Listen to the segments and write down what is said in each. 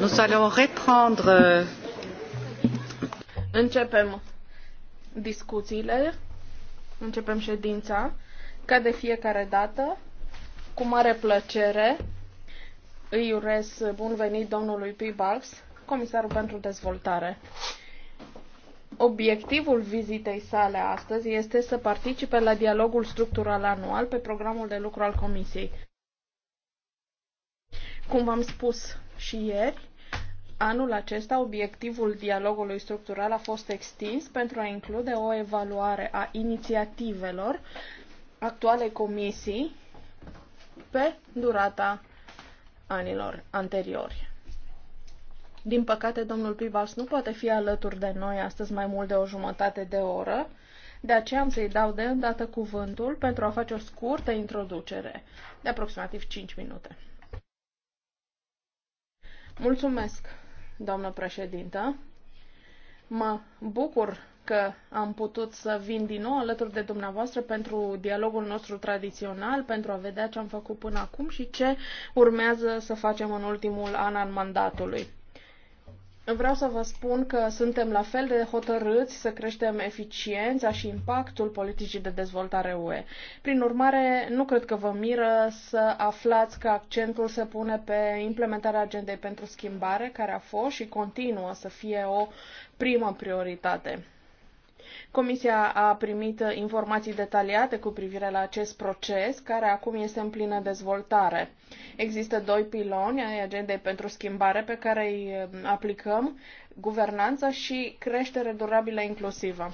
Nous allons reprendre. Euh, începem discuțiile, începem ședința, ca de fiecare dată, cu mare plăcere îi urez bun venit domnului Barks, comisarul pentru dezvoltare. Obiectivul vizitei sale astăzi este să participe la dialogul structural anual pe programul de lucru al Comisiei. Cum v-am spus și ieri, anul acesta, obiectivul dialogului structural a fost extins pentru a include o evaluare a inițiativelor actualei comisii pe durata anilor anteriori. Din păcate, domnul Pibas nu poate fi alături de noi astăzi mai mult de o jumătate de oră, de aceea am să-i dau de îndată cuvântul pentru a face o scurtă introducere de aproximativ 5 minute. Mulțumesc, doamnă președintă. Mă bucur că am putut să vin din nou alături de dumneavoastră pentru dialogul nostru tradițional, pentru a vedea ce am făcut până acum și ce urmează să facem în ultimul an al mandatului. Vreau să vă spun că suntem la fel de hotărâți să creștem eficiența și impactul politicii de dezvoltare UE. Prin urmare, nu cred că vă miră să aflați că accentul se pune pe implementarea agendei pentru schimbare, care a fost și continuă să fie o primă prioritate. Comisia a primit informații detaliate cu privire la acest proces, care acum este în plină dezvoltare. Există doi piloni ai agendei pentru schimbare pe care îi um, aplicăm, guvernanța și creștere durabilă inclusivă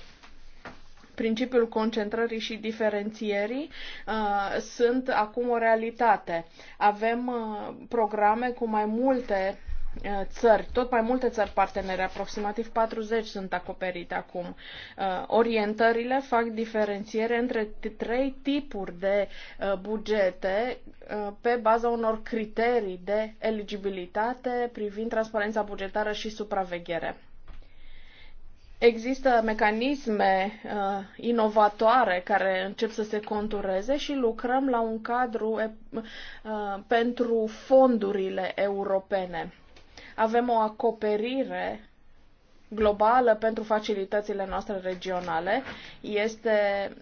principiul concentrării și diferențierii uh, sunt acum o realitate. Avem uh, programe cu mai multe Uh, țări, tot mai multe țări partenere, aproximativ 40 sunt acoperite acum. Uh, orientările fac diferențiere între trei tipuri de uh, bugete pe baza unor criterii de eligibilitate privind transparența bugetară și supraveghere. Există mecanisme uh, inovatoare care încep să se contureze și lucrăm la un cadru uh, pentru fondurile europene avem o acoperire globală pentru facilitățile noastre regionale. Este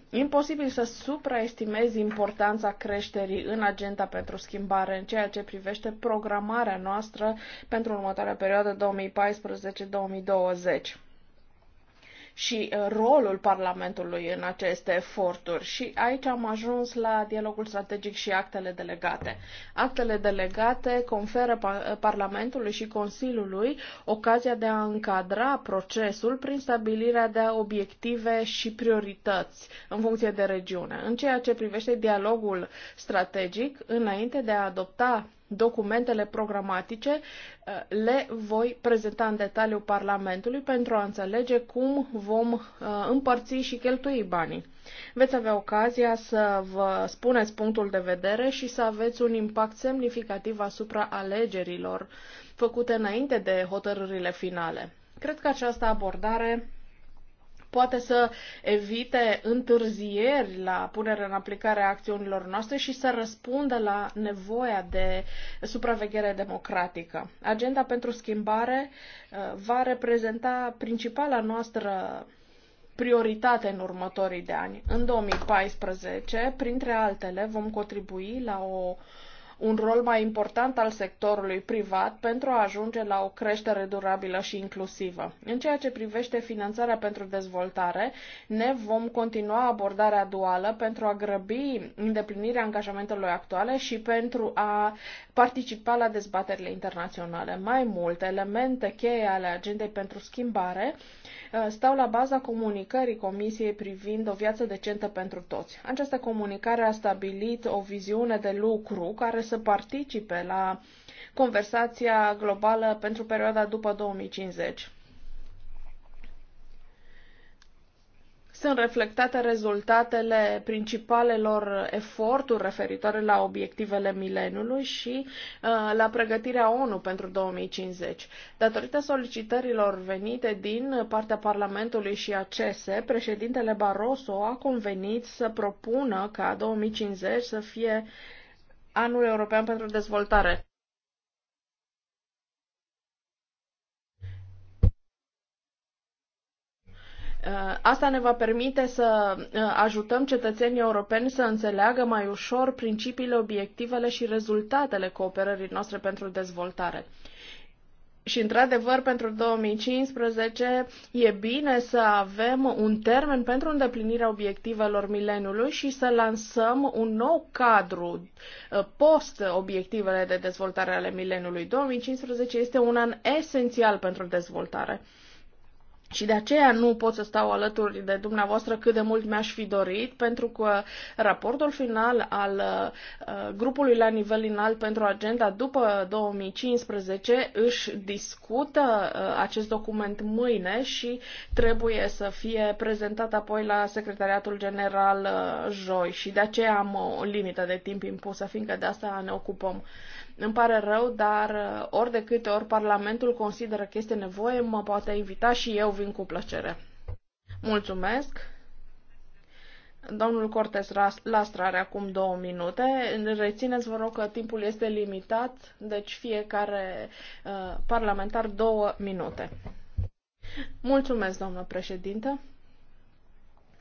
imposibil să supraestimezi importanța creșterii în agenda pentru schimbare în ceea ce privește programarea noastră pentru următoarea perioadă 2014-2020 și uh, rolul Parlamentului în aceste eforturi. Și aici am ajuns la dialogul strategic și actele delegate. Actele delegate conferă uh, Parlamentului și Consiliului ocazia de a încadra procesul prin stabilirea de obiective și priorități în funcție de regiune. În ceea ce privește dialogul strategic, înainte de a adopta documentele programatice eh, le voi prezenta în detaliu Parlamentului pentru a înțelege cum vom eh, împărți și cheltui banii. Veți avea ocazia să vă spuneți punctul de vedere și să aveți un impact semnificativ asupra alegerilor făcute înainte de hotărârile finale. Cred că această abordare poate să evite întârzieri la punerea în aplicare a acțiunilor noastre și să răspundă la nevoia de supraveghere democratică. Agenda pentru schimbare uh, va reprezenta principala noastră prioritate în următorii de ani. În 2014, printre altele, vom contribui la o uh, un rol mai important al sectorului privat pentru a ajunge la o creștere durabilă și inclusivă. În ceea ce privește finanțarea pentru dezvoltare, ne vom continua abordarea duală pentru a grăbi îndeplinirea angajamentelor actuale și pentru a participa la dezbaterile internaționale. Mai mult, elemente cheie ale agendei pentru schimbare uh, stau la baza comunicării Comisiei privind o viață decentă pentru toți. Această comunicare a stabilit o viziune de lucru care să participe la conversația globală pentru perioada după 2050. sunt reflectate rezultatele principalelor eforturi referitoare la obiectivele mileniului și uh, la pregătirea ONU pentru 2050. Datorită solicitărilor venite din partea Parlamentului și a președintele Barroso a convenit să propună ca 2050 să fie anul european pentru dezvoltare. Uh, asta ne va permite să uh, ajutăm cetățenii europeni să înțeleagă mai ușor principiile, obiectivele și rezultatele cooperării noastre pentru dezvoltare. Și, într-adevăr, pentru 2015 e bine să avem un termen pentru îndeplinirea obiectivelor mileniului și să lansăm un nou cadru uh, post-obiectivele de dezvoltare ale mileniului. 2015 este un an esențial pentru dezvoltare. Și de aceea nu pot să stau alături de dumneavoastră cât de mult mi-aș fi dorit, pentru că raportul final al uh, grupului la nivel înalt pentru agenda după 2015 își discută uh, acest document mâine și trebuie să fie prezentat apoi la Secretariatul General uh, joi. Și de aceea am o limită de timp impusă, fiindcă de asta ne ocupăm. Îmi pare rău, dar uh, ori de câte ori Parlamentul consideră că este nevoie, mă poate invita și eu vin cu plăcere. Mulțumesc! Domnul Cortez Lastra are acum două minute. Rețineți, vă rog, că timpul este limitat, deci fiecare uh, parlamentar două minute. Mulțumesc, doamnă președintă.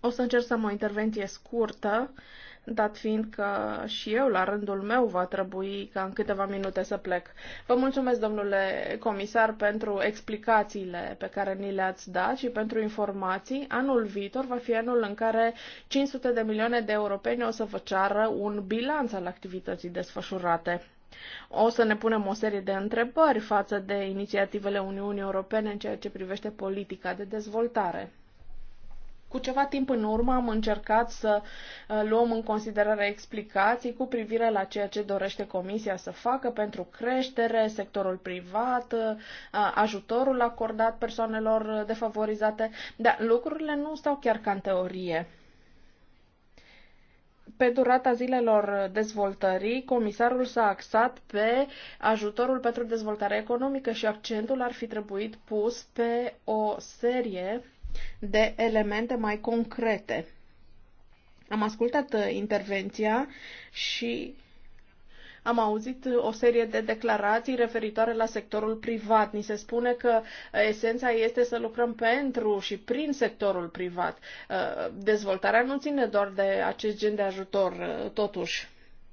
O să încerc să am o intervenție scurtă. Uh, dat fiind că și eu, la rândul meu, va trebui ca în câteva minute să plec. Vă mulțumesc, domnule comisar, pentru explicațiile pe care ni le-ați dat și pentru informații. Anul viitor va fi anul în care 500 de milioane de europeni o să vă ceară un bilanț al activității desfășurate. O să ne punem o serie de întrebări față de inițiativele Uniunii Europene în ceea ce privește politica de dezvoltare. Cu ceva timp în urmă am încercat să uh, luăm în considerare explicații cu privire la ceea ce dorește Comisia să facă pentru creștere, sectorul privat, uh, ajutorul acordat persoanelor uh, defavorizate, dar lucrurile nu stau chiar ca în teorie. Pe durata zilelor dezvoltării, comisarul s-a axat pe ajutorul pentru dezvoltare economică și accentul ar fi trebuit pus pe o serie de elemente mai concrete. Am ascultat uh, intervenția și am auzit uh, o serie de declarații referitoare la sectorul privat. Ni se spune că uh, esența este să lucrăm pentru și prin sectorul privat. Dezvoltarea nu ține doar de acest gen de ajutor, totuși.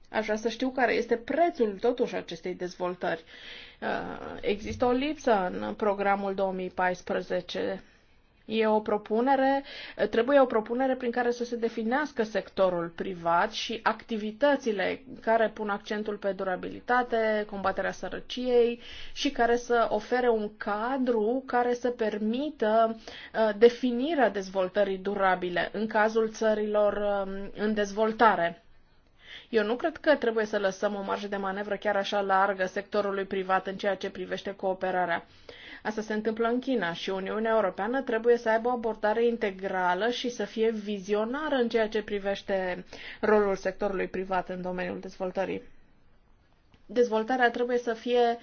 Aș vrea să știu care este prețul totuși acestei dezvoltări. Există o lipsă în programul 2014 E o propunere, trebuie o propunere prin care să se definească sectorul privat și activitățile care pun accentul pe durabilitate, combaterea sărăciei și care să ofere un cadru care să permită uh, definirea dezvoltării durabile în cazul țărilor um, în dezvoltare. Eu nu cred că trebuie să lăsăm o marjă de manevră chiar așa largă sectorului privat în ceea ce privește cooperarea. Asta se întâmplă în China și Uniunea Europeană trebuie să aibă o abordare integrală și să fie vizionară în ceea ce privește rolul sectorului privat în domeniul dezvoltării. Dezvoltarea trebuie să fie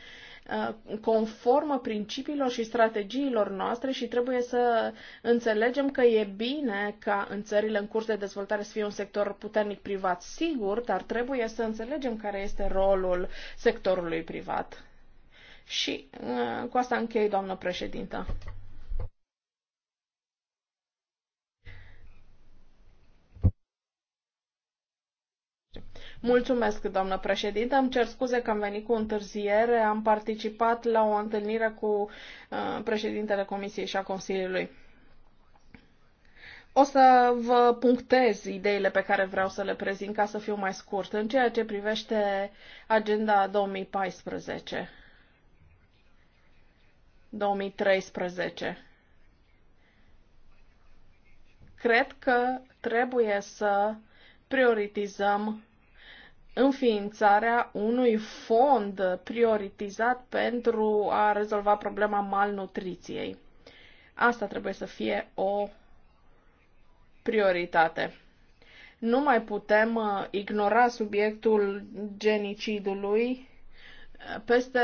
uh, conformă principiilor și strategiilor noastre și trebuie să înțelegem că e bine ca în țările în curs de dezvoltare să fie un sector puternic privat sigur, dar trebuie să înțelegem care este rolul sectorului privat și uh, cu asta închei, doamnă președintă. Mulțumesc, doamnă președinte. Îmi cer scuze că am venit cu întârziere. Am participat la o întâlnire cu uh, președintele Comisiei și a Consiliului. O să vă punctez ideile pe care vreau să le prezint ca să fiu mai scurt în ceea ce privește agenda 2014. 2013. Cred că trebuie să prioritizăm înființarea unui fond prioritizat pentru a rezolva problema malnutriției. Asta trebuie să fie o prioritate. Nu mai putem uh, ignora subiectul genicidului peste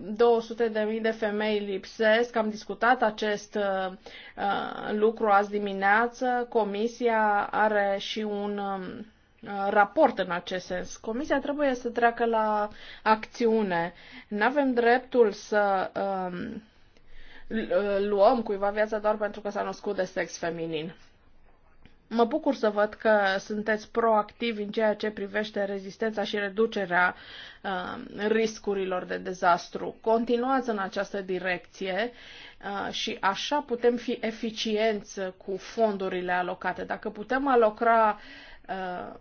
200.000 de, de femei lipsesc. Am discutat acest uh, uh, lucru azi dimineață. Comisia are și un um, uh, raport în acest sens. Comisia trebuie să treacă la acțiune. Nu avem dreptul să um, uh, luăm cuiva viața doar pentru că s-a născut de sex feminin. Mă bucur să văd că sunteți proactivi în ceea ce privește rezistența și reducerea uh, riscurilor de dezastru. Continuați în această direcție uh, și așa putem fi eficienți cu fondurile alocate. Dacă putem aloca uh,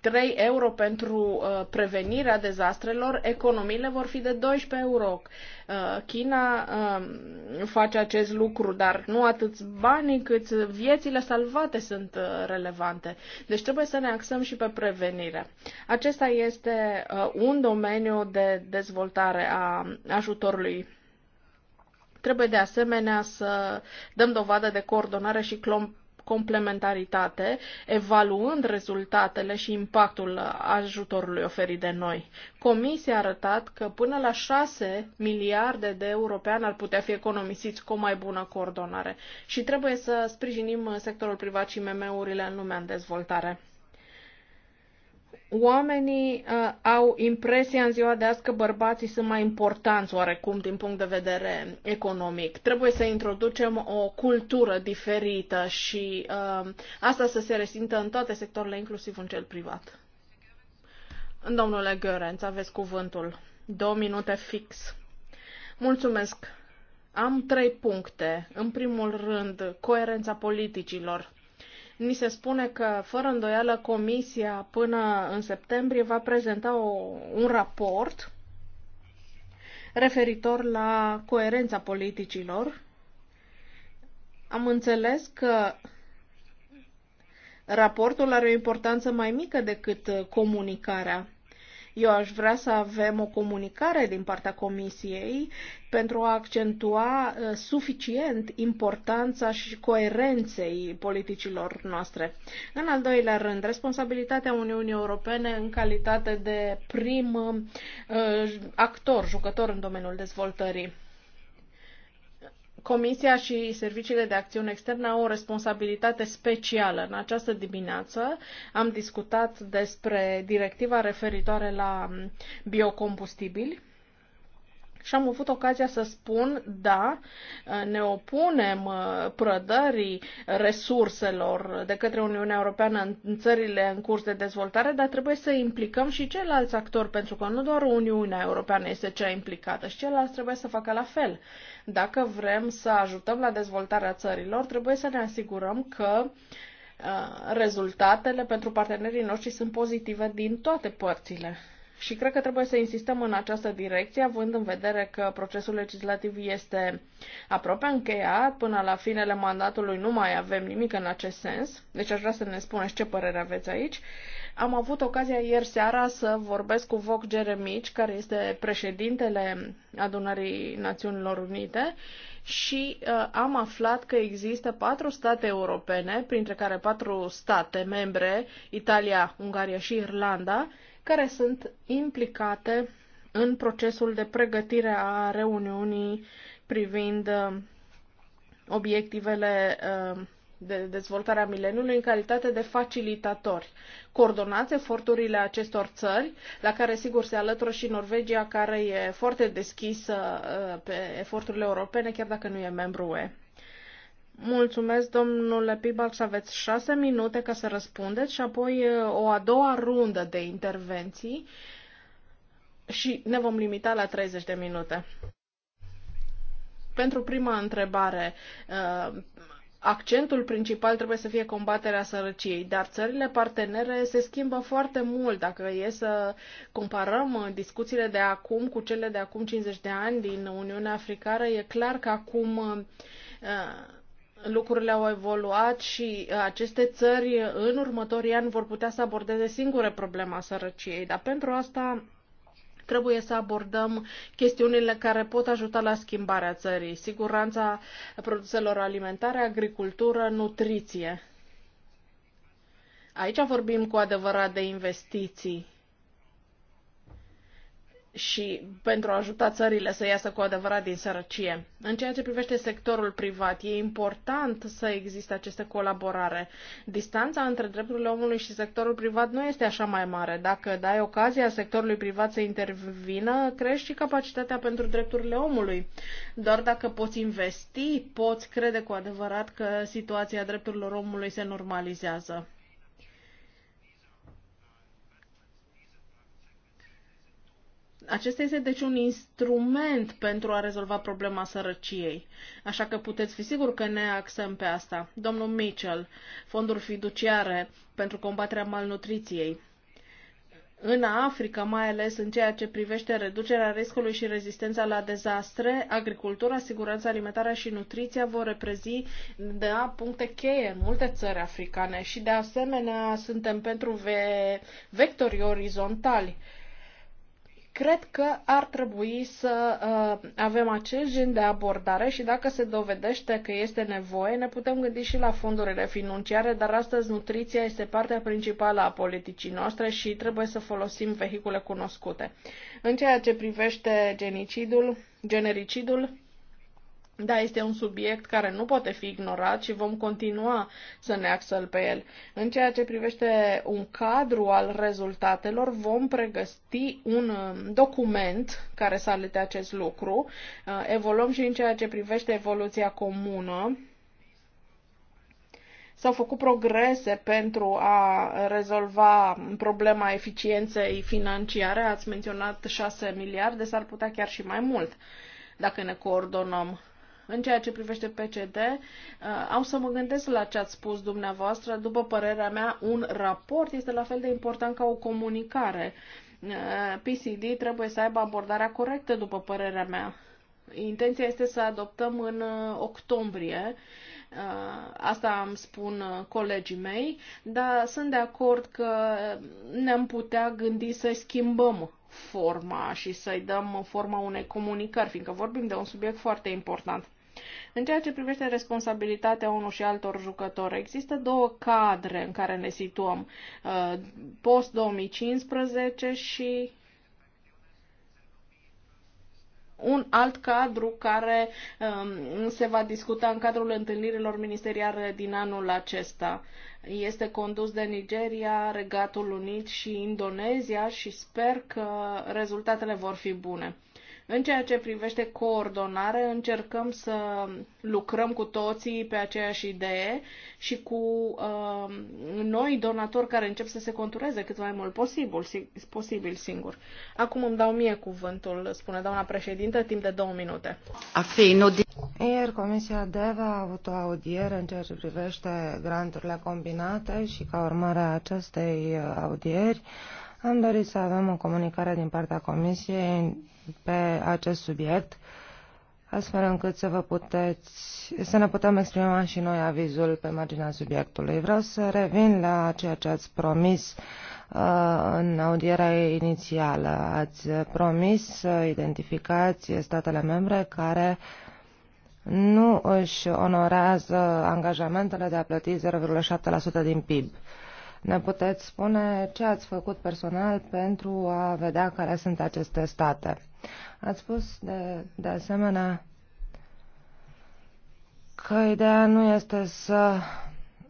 3 euro pentru uh, prevenirea dezastrelor, economiile vor fi de 12 euro. Uh, China uh, face acest lucru, dar nu atât banii cât viețile salvate sunt uh, relevante. Deci trebuie să ne axăm și pe prevenire. Acesta este uh, un domeniu de dezvoltare a ajutorului Trebuie de asemenea să dăm dovadă de coordonare și complementaritate, evaluând rezultatele și impactul ajutorului oferit de noi. Comisia a arătat că până la 6 miliarde de euro pe an ar putea fi economisiți cu o mai bună coordonare și trebuie să sprijinim sectorul privat și MM-urile în lumea în dezvoltare oamenii uh, au impresia în ziua de azi că bărbații sunt mai importanți oarecum din punct de vedere economic. Trebuie să introducem o cultură diferită și uh, asta să se resimtă în toate sectoarele, inclusiv în cel privat. Domnule Gărenț, aveți cuvântul. Două minute fix. Mulțumesc. Am trei puncte. În primul rând, coerența politicilor Ni se spune că, fără îndoială, Comisia până în septembrie va prezenta o, un raport referitor la coerența politicilor. Am înțeles că raportul are o importanță mai mică decât comunicarea eu aș vrea să avem o comunicare din partea Comisiei pentru a accentua uh, suficient importanța și coerenței politicilor noastre. În al doilea rând, responsabilitatea Uniunii Europene în calitate de prim uh, actor, jucător în domeniul dezvoltării. Comisia și Serviciile de Acțiune Externă au o responsabilitate specială. În această dimineață am discutat despre directiva referitoare la biocombustibili și am avut ocazia să spun, da, ne opunem uh, prădării resurselor de către Uniunea Europeană în țările în curs de dezvoltare, dar trebuie să implicăm și ceilalți actori, pentru că nu doar Uniunea Europeană este cea implicată, și ceilalți trebuie să facă la fel. Dacă vrem să ajutăm la dezvoltarea țărilor, trebuie să ne asigurăm că uh, rezultatele pentru partenerii noștri sunt pozitive din toate părțile. Și cred că trebuie să insistăm în această direcție, având în vedere că procesul legislativ este aproape încheiat, până la finele mandatului nu mai avem nimic în acest sens, deci aș vrea să ne spuneți ce părere aveți aici. Am avut ocazia ieri seara să vorbesc cu Voc Jeremici, care este președintele Adunării Națiunilor Unite, și uh, am aflat că există patru state europene, printre care patru state membre, Italia, Ungaria și Irlanda, care sunt implicate în procesul de pregătire a reuniunii privind uh, obiectivele uh, de dezvoltare a mileniului în calitate de facilitatori. Coordonați eforturile acestor țări, la care sigur se alătură și Norvegia, care e foarte deschisă uh, pe eforturile europene, chiar dacă nu e membru UE. Mulțumesc, domnule să aveți șase minute ca să răspundeți și apoi o a doua rundă de intervenții și ne vom limita la 30 de minute. Pentru prima întrebare, accentul principal trebuie să fie combaterea sărăciei, dar țările partenere se schimbă foarte mult. Dacă e să comparăm uh, discuțiile de acum cu cele de acum 50 de ani din Uniunea Africană, e clar că acum uh, lucrurile au evoluat și uh, aceste țări uh, în următorii ani vor putea să abordeze singure problema sărăciei, dar pentru asta trebuie să abordăm chestiunile care pot ajuta la schimbarea țării, siguranța produselor alimentare, agricultură, nutriție. Aici vorbim cu adevărat de investiții și pentru a ajuta țările să iasă cu adevărat din sărăcie. În ceea ce privește sectorul privat, e important să existe această colaborare. Distanța între drepturile omului și sectorul privat nu este așa mai mare. Dacă dai ocazia sectorului privat să intervină, crești și capacitatea pentru drepturile omului. Doar dacă poți investi, poți crede cu adevărat că situația drepturilor omului se normalizează. Acesta este deci un instrument pentru a rezolva problema sărăciei. Așa că puteți fi sigur că ne axăm pe asta. Domnul Mitchell, fonduri fiduciare pentru combaterea malnutriției. În Africa, mai ales în ceea ce privește reducerea riscului și rezistența la dezastre, agricultura, siguranța alimentară și nutriția vor reprezi de puncte cheie în multe țări africane și de asemenea suntem pentru ve- vectorii orizontali Cred că ar trebui să uh, avem acest gen de abordare și dacă se dovedește că este nevoie, ne putem gândi și la fondurile financiare, dar astăzi nutriția este partea principală a politicii noastre și trebuie să folosim vehicule cunoscute. În ceea ce privește genicidul, genericidul, da, este un subiect care nu poate fi ignorat și vom continua să ne axăm pe el. În ceea ce privește un cadru al rezultatelor, vom pregăti un um, document care să alete acest lucru. Uh, evoluăm și în ceea ce privește evoluția comună. S-au făcut progrese pentru a rezolva problema eficienței financiare. Ați menționat 6 miliarde, s-ar putea chiar și mai mult dacă ne coordonăm în ceea ce privește PCD, uh, am să mă gândesc la ce ați spus dumneavoastră. După părerea mea, un raport este la fel de important ca o comunicare. Uh, PCD trebuie să aibă abordarea corectă, după părerea mea. Intenția este să adoptăm în uh, octombrie. Asta îmi spun colegii mei, dar sunt de acord că ne-am putea gândi să schimbăm forma și să-i dăm forma unei comunicări, fiindcă vorbim de un subiect foarte important. În ceea ce privește responsabilitatea unul și altor jucători, există două cadre în care ne situăm, uh, post-2015 și un alt cadru care um, se va discuta în cadrul întâlnirilor ministeriale din anul acesta. Este condus de Nigeria, Regatul Unit și Indonezia și sper că rezultatele vor fi bune. În ceea ce privește coordonare, încercăm să lucrăm cu toții pe aceeași idee și cu uh, noi donatori care încep să se contureze cât mai mult posibil, posibil singur. Acum îmi dau mie cuvântul, spune doamna președintă, timp de două minute. Ieri Comisia DEVA a avut o audiere în ceea ce privește granturile combinate și ca urmare a acestei uh, audieri am dorit să avem o comunicare din partea Comisiei pe acest subiect, astfel încât să, vă puteți, să ne putem exprima și noi avizul pe marginea subiectului. Vreau să revin la ceea ce ați promis uh, în audierea inițială. Ați promis să identificați statele membre care nu își onorează angajamentele de a plăti 0,7% din PIB. Uh, ne puteți spune ce ați făcut personal pentru a vedea care sunt aceste state? Ați spus de, de asemenea că ideea nu este să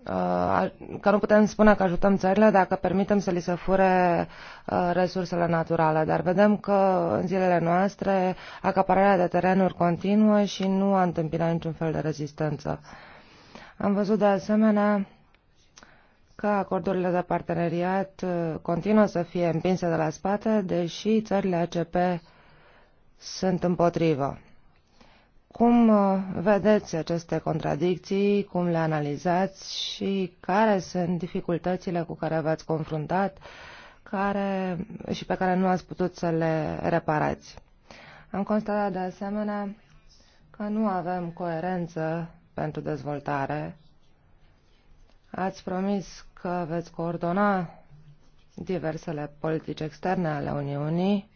uh, că nu putem spune că ajutăm țările dacă permitem să li se fure uh, resursele naturale, dar vedem că în zilele noastre acapararea de terenuri continuă și nu a întâmpinat niciun fel de rezistență. Am văzut de asemenea că acordurile de parteneriat uh, continuă să fie împinse de la spate, deși țările ACP sunt împotrivă. Cum uh, vedeți aceste contradicții, cum le analizați și care sunt dificultățile cu care v-ați confruntat care, și pe care nu ați putut să le reparați? Am constatat de asemenea că nu avem coerență pentru dezvoltare Ați promis că veți coordona diversele politici externe ale Uniunii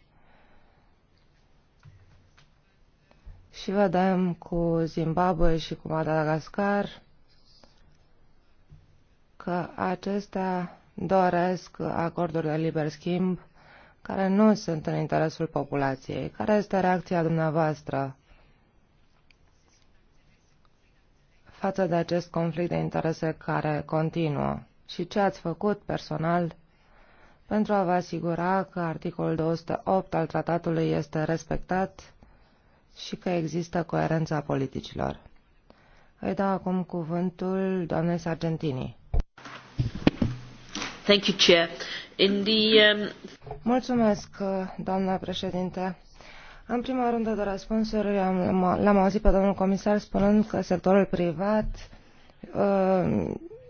și vedem cu Zimbabwe și cu Madagascar că acestea doresc acorduri de liber schimb care nu sunt în interesul populației. Care este reacția dumneavoastră față de acest conflict de interese care continuă și ce ați făcut personal pentru a vă asigura că articolul 208 al tratatului este respectat și că există coerența politicilor. Îi dau acum cuvântul doamnei Sargentini. Thank you, Chair. In the, um... Mulțumesc, doamna președinte. În prima rândă de răspunsuri l-am auzit pe domnul comisar spunând că sectorul privat uh,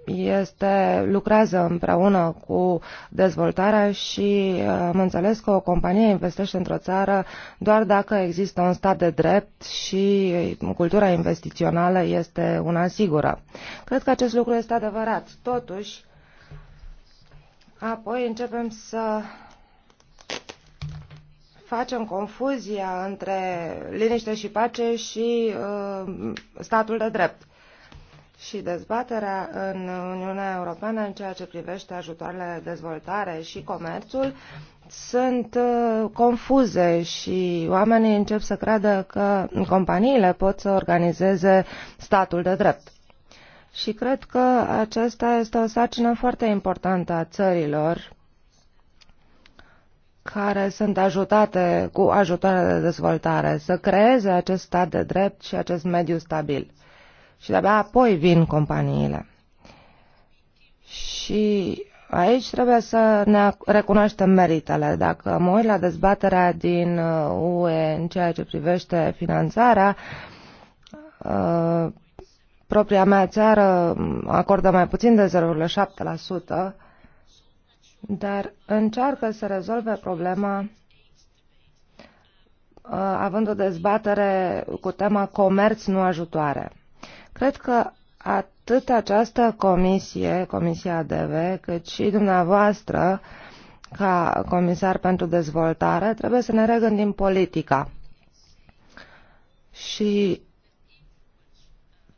este, lucrează împreună cu dezvoltarea și uh, am înțeles că o companie investește într-o țară doar dacă există un stat de drept și uh, cultura investițională este una sigură. Cred că acest lucru este adevărat. Totuși, apoi începem să facem confuzia între liniște și pace și uh, statul de drept. Și dezbaterea în Uniunea Europeană în ceea ce privește ajutoarele de dezvoltare și comerțul sunt uh, confuze și oamenii încep să creadă că companiile pot să organizeze statul de drept. Și cred că aceasta este o sarcină foarte importantă a țărilor care sunt ajutate cu ajutoare de dezvoltare, să creeze acest stat de drept și acest mediu stabil. Și de-abia apoi vin companiile. Și aici trebuie să ne recunoaștem meritele. Dacă mă uit la dezbaterea din UE uh, în ceea ce privește finanțarea, uh, propria mea țară acordă mai puțin de 0,7%, dar încearcă să rezolve problema uh, având o dezbatere cu tema comerț, nu ajutoare. Cred că atât această comisie, Comisia DV, cât și dumneavoastră, ca comisar pentru dezvoltare, trebuie să ne regândim politica. Și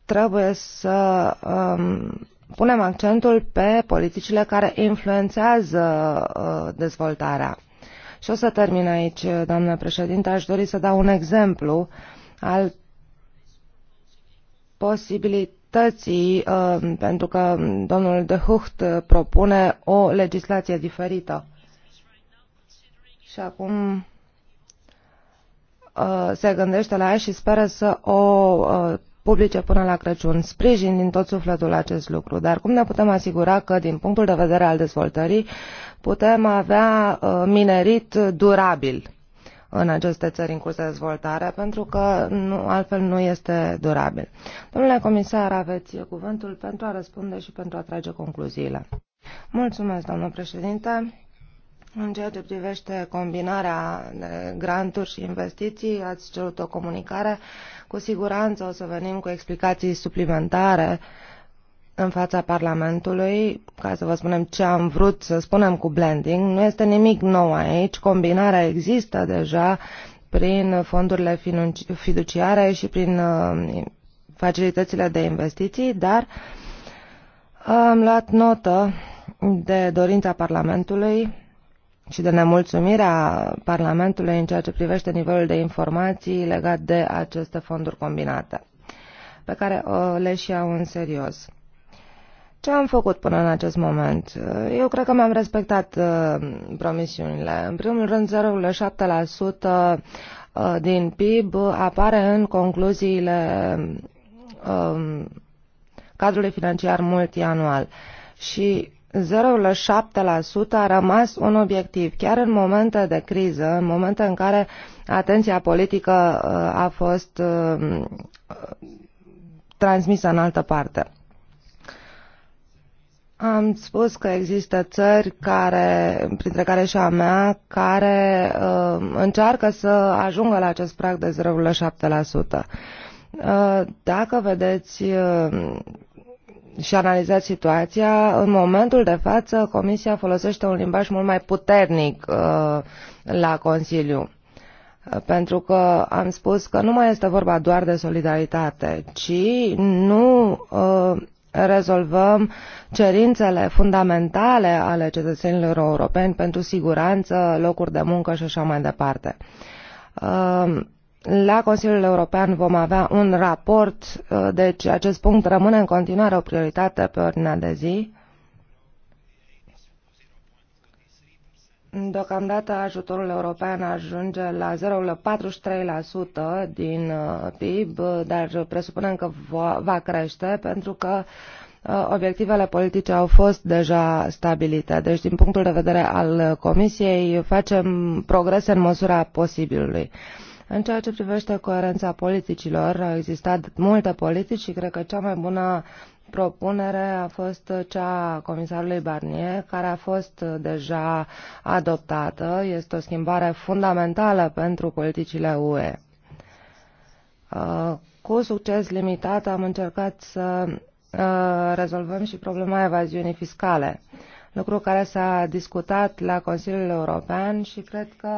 trebuie să um, punem accentul pe politicile care influențează uh, dezvoltarea. Și o să termin aici, doamnă președinte. Aș dori să dau un exemplu al posibilității, uh, pentru că domnul de Hucht propune o legislație diferită. Și acum uh, se gândește la ea și speră să o publice până la Crăciun. Sprijin din tot sufletul acest lucru, dar cum ne putem asigura că, din punctul de vedere al dezvoltării, putem avea uh, minerit durabil în aceste țări în curs de dezvoltare, pentru că nu, altfel nu este durabil. Domnule comisar, aveți cuvântul pentru a răspunde și pentru a trage concluziile. Mulțumesc, domnul președinte. În ceea ce privește combinarea de granturi și investiții, ați cerut o comunicare. Cu siguranță o să venim cu explicații suplimentare în fața Parlamentului, ca să vă spunem ce am vrut să spunem cu blending. Nu este nimic nou aici, combinarea există deja prin fondurile fiduciare și prin uh, facilitățile de investiții, dar am luat notă de dorința Parlamentului și de nemulțumirea Parlamentului în ceea ce privește nivelul de informații legat de aceste fonduri combinate, pe care uh, le și iau în serios. Ce am făcut până în acest moment? Uh, eu cred că mi-am respectat uh, promisiunile. În primul rând, 0,7% uh, din PIB apare în concluziile uh, cadrului financiar multianual. Și 0,7% a rămas un obiectiv, chiar în momente de criză, în momente în care atenția politică uh, a fost uh, transmisă în altă parte. Am spus că există țări, care, printre care și a mea, care uh, încearcă să ajungă la acest prag de 0,7%. Uh, dacă vedeți uh, și analizat situația, în momentul de față Comisia folosește un limbaj mult mai puternic uh, la Consiliu. Uh, pentru că am spus că nu mai este vorba doar de solidaritate, ci nu uh, rezolvăm cerințele fundamentale ale cetățenilor europeni pentru siguranță, locuri de muncă și așa mai departe la Consiliul European vom avea un raport, uh, deci acest punct rămâne în continuare o prioritate pe ordinea de zi. Deocamdată ajutorul european ajunge la 0,43% din uh, PIB, dar presupunem că va crește pentru că uh, obiectivele politice au fost deja stabilite. Deci, din punctul de vedere al Comisiei, facem progrese în măsura posibilului. În ceea ce privește coerența politicilor, au existat multe politici și cred că cea mai bună propunere a fost cea a comisarului Barnier, care a fost deja adoptată. Este o schimbare fundamentală pentru politicile UE. Uh, cu succes limitat am încercat să uh, rezolvăm și problema evaziunii fiscale, lucru care s-a discutat la Consiliul European și cred că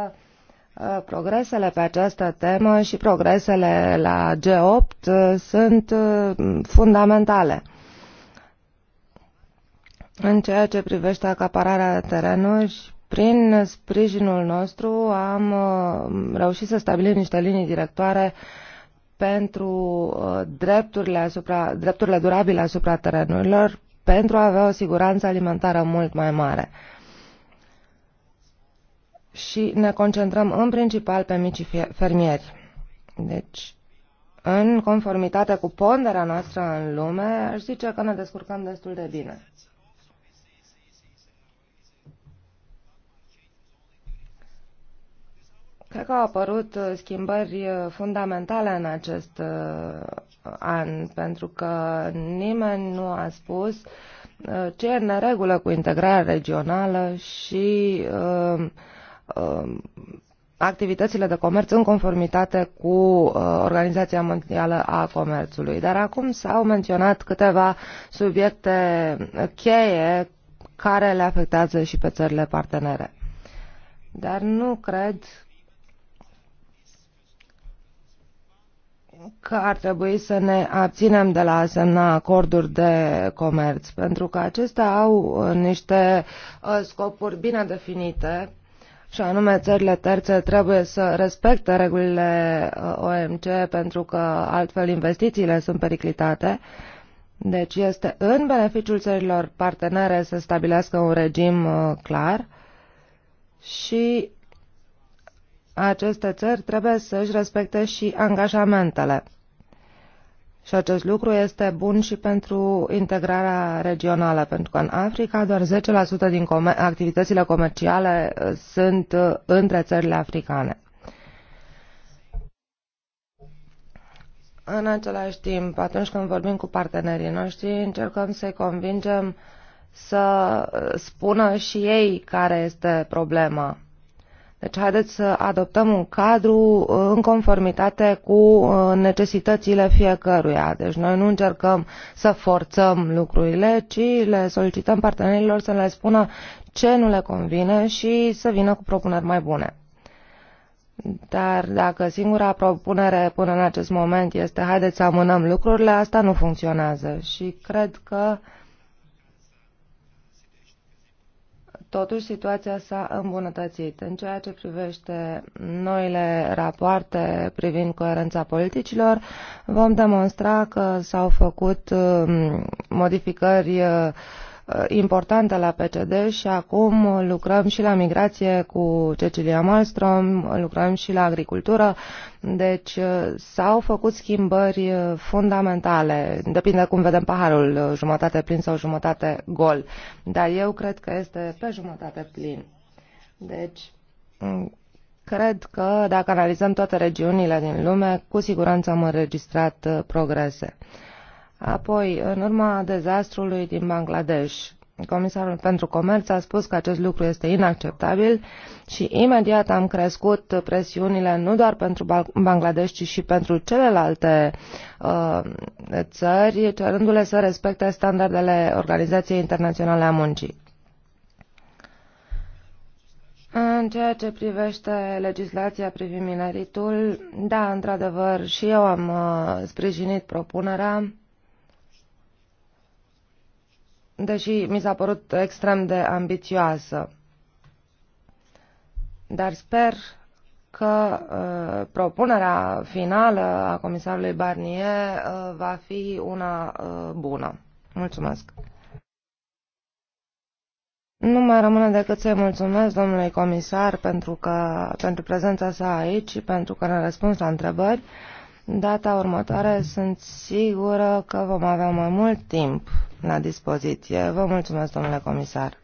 Uh, progresele pe această temă și progresele la G8 uh, sunt uh, fundamentale. În ceea ce privește acapararea terenuri, prin sprijinul nostru am reușit să stabilim niște linii directoare pentru drepturile, asupra, drepturile durabile asupra terenurilor, pentru a avea o siguranță alimentară mult mai mare și ne concentrăm în principal pe micii fermieri. Deci, în conformitate cu ponderea noastră în lume, aș zice că ne descurcăm destul de bine. Cred că au apărut uh, schimbări uh, fundamentale în acest uh, an, pentru că nimeni nu a spus ce e în regulă cu integrarea regională și uh, Um, activitățile de comerț în conformitate cu uh, Organizația Mondială a Comerțului. Dar acum s-au menționat câteva subiecte cheie care le afectează și pe țările partenere. Dar nu cred că ar trebui să ne abținem de la a semna acorduri de comerț, pentru că acestea au uh, niște uh, scopuri bine definite și anume țările terțe trebuie să respecte regulile uh, OMC pentru că altfel investițiile sunt periclitate. Deci este în beneficiul țărilor partenere să stabilească un regim uh, clar și aceste țări trebuie să își respecte și angajamentele. Și acest lucru este bun și pentru integrarea regională, pentru că în Africa doar 10% din comer activitățile comerciale uh, sunt uh, între țările africane. În același timp, atunci când vorbim cu partenerii noștri, încercăm să-i convingem să uh, spună și ei care este problema deci haideți să adoptăm un cadru uh, în conformitate cu uh, necesitățile fiecăruia. Deci noi nu încercăm să forțăm lucrurile, ci le solicităm partenerilor să le spună ce nu le convine și să vină cu propuneri mai bune. Dar dacă singura propunere până în acest moment este haideți să amânăm lucrurile, asta nu funcționează și cred că uh, Totuși, situația s-a îmbunătățit. În ceea ce privește noile rapoarte privind coerența politicilor, vom demonstra că s-au făcut um, modificări uh, Uh, importantă la PCD și acum lucrăm și la migrație cu Cecilia Malmström, lucrăm și la agricultură. Deci uh, s-au făcut schimbări uh, fundamentale, depinde cum vedem paharul, jumătate plin sau jumătate gol. Dar eu cred că este pe jumătate plin. Deci, mm, cred că dacă analizăm toate regiunile din lume, cu siguranță am înregistrat progrese. Apoi, în urma dezastrului din Bangladesh, Comisarul pentru Comerț a spus că acest lucru este inacceptabil și imediat am crescut presiunile nu doar pentru Bangladesh, ci și pentru celelalte uh, țări, cerându-le să respecte standardele Organizației Internaționale a Muncii. În ceea ce privește legislația privind mineritul, da, într-adevăr, și eu am uh, sprijinit propunerea deși mi s-a părut extrem de ambițioasă. Dar sper că uh, propunerea finală a comisarului Barnier uh, va fi una uh, bună. Mulțumesc! Nu mai rămâne decât să-i mulțumesc domnului comisar pentru, că, pentru prezența sa aici și pentru că ne răspuns la întrebări. Data următoare sunt sigură că vom avea mai mult timp la dispoziție. Vă mulțumesc, domnule comisar.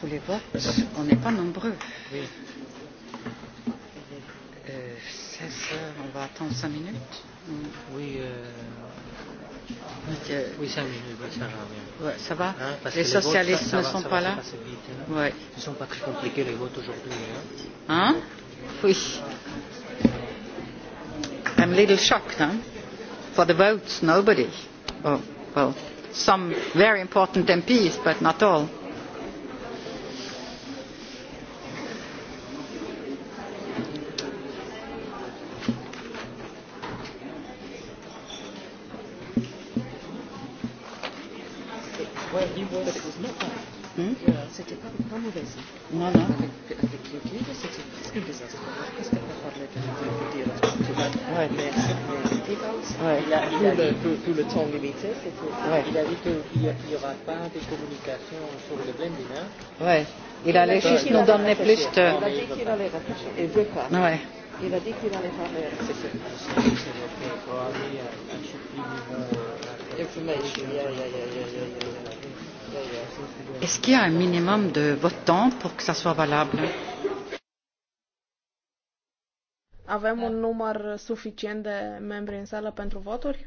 Pour on n'est pas nombreux. Oui. 16 heures, uh, on va attendre 5 minutes. Oui, euh... oui 5 minutes, ça va. Ouais, ça va hein, parce Les que socialistes les votes, ça, ça ne va, sont ça pas va, là vite, hein. ouais. Ils ne sont pas très compliqués les votes aujourd'hui. Hein, hein Oui. I'm a little shocked, huh? For the votes, nobody. Oh, well, some very important MPs, but not all. il a dit tout le temps limité, Ouais. Il a dit qu'il n'y aura pas de communication sur le blending. Hein. Ouais. Il allait juste nous donner plus de. Il a dit qu'il allait réfléchir. Il veut pas. Ouais. Il a dit qu'il allait parler. C'est ça. Est-ce qu'il y a un minimum de votants pour que ça soit valable avem da. un număr suficient de membri în sală pentru voturi?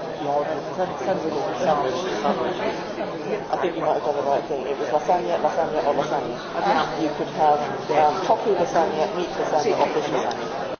I think you might have done the right thing. It was lasagna, lasagna, or lasagna. You could have um, tofu lasagna, meat lasagna, or fish lasagna.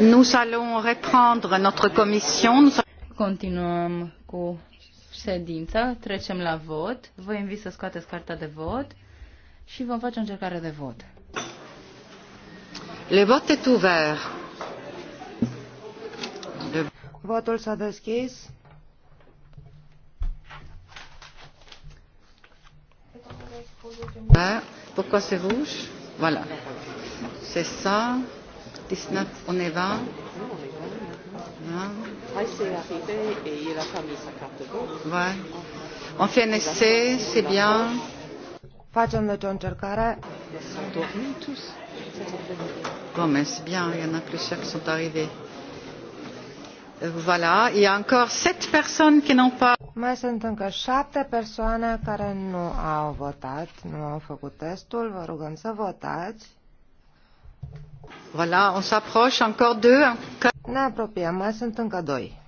Nous allons reprendre notre commission. Continuăm cu ședința, trecem la vot. Vă invit să scoateți cartea de vot și vom face o încercare de vot. Le vot est ouvert. Le... Votul s-a deschis. Pourquoi c'est rouge Voilà. C'est ça. 19, on est 20. Ah, ouais. On fait un essai, c'est bien. Facem deci o încercare. Bon, mais c'est bien, il y en a plusieurs qui sont arrivés. Voilà, il y a encore sept personnes qui n'ont pas. Mai sunt încă șapte persoane care nu au votat, nu au făcut testul. Vă rugăm să votați. Voilà, on s'approche encore de... Ne apropiem, mai sunt încă doi.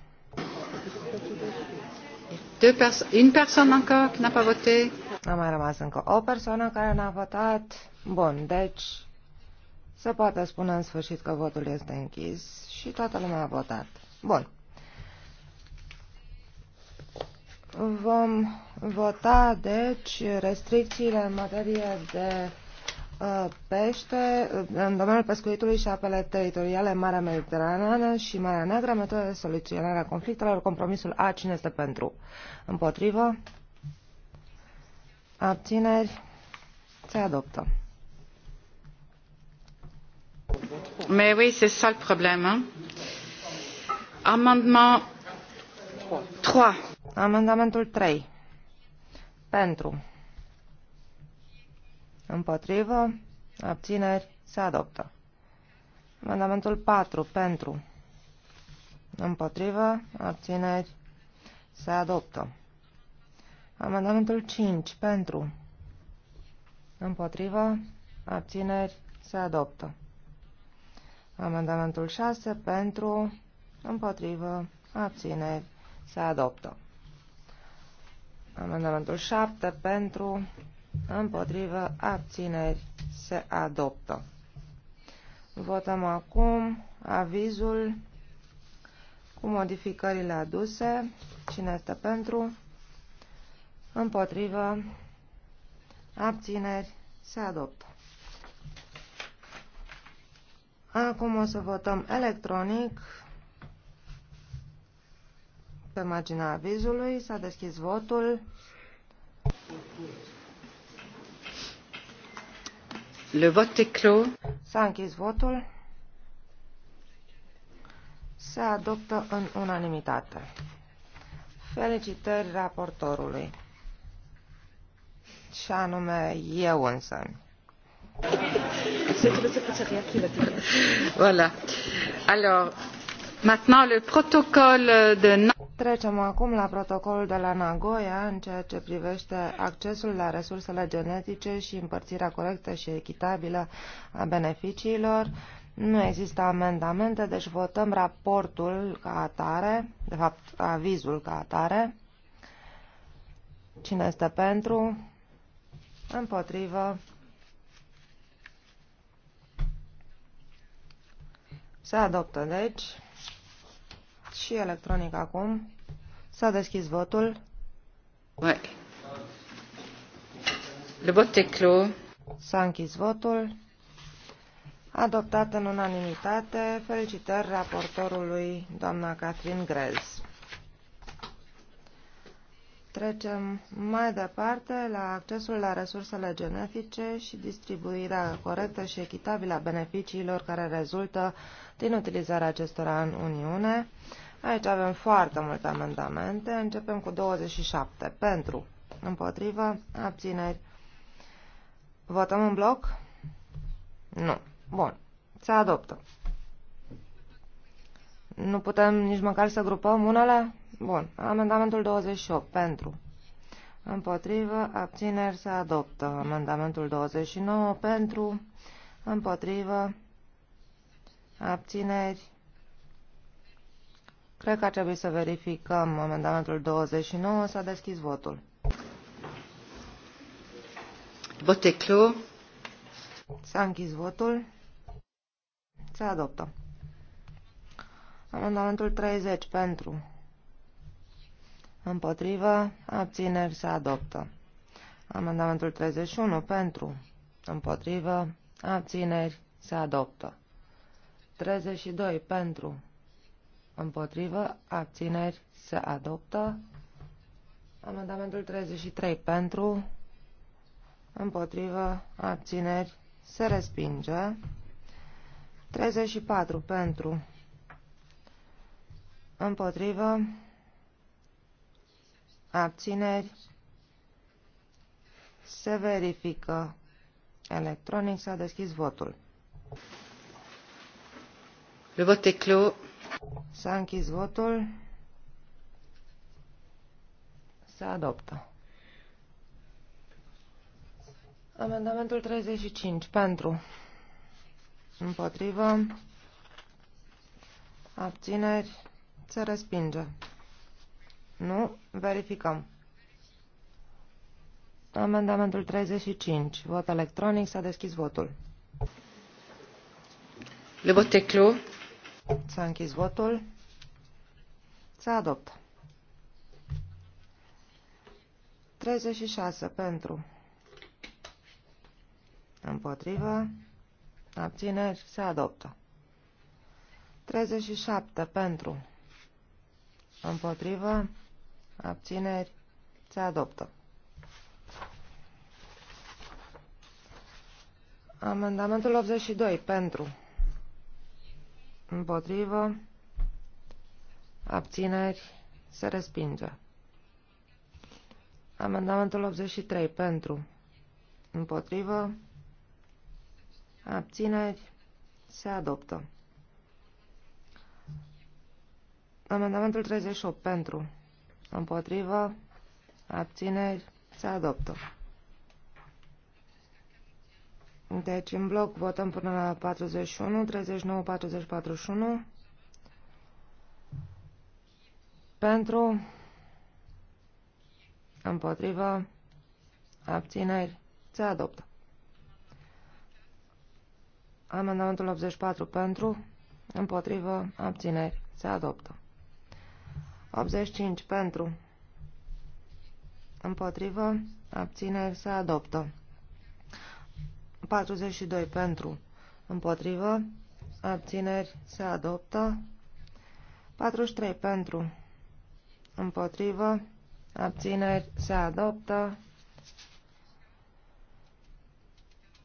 Deux pers une personne encore qui n'a pas voté. A mai rămas încă o persoană care n-a votat. Bun, deci se poate spune în sfârșit că votul este închis și toată lumea a votat. Bun. Vom vota, deci, restricțiile în materie de Uh, pește, uh, în domeniul pescuitului și apele teritoriale Marea Mediterană și Marea Neagră, metode de soluționare a conflictelor, compromisul A, cine este pentru? Împotrivă? Abțineri? Se adoptă. Mais oui, c'est ça le problème. Hein? Amendement 3. Amendamentul 3. Pentru. Împotrivă. Abțineri. Se adoptă. Amendamentul 4. Pentru. Împotrivă. Abțineri. Se adoptă. Amendamentul 5. Pentru. Împotrivă. Abțineri. Se adoptă. Amendamentul 6. Pentru. Împotrivă. Abțineri. Se adoptă. Amendamentul 7. Pentru împotrivă, abțineri, se adoptă. Votăm acum avizul cu modificările aduse. Cine este pentru? Împotrivă, abțineri, se adoptă. Acum o să votăm electronic pe marginea avizului. S-a deschis votul. Thank you. Le vote est clos. S-a închis votul. Se adoptă în unanimitate. Felicitări raportorului. Și anume eu însă. Voilà. Alors, maintenant le protocole de... Trecem acum la protocolul de la Nagoya în ceea ce privește accesul la resursele genetice și împărțirea corectă și echitabilă a beneficiilor. Nu există amendamente, deci votăm raportul ca atare, de fapt avizul ca atare. Cine este pentru? Împotrivă? Se adoptă, deci și electronic acum. S-a deschis votul. Ouais. Le vot est clos. S-a închis votul. Adoptat în unanimitate. Felicitări raportorului doamna Catherine Grez. Trecem mai departe la accesul la resursele genetice și distribuirea corectă și echitabilă a beneficiilor care rezultă din utilizarea acestora în Uniune. Aici avem foarte multe amendamente. Începem cu 27. Pentru, împotrivă, abțineri. Votăm în bloc? Nu. Bun. Se adoptă. Nu putem nici măcar să grupăm unele? Bun. Amendamentul 28. Pentru. Împotrivă. Abțineri. Se adoptă. Amendamentul 29. Pentru. Împotrivă. Abțineri. Cred că ar trebui să verificăm amendamentul 29. S-a deschis votul. clos. S-a închis votul. Se adoptă. Amendamentul 30 pentru. Împotrivă. Abțineri. Se adoptă. Amendamentul 31 pentru. Împotrivă. Abțineri. Se adoptă. 32 pentru împotrivă, abțineri, se adoptă. Amendamentul 33 pentru, împotrivă, abțineri, se respinge. 34 pentru, împotrivă, abțineri, se verifică. Electronic s-a deschis votul. Le vote clos. S-a închis votul. Se adoptă. Amendamentul 35. Pentru. Împotrivă. Abțineri. Se respinge. Nu. Verificăm. Amendamentul 35. Vot electronic. S-a deschis votul. Le vot clos. S-a închis votul. Se adoptă. 36 pentru. Împotrivă. Abțineri. Se adoptă. 37 pentru. Împotrivă. Abțineri. Se adoptă. Amendamentul 82 pentru împotrivă, abțineri, se respinge. Amendamentul 83 pentru, împotrivă, abțineri, se adoptă. Amendamentul 38 pentru, împotrivă, abțineri, se adoptă. Deci, în bloc votăm până la 41, 39, 40, 41. Pentru, împotrivă, abțineri, se adoptă. Amendamentul 84 pentru, împotrivă, abțineri, se adoptă. 85 pentru, împotrivă, abțineri, se adoptă. 42 pentru, împotrivă, abțineri, se adoptă. 43 pentru, împotrivă, abțineri, se adoptă.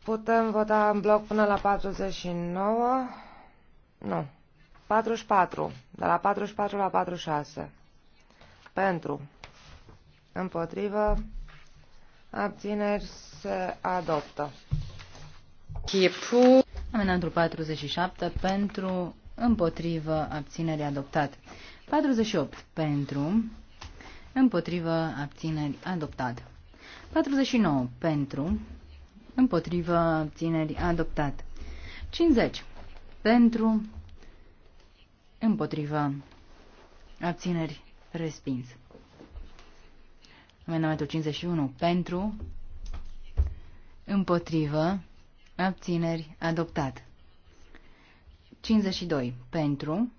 Putem vota în bloc până la 49. Nu. 44. De la 44 la 46. Pentru. Împotrivă. Abțineri se adoptă. Amendamentul 47 pentru, împotrivă, abțineri adoptat. 48 pentru, împotrivă, abțineri adoptat. 49 pentru, împotrivă, abțineri adoptat. 50 pentru, împotrivă, abțineri respins. Amendamentul 51 pentru, împotrivă, Abțineri. Adoptat. 52. Pentru.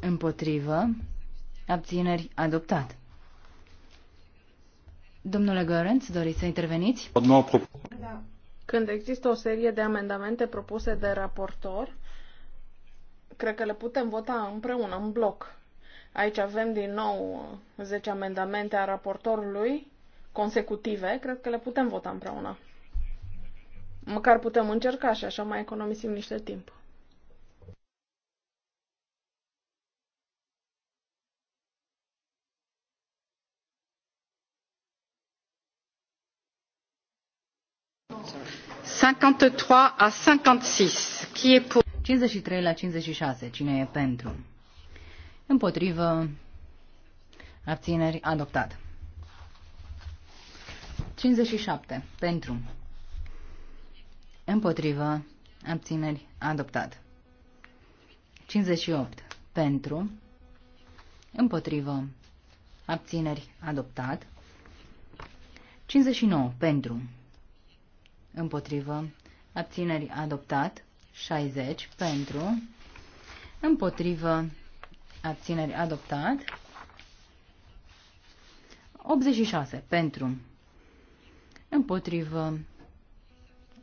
Împotrivă. Abțineri. Adoptat. Domnule Gărânț, doriți să interveniți? Când există o serie de amendamente propuse de raportor, cred că le putem vota împreună, în bloc. Aici avem din nou 10 amendamente a raportorului consecutive, cred că le putem vota împreună. Măcar putem încerca și așa mai economisim niște timp. Cinquante trois à cinquante six. Qui est pour? 53 la 56. Cine e pentru? Împotrivă. Abțineri. Adoptat. 57. Pentru. Împotrivă. Abțineri. Adoptat. 58. Pentru. Împotrivă. Abțineri. Adoptat. 59. Pentru. Împotrivă. Abțineri. Adoptat. 60. Pentru. Împotrivă. Abțineri. Adoptat. 86. Pentru. Împotrivă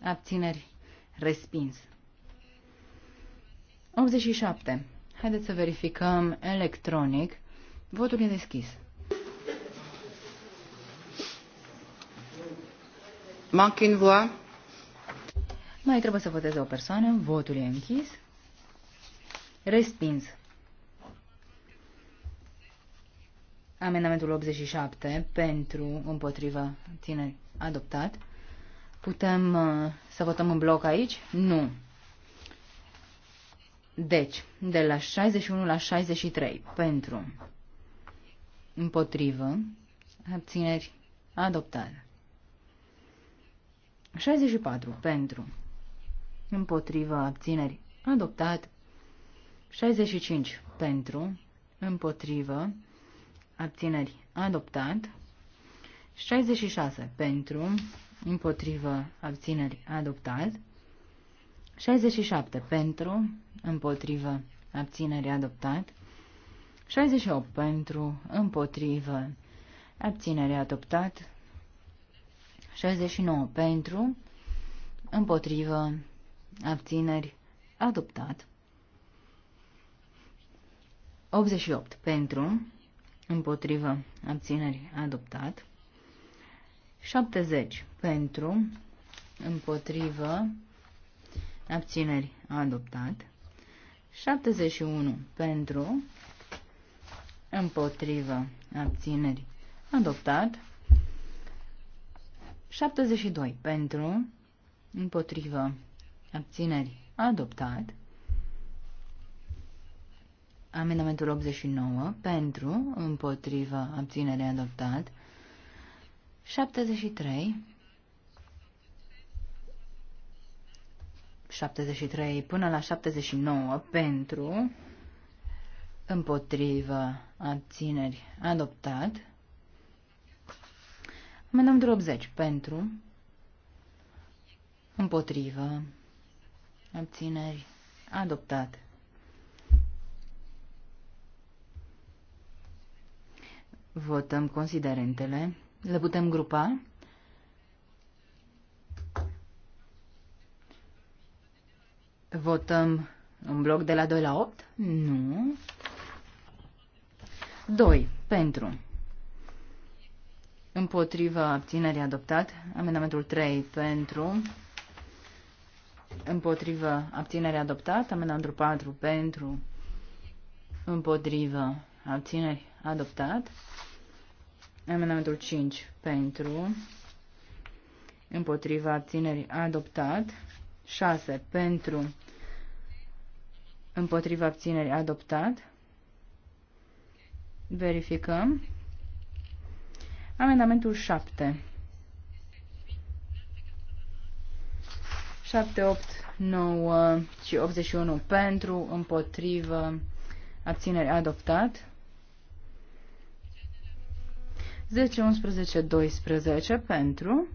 abțineri, respins. 87. Haideți să verificăm electronic. Votul e deschis. Manque une voix. Mai trebuie să voteze o persoană. Votul e închis. Respins. Amendamentul 87 pentru împotriva tineri adoptat. Putem uh, să votăm în bloc aici? Nu. Deci, de la 61 la 63, pentru, împotrivă, abțineri, adoptare. 64, pentru, împotrivă, abțineri, adoptat. 65, pentru, împotrivă, abțineri, adoptat. 66, pentru, împotrivă, abțineri, adoptat. 67 pentru, împotrivă, abțineri, adoptat. 68 pentru, împotrivă, abținere adoptat. 69 pentru, împotrivă, abțineri, adoptat. 88 pentru, împotrivă, abțineri, adoptat. 70 pentru, împotrivă, abțineri adoptat. 71 pentru, împotrivă, abțineri adoptat. 72 pentru, împotrivă, abțineri adoptat. Amendamentul 89 pentru, împotrivă, abținere adoptat. 73 73 până la 79 pentru împotrivă abțineri adoptat Amendăm 80 pentru împotrivă abțineri adoptat votăm considerentele le putem grupa. Votăm un bloc de la 2 la 8? Nu. 2. Pentru. Împotriva abținerii adoptat. Amendamentul 3 pentru. Împotriva abținerii adoptat. Amendamentul 4 pentru. Împotriva abțineri adoptat. Amendamentul 5 pentru, împotriva abținerii adoptat. 6 pentru, împotriva abținerii adoptat. Verificăm. Amendamentul 7. 7, 8, 9 și 81 pentru, împotrivă, abținere adoptat. 10, 11, 12 pentru,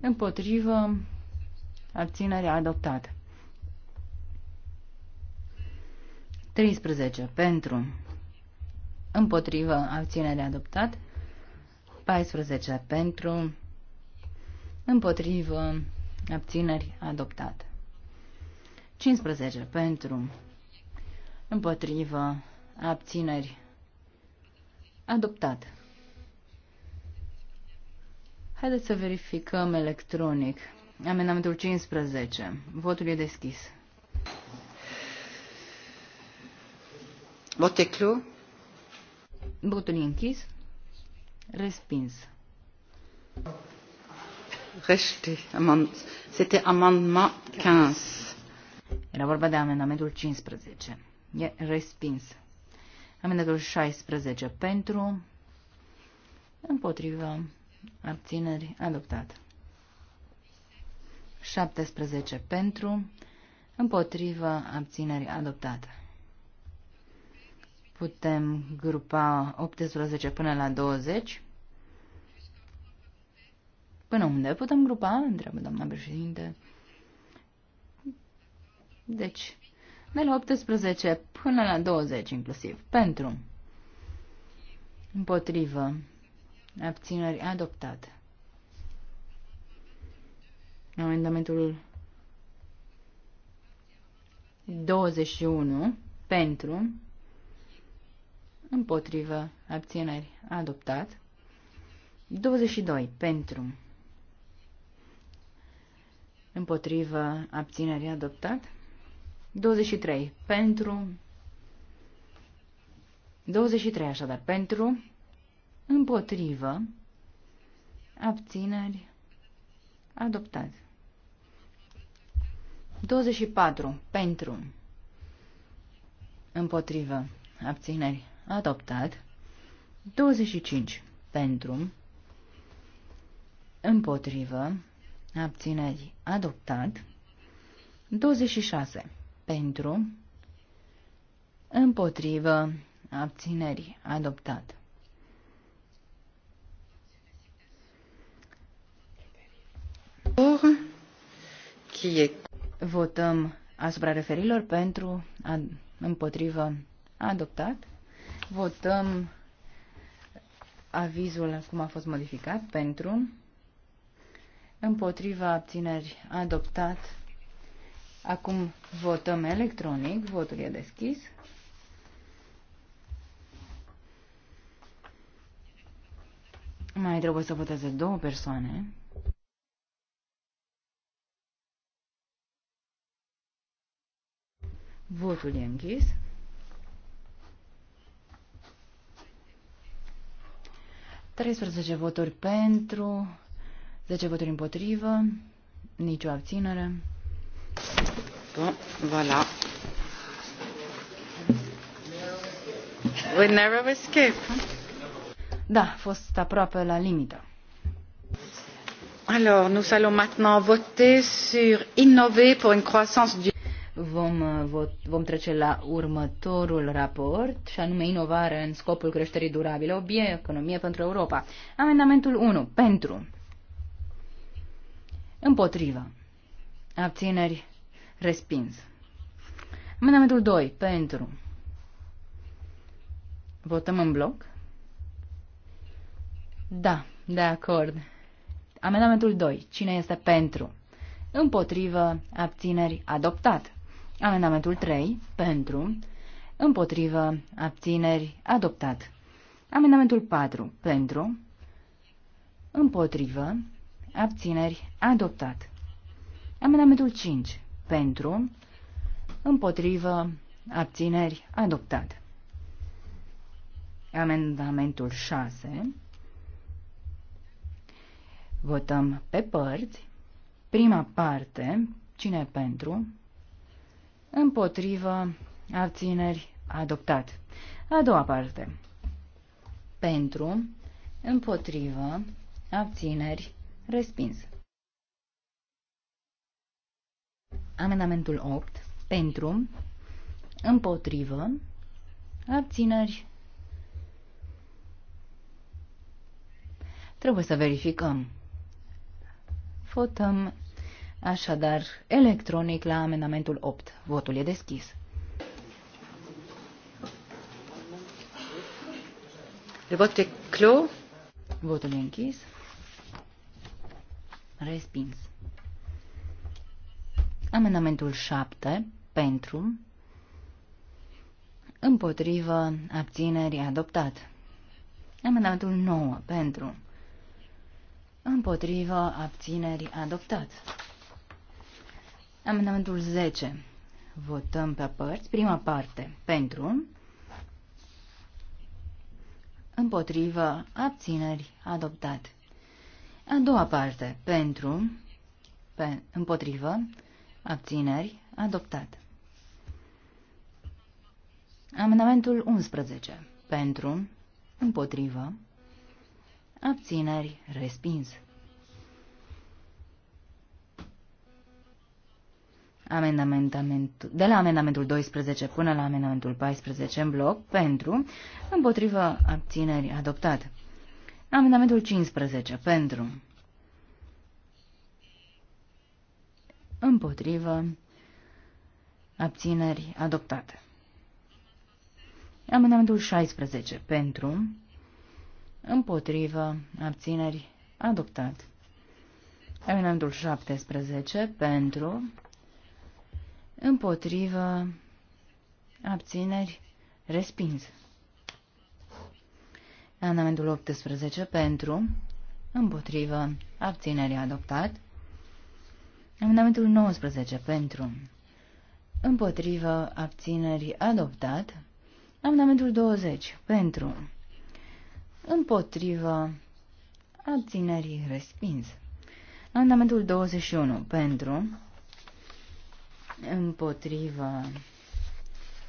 împotrivă, abținerea adoptată. 13 pentru, împotrivă, abținerea adoptat. 14 pentru, împotrivă, abțineri adoptat. 15 pentru, împotrivă, abțineri Adoptat. Haideți să verificăm electronic. Amendamentul 15. Votul e deschis. Vot e clos. Votul e închis. Respins. Rejeté. C'était amendement 15. Era vorba de amendamentul 15. E respins. Amendatul 16 pentru, împotrivă, abțineri, adoptat. 17 pentru, împotrivă, abțineri, adoptat. Putem grupa 18 până la 20. Până unde putem grupa? Întreabă doamna președinte. Deci, de la 18 până la 20 inclusiv. Pentru. Împotrivă. Abțineri adoptat. Amendamentul 21 pentru împotrivă abțineri adoptat. 22 pentru împotrivă abțineri adoptat. 23. Pentru. 23 așadar. Pentru. Împotrivă. Abțineri. Adoptat. 24. Pentru. Împotrivă. Abțineri. Adoptat. 25. Pentru. Împotrivă. Abțineri. Adoptat. 26 pentru, împotrivă, abțineri, adoptat. Or, e... Votăm asupra referilor pentru, ad, împotrivă, adoptat. Votăm avizul cum a fost modificat pentru, împotriva abțineri adoptat Acum votăm electronic, votul e deschis. Mai trebuie să voteze două persoane. Votul e închis. Treisprezece voturi pentru, 10 voturi împotrivă, nicio abținere. Bon, voilà. We never escape. Da, a fost aproape la limită. Alors, nous allons maintenant voter sur innover pour une croissance du vom, uh, vot, vom trece la următorul raport, și anume inovare în scopul creșterii durabile, o bie economie pentru Europa. Amendamentul 1. Pentru. Împotriva. Abțineri. Respins. Amendamentul 2. Pentru. Votăm în bloc? Da, de acord. Amendamentul 2. Cine este pentru? Împotrivă. Abțineri. Adoptat. Amendamentul 3. Pentru. Împotrivă. Abțineri. Adoptat. Amendamentul 4. Pentru. Împotrivă. Abțineri. Adoptat. Amendamentul 5. Pentru, împotrivă, abțineri, adoptat. Amendamentul 6. Votăm pe părți. Prima parte, cine pentru, împotrivă, abțineri, adoptat. A doua parte, pentru, împotrivă, abțineri, respins. Amendamentul 8. Pentru. Împotrivă. Abțineri. Trebuie să verificăm. Votăm așadar electronic la amendamentul 8. Votul e deschis. Le vot e clos. Votul e închis. Respins. Amendamentul 7 pentru împotrivă abținerii adoptat. Amendamentul 9 pentru împotrivă abținerii adoptat. Amendamentul 10 votăm pe părți. Prima parte pentru împotrivă abțineri adoptat. A doua parte pentru pe, împotrivă Abțineri. Adoptat. Amendamentul 11. Pentru. Împotrivă. Abțineri. Respins. Amendamentul, de la amendamentul 12 până la amendamentul 14 în bloc pentru, împotrivă abțineri adoptat. Amendamentul 15 pentru, împotrivă, abțineri adoptate. Amendamentul 16 pentru, împotrivă, abțineri adoptat. Amendamentul 17 pentru, împotrivă, abțineri respins. Amendamentul 18 pentru, împotrivă, abținere adoptat. Amendamentul 19 pentru. Împotrivă abținerii adoptat. Amendamentul 20 pentru. Împotrivă abținerii respins. Amendamentul 21 pentru. Împotrivă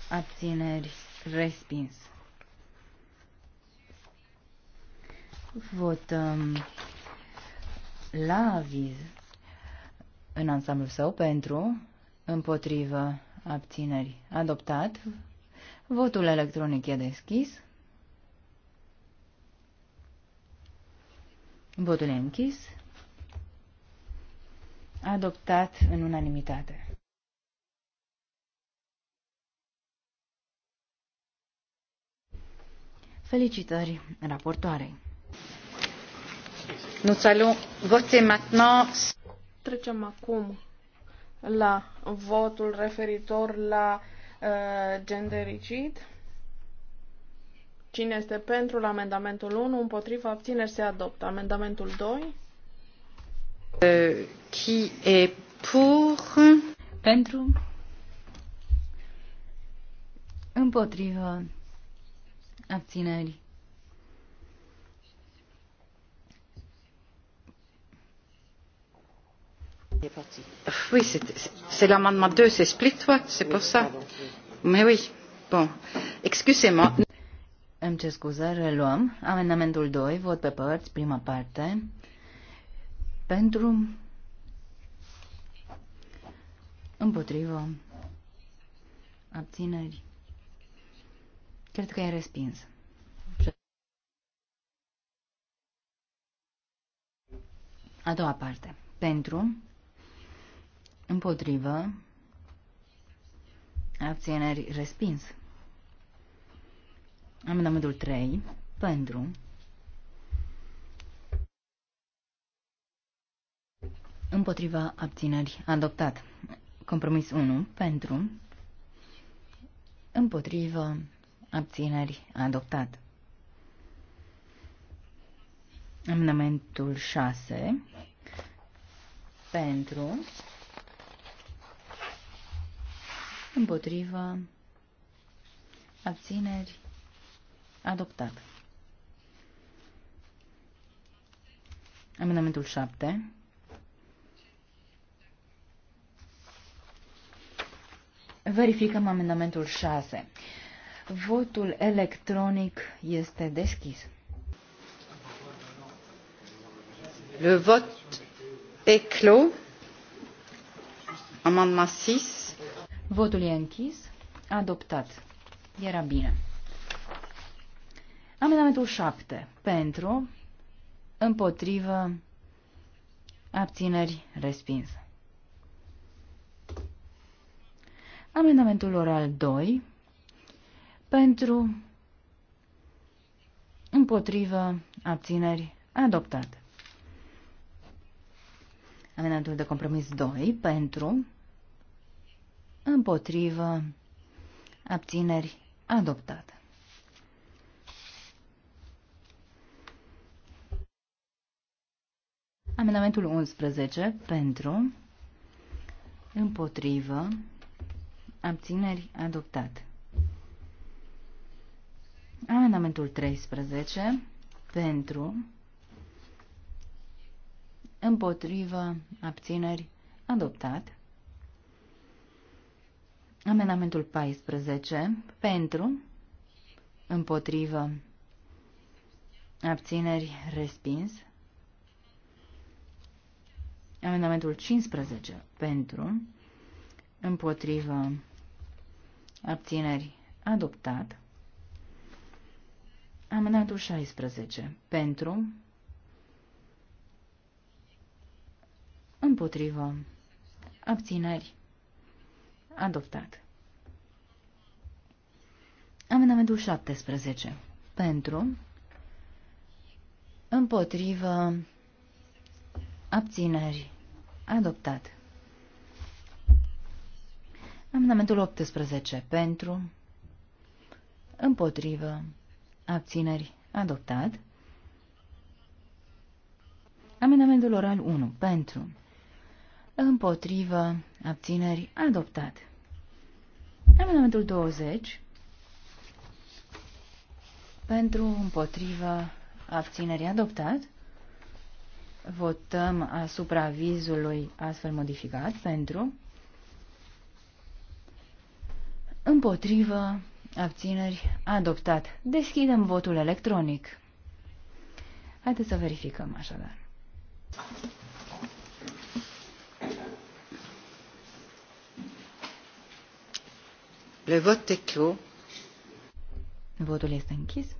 abțineri respins. Votăm la aviz în ansamblul său pentru, împotrivă, abțineri, adoptat. Votul electronic e deschis. Votul e închis. Adoptat în unanimitate. Felicitări raportoarei. Nous allons voter maintenant Trecem acum la votul referitor la uh, gendericid. Cine este pentru amendamentul 1? Împotriva abțineri se adoptă. Amendamentul 2. Uh, qui est pour? Pentru. Împotrivă. Abțineri. Oui, c'est l'amendement 2, c'est split vote, c'est pour ça. Mais oui, bon. Excusez-moi. Îmi cer scuze, reluăm. Amendamentul 2, vot pe părți, prima parte. Pentru. Împotrivă. Abțineri. Cred că e respins. A doua parte. Pentru. Împotrivă. Acționari respins. Amendamentul 3. Pentru. Împotriva abținerii. adoptat. Compromis 1. Pentru. Împotrivă abținerii. adoptat. Amendamentul 6. Pentru. împotrivă, abțineri, adoptat. Amendamentul 7. Verificăm amendamentul 6. Votul electronic este deschis. Le vot est clos. Amendement 6 Votul e închis. Adoptat. Era bine. Amendamentul 7. Pentru, împotrivă, abțineri, respins. Amendamentul oral 2. Pentru, împotrivă, abțineri, adoptat. Amendamentul de compromis 2. Pentru, împotrivă, abțineri, adoptate. Amendamentul 11 pentru, împotrivă, abțineri, adoptat. Amendamentul 13 pentru, împotrivă, abțineri, adoptat. Amendamentul 14. Pentru. Împotrivă. Abțineri. Respins. Amendamentul 15. Pentru. Împotrivă. Abțineri. Adoptat. Amendamentul 16. Pentru. Împotrivă. Abțineri. Adoptat. Amendamentul 17. Pentru. Împotrivă. Abțineri. Adoptat. Amendamentul 18. Pentru. Împotrivă. Abțineri. Adoptat. Amendamentul oral 1. Pentru. Împotrivă. Abțineri. Adoptat. Amendamentul 20 pentru împotrivă abținere adoptat. Votăm asupra vizului astfel modificat pentru împotrivă abțineri adoptat. Deschidem votul electronic. Haideți să verificăm așadar. Le vote est clos. Votul este închis.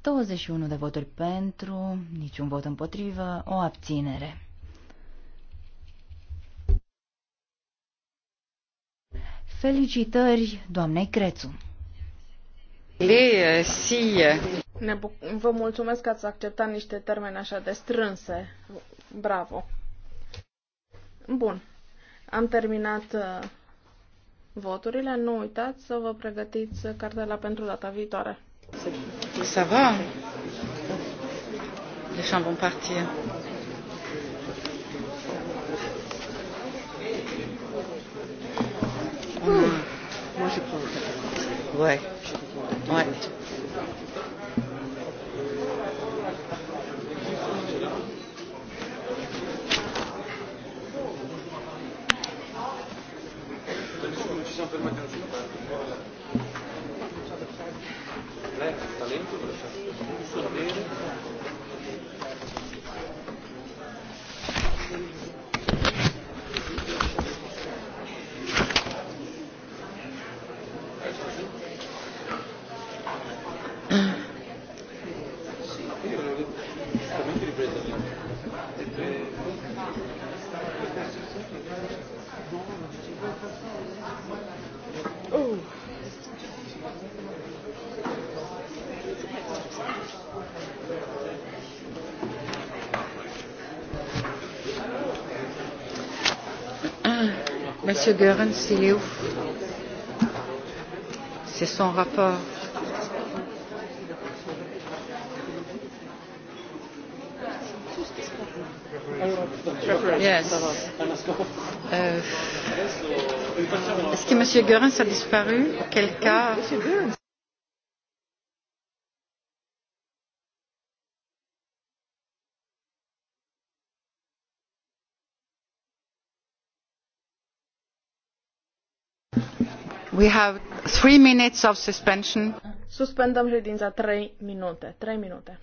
21 de voturi pentru, niciun vot împotrivă, o abținere. Felicitări doamnei Crețu. Le, eh, si. Eh. Ne vă mulțumesc că ați acceptat niște termeni așa de strânse. Bravo. Bun. Am terminat uh, voturile. Nu uitați să vă pregătiți cartela pentru data viitoare. Să va Deci am vont partir. Moi, je prends Ouais. Ouais. siamo fermati alla prima parte. Lei ha talento per far sapere Monsieur Goerens, il est C'est son rapport. Yes. Euh, Est-ce que M. Goerens a disparu Quel cas Suspendăm ședința trei minute. 3 minute.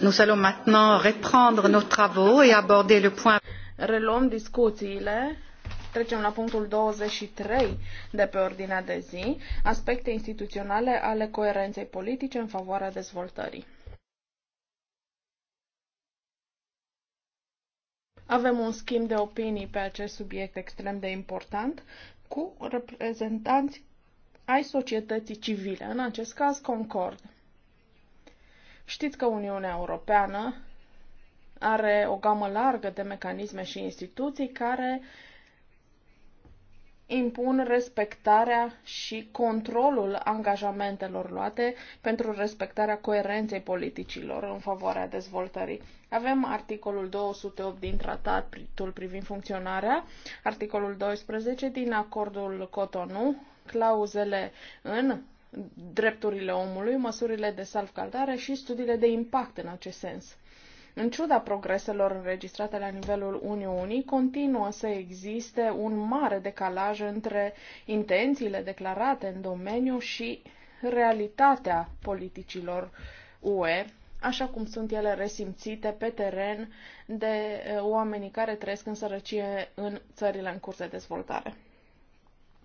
Nous allons maintenant reprendre nos travaux et aborder le point. Reluăm discuțiile. Trecem la punctul 23 de pe ordinea de zi, aspecte instituționale ale coerenței politice în favoarea dezvoltării. Avem un schimb de opinii pe acest subiect extrem de important cu reprezentanți ai societății civile, în acest caz Concord. Știți că Uniunea Europeană are o gamă largă de mecanisme și instituții care impun respectarea și controlul angajamentelor luate pentru respectarea coerenței politicilor în favoarea dezvoltării. Avem articolul 208 din tratatul privind funcționarea, articolul 12 din acordul Cotonou, clauzele în drepturile omului, măsurile de salvgardare și studiile de impact în acest sens. În ciuda progreselor înregistrate la nivelul Uniunii, continuă să existe un mare decalaj între intențiile declarate în domeniu și realitatea politicilor UE, așa cum sunt ele resimțite pe teren de eh, oamenii care trăiesc în sărăcie în țările în curs de dezvoltare.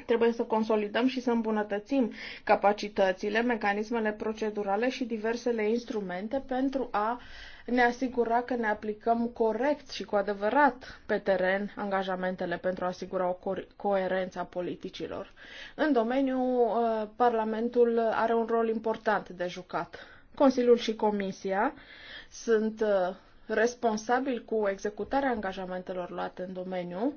Trebuie să consolidăm și să îmbunătățim capacitățile, mecanismele procedurale și diversele instrumente pentru a ne asigura că ne aplicăm corect și cu adevărat pe teren angajamentele pentru a asigura o co- coerență a politicilor. În domeniu, uh, Parlamentul are un rol important de jucat. Consiliul și Comisia sunt uh, responsabili cu executarea angajamentelor luate în domeniu,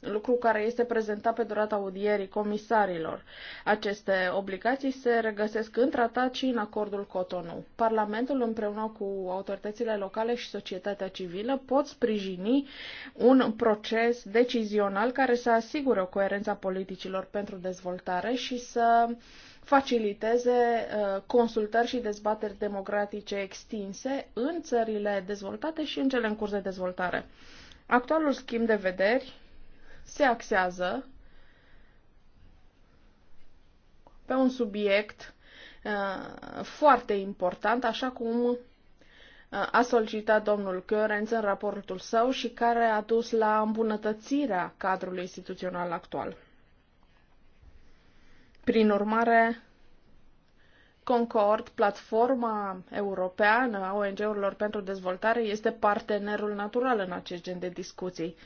lucru care este prezentat pe durata audierii comisarilor. Aceste obligații se regăsesc în tratat și în acordul Cotonou. Parlamentul împreună cu autoritățile locale și societatea civilă pot sprijini un proces decizional care să asigure coerența politicilor pentru dezvoltare și să faciliteze uh, consultări și dezbateri democratice extinse în țările dezvoltate și în cele în curs de dezvoltare. Actualul schimb de vederi se axează pe un subiect uh, foarte important, așa cum uh, a solicitat domnul Görenț în raportul său și care a dus la îmbunătățirea cadrului instituțional actual. Prin urmare, Concord, platforma europeană a ONG-urilor pentru dezvoltare, este partenerul natural în acest gen de discuții.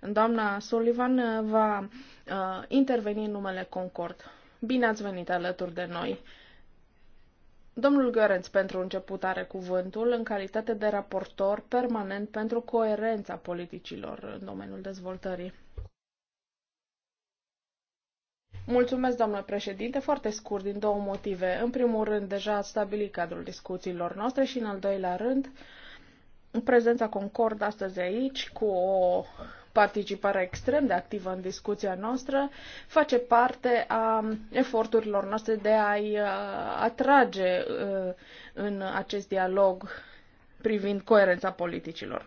Doamna Sullivan uh, va uh, interveni în numele Concord. Bine ați venit alături de noi. Domnul Gărenț, pentru început, are cuvântul în calitate de raportor permanent pentru coerența politicilor în domeniul dezvoltării. Mulțumesc, doamnă președinte. Foarte scurt, din două motive. În primul rând, deja ați stabilit cadrul discuțiilor noastre și, în al doilea rând, prezența Concord astăzi aici cu o participarea extrem de activă în discuția noastră, face parte a eforturilor noastre de a-i uh, atrage uh, în acest dialog privind coerența politicilor.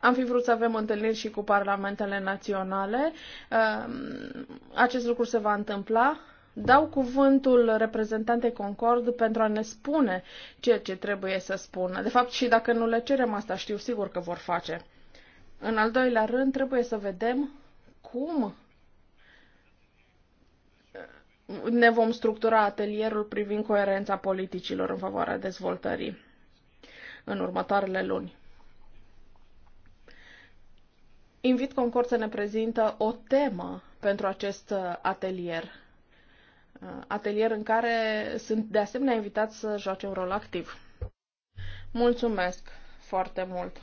Am fi vrut să avem întâlniri și cu parlamentele naționale. Uh, acest lucru se va întâmpla Dau cuvântul reprezentantei Concord pentru a ne spune ceea ce trebuie să spună. De fapt, și dacă nu le cerem asta, știu sigur că vor face. În al doilea rând, trebuie să vedem cum ne vom structura atelierul privind coerența politicilor în favoarea dezvoltării în următoarele luni. Invit Concord să ne prezintă o temă pentru acest atelier Uh, atelier în care sunt de asemenea invitați să joace un rol activ. Mulțumesc foarte mult!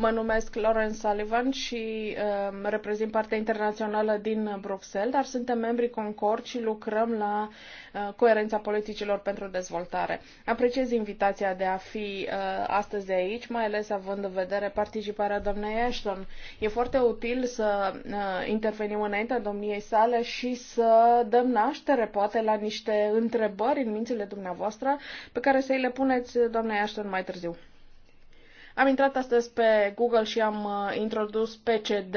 Mă numesc Lauren Sullivan și uh, reprezint partea internațională din Bruxelles, dar suntem membri Concord și lucrăm la uh, coerența politicilor pentru dezvoltare. Apreciez invitația de a fi uh, astăzi aici, mai ales având în vedere participarea doamnei Ashton. E foarte util să uh, intervenim înaintea domniei sale și să dăm naștere, poate, la niște întrebări în mințile dumneavoastră pe care să îi le puneți doamnei Ashton mai târziu. Am intrat astăzi pe Google și am uh, introdus PCD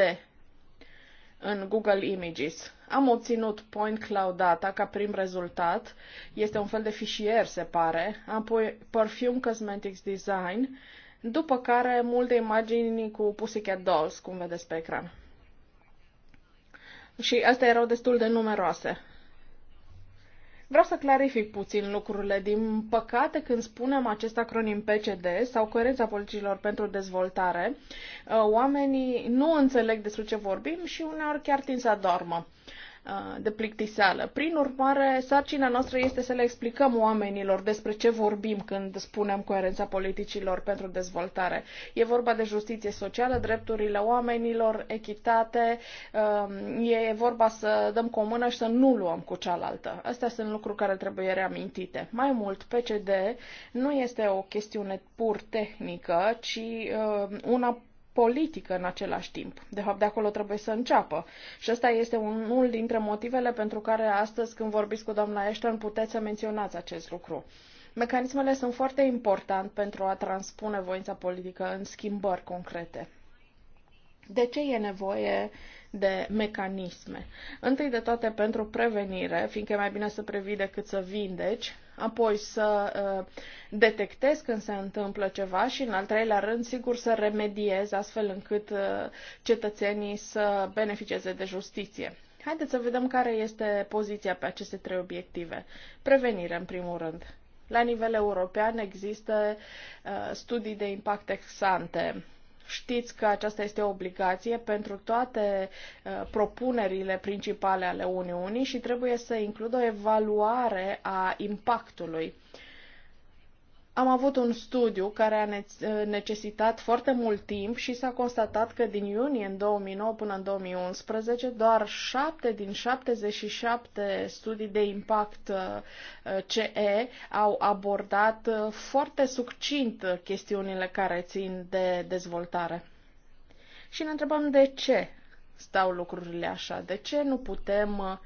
în Google Images. Am obținut Point Cloud Data ca prim rezultat. Este un fel de fișier, se pare. Apoi Perfume Cosmetics Design, după care multe imagini cu Pussycat Dolls, cum vedeți pe ecran. Și astea erau destul de numeroase. Vreau să clarific puțin lucrurile. Din păcate, când spunem acest acronim PCD sau Coerența Politicilor pentru Dezvoltare, uh, oamenii nu înțeleg despre ce vorbim și uneori chiar tind să adormă. Uh, de plictiseală. Prin urmare, sarcina noastră este să le explicăm oamenilor despre ce vorbim când spunem coerența politicilor pentru dezvoltare. E vorba de justiție socială, drepturile oamenilor, echitate, um, e vorba să dăm cu o mână și să nu luăm cu cealaltă. Astea sunt lucruri care trebuie reamintite. Mai mult, PCD nu este o chestiune pur tehnică, ci uh, una politică în același timp. De fapt, de acolo trebuie să înceapă. Și ăsta este unul dintre motivele pentru care astăzi, când vorbiți cu doamna Ashton, puteți să menționați acest lucru. Mecanismele sunt foarte important pentru a transpune voința politică în schimbări concrete. De ce e nevoie de mecanisme? Întâi de toate pentru prevenire, fiindcă e mai bine să previi decât să vindeci, apoi să uh, detectez când se întâmplă ceva și, în al treilea rând, sigur, să remediez astfel încât uh, cetățenii să beneficieze de justiție. Haideți să vedem care este poziția pe aceste trei obiective. Prevenire, în primul rând. La nivel european există uh, studii de impact exante. Știți că aceasta este o obligație pentru toate uh, propunerile principale ale Uniunii și trebuie să includă o evaluare a impactului. Uh, am avut un studiu care a necesitat foarte mult timp și s-a constatat că din iunie în 2009 până în 2011 doar 7 din 77 studii de impact uh, CE au abordat uh, foarte succint chestiunile care țin de dezvoltare. Și ne întrebăm de ce stau lucrurile așa, de ce nu putem uh,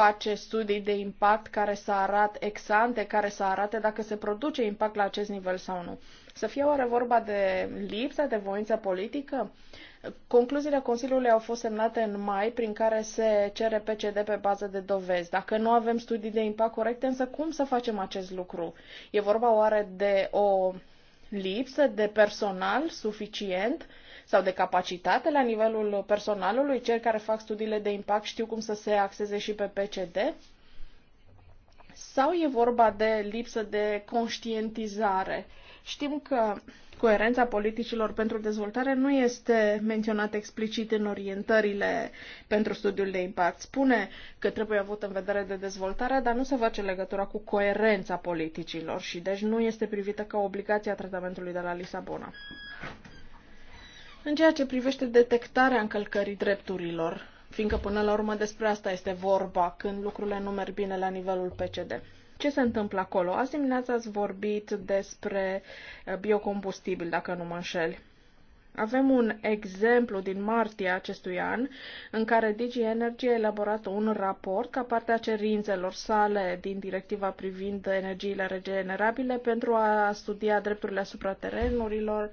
face studii de impact care să arate exante, care să arate dacă se produce impact la acest nivel sau nu. Să fie oare vorba de lipsă de voință politică? Concluziile Consiliului au fost semnate în mai, prin care se cere PCD pe bază de dovezi. Dacă nu avem studii de impact corecte, însă cum să facem acest lucru? E vorba oare de o lipsă de personal suficient? sau de capacitate la nivelul personalului. Cei care fac studiile de impact știu cum să se axeze și pe PCD. Sau e vorba de lipsă de conștientizare? Știm că coerența politicilor pentru dezvoltare nu este menționată explicit în orientările pentru studiul de impact. Spune că trebuie avut în vedere de dezvoltare, dar nu se face legătura cu coerența politicilor și deci nu este privită ca obligația tratamentului de la Lisabona. În ceea ce privește detectarea încălcării drepturilor, fiindcă până la urmă despre asta este vorba când lucrurile nu merg bine la nivelul PCD. Ce se întâmplă acolo? Azi dimineața ați vorbit despre eh, biocombustibil, dacă nu mă înșel. Avem un exemplu din martie acestui an în care Digi Energy a elaborat un raport ca parte a cerințelor sale din directiva privind energiile regenerabile pentru a studia drepturile asupra terenurilor,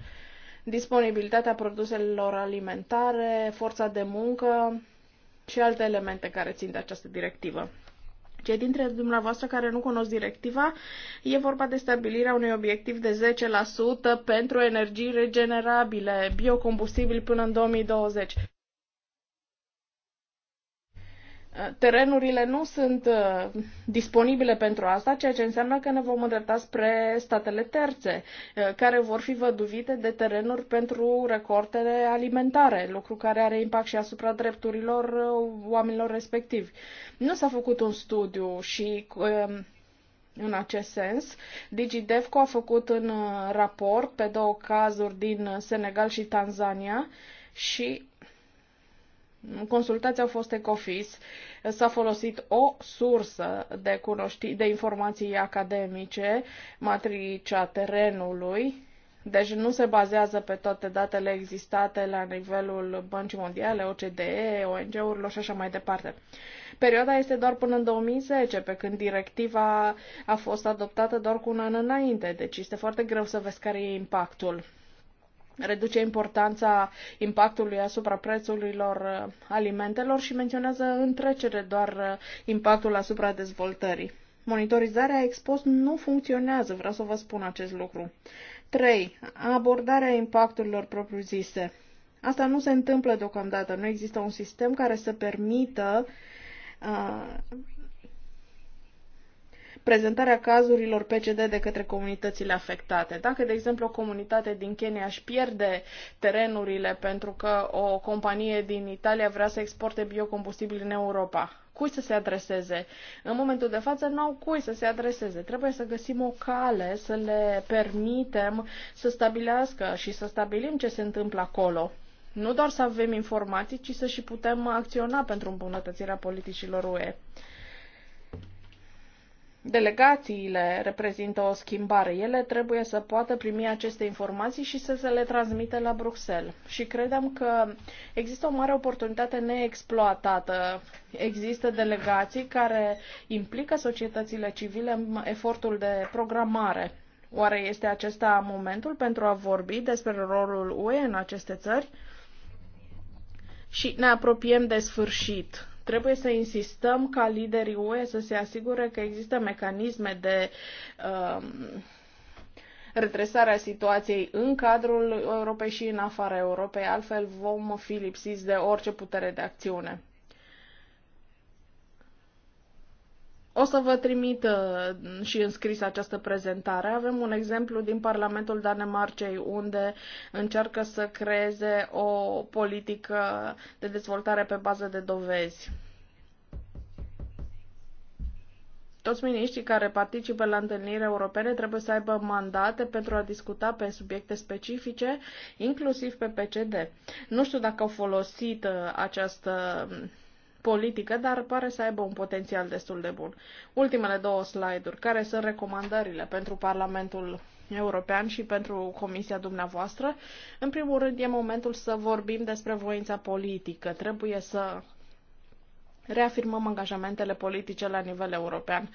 disponibilitatea produselor alimentare, forța de muncă și alte elemente care țin de această directivă. Cei dintre dumneavoastră care nu cunosc directiva, e vorba de stabilirea unui obiectiv de 10% pentru energii regenerabile, biocombustibili până în 2020 terenurile nu sunt uh, disponibile pentru asta, ceea ce înseamnă că ne vom îndrepta spre statele terțe, uh, care vor fi văduvite de terenuri pentru recortele alimentare, lucru care are impact și asupra drepturilor uh, oamenilor respectivi. Nu s-a făcut un studiu și um, în acest sens. DigiDevco a făcut un raport pe două cazuri din Senegal și Tanzania și Consultații au fost Ecofis, s-a folosit o sursă de, cunoști- de informații academice, matricea terenului, deci nu se bazează pe toate datele existate la nivelul Băncii Mondiale, OCDE, ONG-urilor și așa mai departe. Perioada este doar până în 2010, pe când directiva a fost adoptată doar cu un an înainte, deci este foarte greu să vezi care e impactul reduce importanța impactului asupra prețurilor uh, alimentelor și menționează în trecere doar uh, impactul asupra dezvoltării. Monitorizarea post nu funcționează, vreau să vă spun acest lucru. 3. Abordarea impacturilor propriu-zise. Asta nu se întâmplă deocamdată. Nu există un sistem care să permită uh, prezentarea cazurilor PCD de către comunitățile afectate. Dacă, de exemplu, o comunitate din Kenya își pierde terenurile pentru că o companie din Italia vrea să exporte biocombustibili în Europa, cui să se adreseze. În momentul de față nu au cui să se adreseze. Trebuie să găsim o cale să le permitem să stabilească și să stabilim ce se întâmplă acolo. Nu doar să avem informații, ci să și putem acționa pentru îmbunătățirea politicilor UE. Delegațiile reprezintă o schimbare. Ele trebuie să poată primi aceste informații și să se le transmite la Bruxelles. Și credem că există o mare oportunitate neexploatată. Există delegații care implică societățile civile în efortul de programare. Oare este acesta momentul pentru a vorbi despre rolul UE în aceste țări? Și ne apropiem de sfârșit Trebuie să insistăm ca liderii UE să se asigure că există mecanisme de uh, a situației în cadrul Europei și în afara Europei, altfel vom fi lipsiți de orice putere de acțiune. O să vă trimit uh, și în scris această prezentare. Avem un exemplu din Parlamentul Danemarcei unde încearcă să creeze o politică de dezvoltare pe bază de dovezi. Toți miniștrii care participă la întâlniri europene trebuie să aibă mandate pentru a discuta pe subiecte specifice, inclusiv pe PCD. Nu știu dacă au folosit uh, această politică, dar pare să aibă un potențial destul de bun. Ultimele două slide-uri, care sunt recomandările pentru Parlamentul European și pentru Comisia dumneavoastră. În primul rând, e momentul să vorbim despre voința politică. Trebuie să reafirmăm angajamentele politice la nivel european.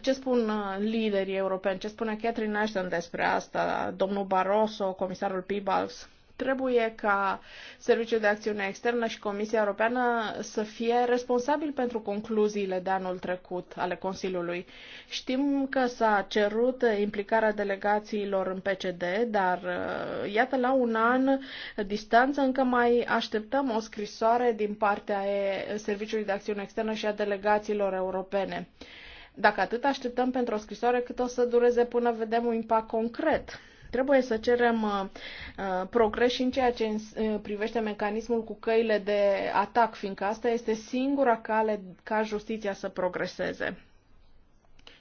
Ce spun liderii europeni? Ce spune Catherine Ashton despre asta? Domnul Barroso, comisarul Peebles? Trebuie ca Serviciul de Acțiune Externă și Comisia Europeană să fie responsabil pentru concluziile de anul trecut ale Consiliului. Știm că s-a cerut implicarea delegațiilor în PCD, dar uh, iată la un an distanță încă mai așteptăm o scrisoare din partea Serviciului de Acțiune Externă și a delegațiilor europene. Dacă atât așteptăm pentru o scrisoare, cât o să dureze până vedem un impact concret Trebuie să cerem uh, uh, progres și în ceea ce uh, privește mecanismul cu căile de atac, fiindcă asta este singura cale ca justiția să progreseze.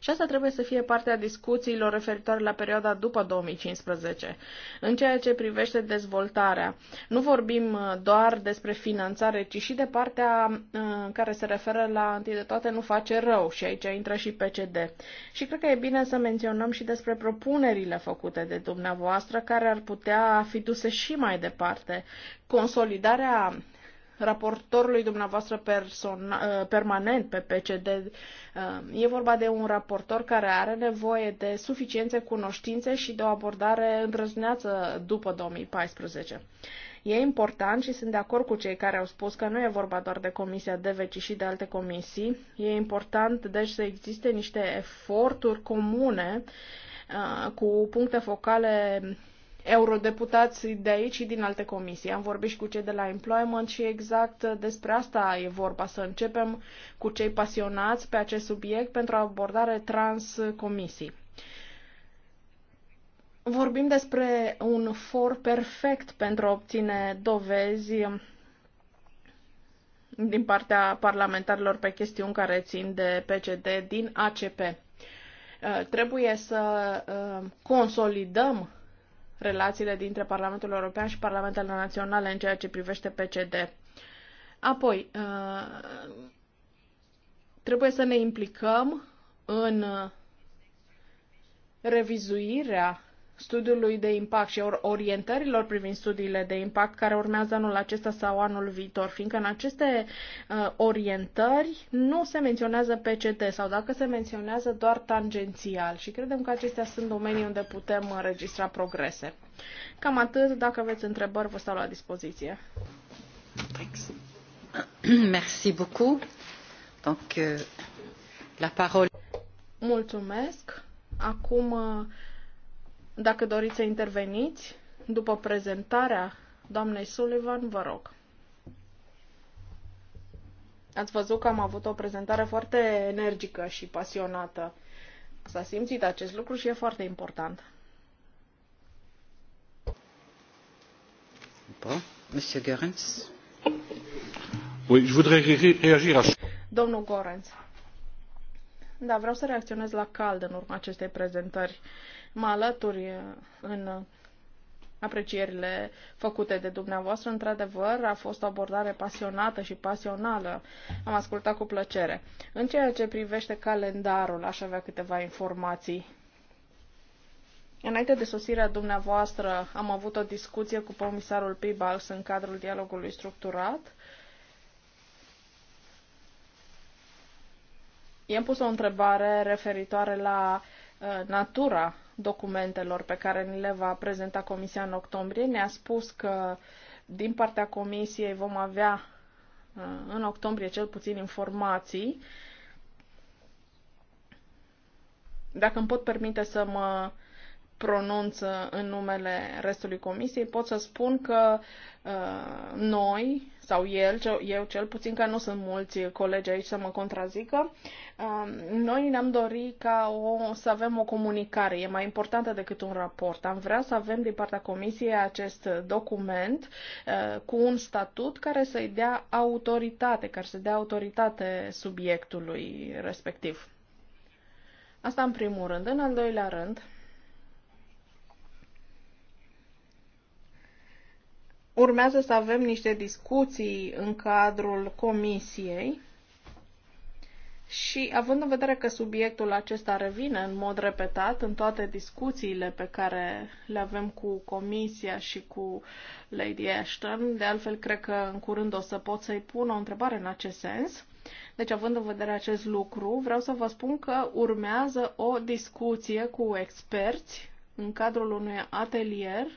Și asta trebuie să fie partea discuțiilor referitoare la perioada după 2015. În ceea ce privește dezvoltarea, nu vorbim uh, doar despre finanțare, ci și de partea uh, care se referă la întâi de toate nu face rău și aici intră și PCD. Și cred că e bine să menționăm și despre propunerile făcute de dumneavoastră care ar putea fi duse și mai departe. Consolidarea raportorului dumneavoastră persona, uh, permanent pe PCD. Uh, e vorba de un raportor care are nevoie de suficiențe cunoștințe și de o abordare îndrăzneață după 2014. E important și sunt de acord cu cei care au spus că nu e vorba doar de Comisia DV, ci și de alte comisii. E important, deci, să existe niște eforturi comune uh, cu puncte focale eurodeputați de aici și din alte comisii. Am vorbit și cu cei de la Employment și exact despre asta e vorba, să începem cu cei pasionați pe acest subiect pentru o abordare comisii. Vorbim despre un for perfect pentru a obține dovezi din partea parlamentarilor pe chestiuni care țin de PCD din ACP. Trebuie să uh, consolidăm relațiile dintre Parlamentul European și Parlamentele Naționale în ceea ce privește PCD. Apoi, uh, trebuie să ne implicăm în revizuirea studiului de impact și orientărilor privind studiile de impact care urmează anul acesta sau anul viitor, fiindcă în aceste uh, orientări nu se menționează PCT sau dacă se menționează doar tangențial și credem că acestea sunt domenii unde putem înregistra progrese. Cam atât, dacă aveți întrebări, vă stau la dispoziție. Thanks. Merci beaucoup. Donc, euh, la parole. Mulțumesc. Acum uh, dacă doriți să interveniți, după prezentarea doamnei Sullivan, vă rog. Ați văzut că am avut o prezentare foarte energică și pasionată. S-a simțit acest lucru și e foarte important. Monsieur Oui, je voudrais réagir à... Domnul Gorenț. Da, vreau să reacționez la cald în urma acestei prezentări. Uh, mă alături uh, în uh, aprecierile făcute de dumneavoastră. Într-adevăr, a fost o abordare pasionată și pasională. Am ascultat cu plăcere. În ceea ce privește calendarul, aș avea câteva informații. Înainte de sosirea dumneavoastră, am avut o discuție cu comisarul Pibals în cadrul dialogului structurat. I-am pus o întrebare referitoare la uh, Uh, natura documentelor pe care ni le va prezenta Comisia în octombrie. Ne-a spus că din partea Comisiei vom avea uh, în octombrie cel puțin informații. Dacă îmi pot permite să mă pronunț în numele restului Comisiei, pot să spun că uh, noi, sau el, eu cel puțin, că nu sunt mulți colegi aici să mă contrazică, um, noi ne-am dorit ca o, să avem o comunicare, e mai importantă decât un raport. Am vrea să avem din partea Comisiei acest document uh, cu un statut care să-i dea autoritate, care să dea autoritate subiectului respectiv. Asta în primul rând. În al doilea rând, Urmează să avem niște discuții în cadrul comisiei și având în vedere că subiectul acesta revine în mod repetat în toate discuțiile pe care le avem cu Comisia și cu Lady Ashton, de altfel cred că în curând o să pot să-i pun o întrebare în acest sens. Deci, având în vedere acest lucru, vreau să vă spun că urmează o discuție cu experți în cadrul unui atelier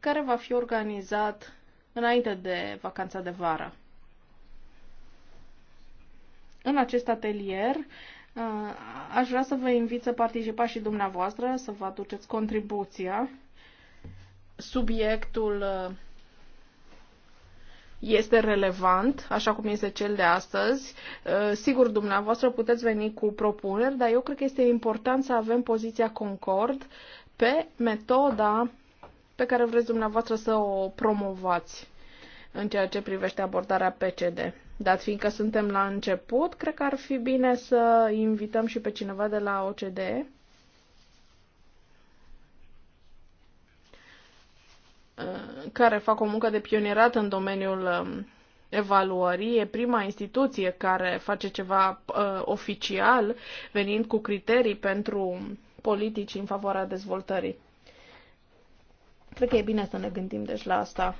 care va fi organizat înainte de vacanța de vară. În acest atelier uh, aș vrea să vă invit să participați și dumneavoastră, să vă aduceți contribuția. Subiectul uh, este relevant, așa cum este cel de astăzi. Uh, sigur, dumneavoastră puteți veni cu propuneri, dar eu cred că este important să avem poziția concord pe metoda pe care vreți dumneavoastră să o promovați în ceea ce privește abordarea PCD. Dar fiindcă suntem la început, cred că ar fi bine să invităm și pe cineva de la OCDE. Uh, care fac o muncă de pionierat în domeniul um, evaluării, e prima instituție care face ceva uh, oficial, venind cu criterii pentru politici în favoarea dezvoltării. Cred că e bine să ne gândim deci la asta.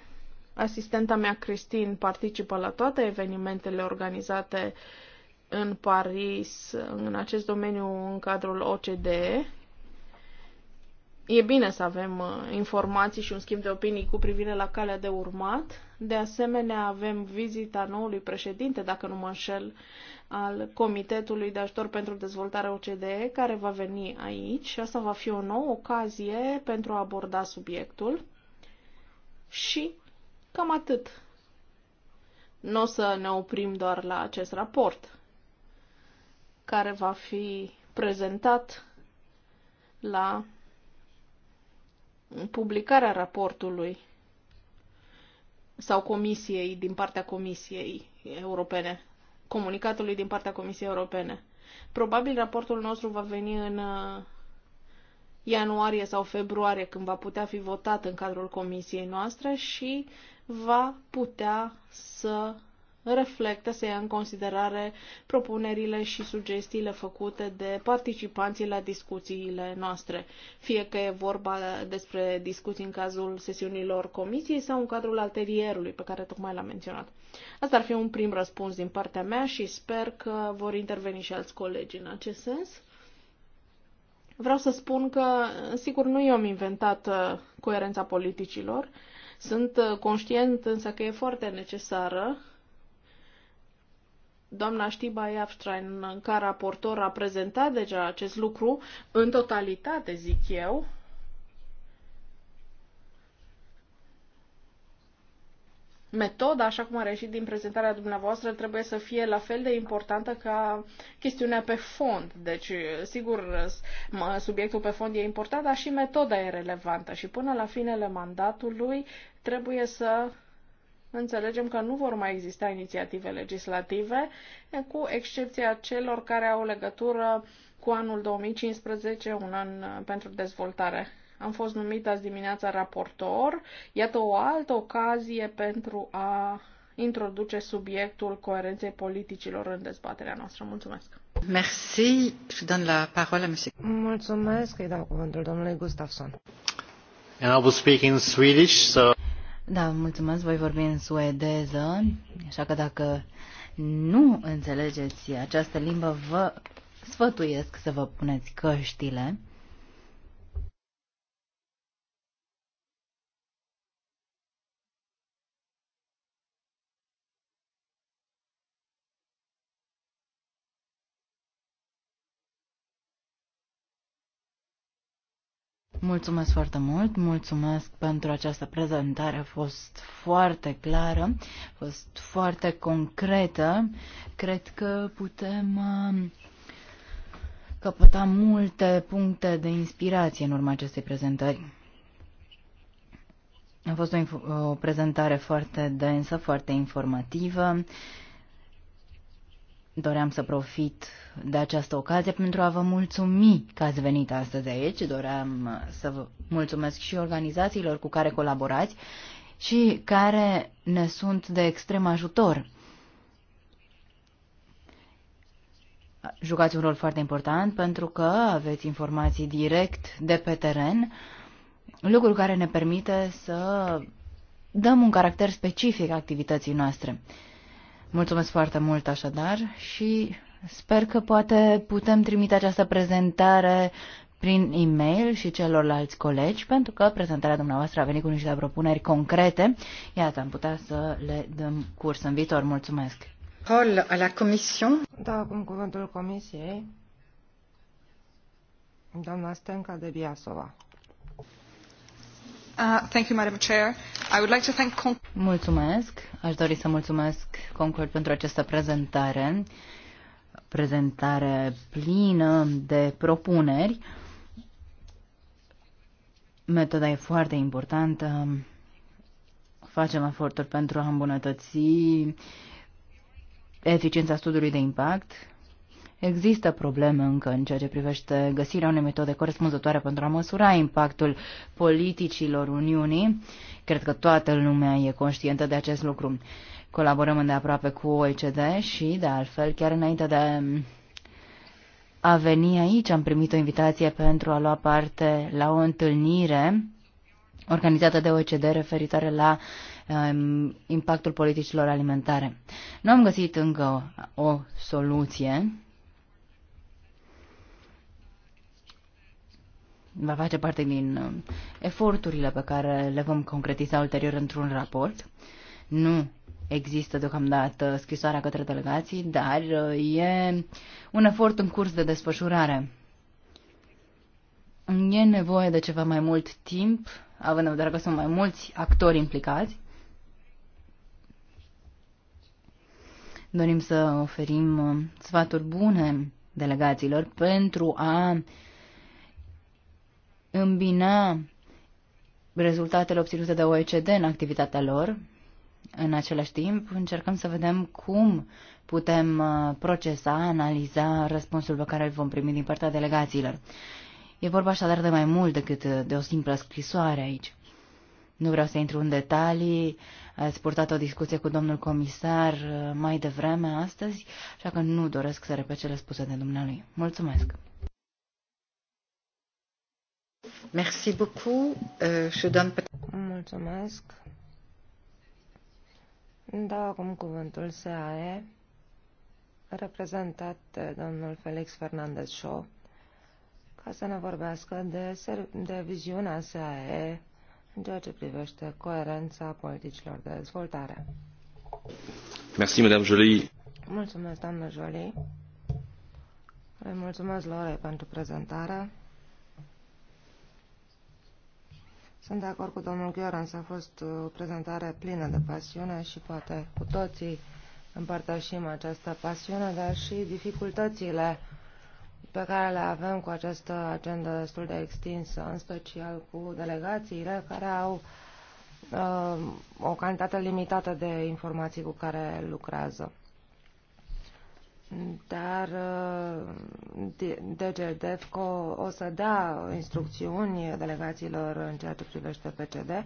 Asistenta mea, Cristin, participă la toate evenimentele organizate în Paris, în acest domeniu, în cadrul OCDE. E bine să avem uh, informații și un schimb de opinii cu privire la calea de urmat. De asemenea, avem vizita noului președinte, dacă nu mă înșel, al Comitetului de Ajutor pentru Dezvoltare OCDE, care va veni aici și asta va fi o nouă ocazie pentru a aborda subiectul. Și cam atât. Nu o să ne oprim doar la acest raport, care va fi prezentat la publicarea raportului sau comisiei, din partea Comisiei Europene comunicatului din partea Comisiei Europene. Probabil raportul nostru va veni în uh, ianuarie sau februarie, când va putea fi votat în cadrul comisiei noastre și va putea să reflectă, să ia în considerare propunerile și sugestiile făcute de participanții la discuțiile noastre, fie că e vorba despre discuții în cazul sesiunilor comisiei sau în cadrul alterierului pe care tocmai l-am menționat. Asta ar fi un prim răspuns din partea mea și sper că vor interveni și alți colegi în acest sens. Vreau să spun că, sigur, nu eu am inventat uh, coerența politicilor, sunt uh, conștient însă că e foarte necesară doamna Știba Iafstrain, ca raportor, a prezentat deja acest lucru în totalitate, zic eu. Metoda, așa cum a reușit din prezentarea dumneavoastră, trebuie să fie la fel de importantă ca chestiunea pe fond. Deci, sigur, subiectul pe fond e important, dar și metoda e relevantă. Și până la finele mandatului trebuie să înțelegem că nu vor mai exista inițiative legislative, cu excepția celor care au legătură cu anul 2015, un an pentru dezvoltare. Am fost numit azi dimineața raportor. Iată o altă ocazie pentru a introduce subiectul coerenței politicilor în dezbaterea noastră. Mulțumesc! Merci. Je donne la parole à monsieur. Mulțumesc, îi dau cuvântul domnului Gustafsson. And I will speak in Swedish, so... Da, mulțumesc. Voi vorbi în suedeză, așa că dacă nu înțelegeți această limbă, vă sfătuiesc să vă puneți căștile. Mulțumesc foarte mult, mulțumesc pentru această prezentare, a fost foarte clară, a fost foarte concretă. Cred că putem um, căpăta multe puncte de inspirație în urma acestei prezentări. A fost o, o prezentare foarte densă, foarte informativă. Doream să profit de această ocazie pentru a vă mulțumi că ați venit astăzi aici. Doream să vă mulțumesc și organizațiilor cu care colaborați și care ne sunt de extrem ajutor. Jucați un rol foarte important pentru că aveți informații direct de pe teren, lucru care ne permite să dăm un caracter specific activității noastre. Mulțumesc foarte mult așadar și sper că poate putem trimite această prezentare prin e-mail și celorlalți colegi, pentru că prezentarea dumneavoastră a venit cu niște propuneri concrete. Iată, am putea să le dăm curs în viitor. Mulțumesc! a la comision. Da, acum cuvântul comisiei. Doamna Stenca de Biasova. Mulțumesc. Aș dori să mulțumesc Concord pentru această prezentare. Prezentare plină de propuneri. Metoda e foarte importantă. Facem eforturi pentru a îmbunătăți eficiența studiului de impact Există probleme încă în ceea ce privește găsirea unei metode corespunzătoare pentru a măsura impactul politicilor Uniunii. Cred că toată lumea e conștientă de acest lucru. Colaborăm îndeaproape cu OECD și, de altfel, chiar înainte de a veni aici, am primit o invitație pentru a lua parte la o întâlnire organizată de OECD referitoare la um, impactul politicilor alimentare. Nu am găsit încă o soluție, va face parte din uh, eforturile pe care le vom concretiza ulterior într-un raport. Nu există deocamdată scrisoarea către delegații, dar uh, e un efort în curs de desfășurare. E nevoie de ceva mai mult timp, având în vedere că sunt mai mulți actori implicați. Dorim să oferim uh, sfaturi bune delegațiilor pentru a îmbina rezultatele obținute de OECD în activitatea lor. În același timp, încercăm să vedem cum putem uh, procesa, analiza răspunsul pe care îl vom primi din partea delegațiilor. E vorba așadar de mai mult decât uh, de o simplă scrisoare aici. Nu vreau să intru în detalii, ați purtat o discuție cu domnul comisar uh, mai devreme astăzi, așa că nu doresc să repet cele spuse de dumnealui. Mulțumesc! Merci beaucoup. Euh, je donne... Mulțumesc. Da, acum cuvântul SAE, reprezentat de domnul Felix Fernandez Show, ca să ne vorbească de, de viziunea SAE în ceea ce privește coerența politicilor de dezvoltare. Merci, Madame Jolie. Mulțumesc, doamnă Jolie. Îi mulțumesc, Lore, pentru prezentare. Sunt de acord cu domnul Gheorens, a fost uh, o prezentare plină de pasiune și poate cu toții împărtășim această pasiune, dar și dificultățile pe care le avem cu această agendă destul de extinsă, în special cu delegațiile care au uh, o cantitate limitată de informații cu care lucrează dar uh, DG DEFCO o să dea instrucțiuni delegațiilor în ceea ce privește PCD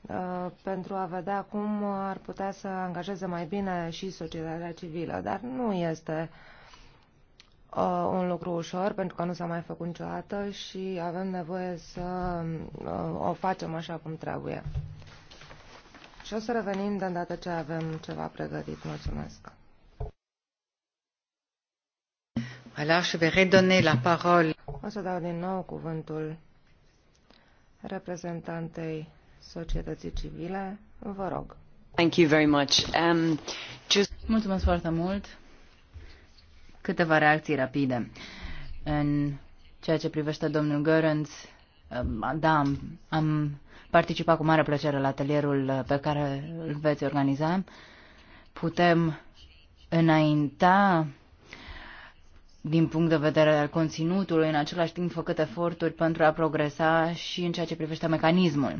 uh, pentru a vedea cum ar putea să angajeze mai bine și societatea civilă, dar nu este uh, un lucru ușor pentru că nu s-a mai făcut niciodată și avem nevoie să o facem așa cum trebuie. Și o să revenim de data ce avem ceva pregătit. Mulțumesc! la O să dau din nou cuvântul reprezentantei societății civile. Vă rog. Thank you very much. Um, just... Mulțumesc foarte mult. Câteva reacții rapide. În ceea ce privește domnul Görens, um, da, am, am participat cu mare plăcere la atelierul uh, pe care îl veți organiza. Putem înainta din punct de vedere al conținutului, în același timp făcut eforturi pentru a progresa și în ceea ce privește mecanismul.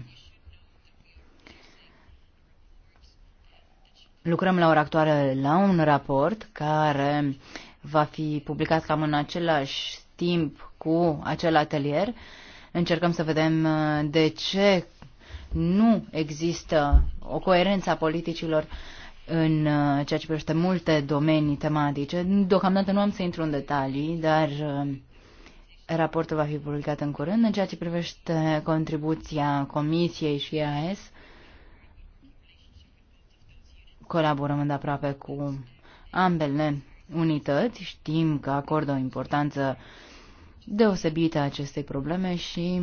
Lucrăm la ora actuală la un raport care va fi publicat cam în același timp cu acel atelier. Încercăm să vedem uh, de ce nu există o coerență a politicilor uh, în uh, ceea ce privește multe domenii tematice. Deocamdată nu am să intru în detalii, dar uh, raportul va fi publicat în curând. În ceea ce privește contribuția Comisiei și AS, colaborăm îndeaproape cu ambele unități. Știm că acordă o importanță deosebită acestei probleme și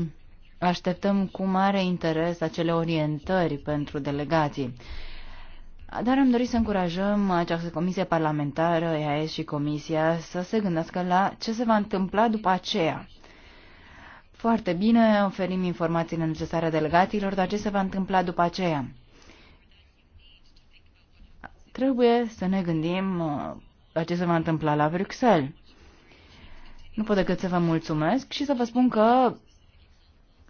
așteptăm cu mare interes acele orientări pentru delegații. Dar am dorit să încurajăm această comisie parlamentară, EAS și comisia, să se gândească la ce se va întâmpla după aceea. Foarte bine, oferim informațiile necesare delegaților dar ce se va întâmpla după aceea? Trebuie să ne gândim uh, la ce se va întâmpla la Bruxelles. Nu pot decât să vă mulțumesc și să vă spun că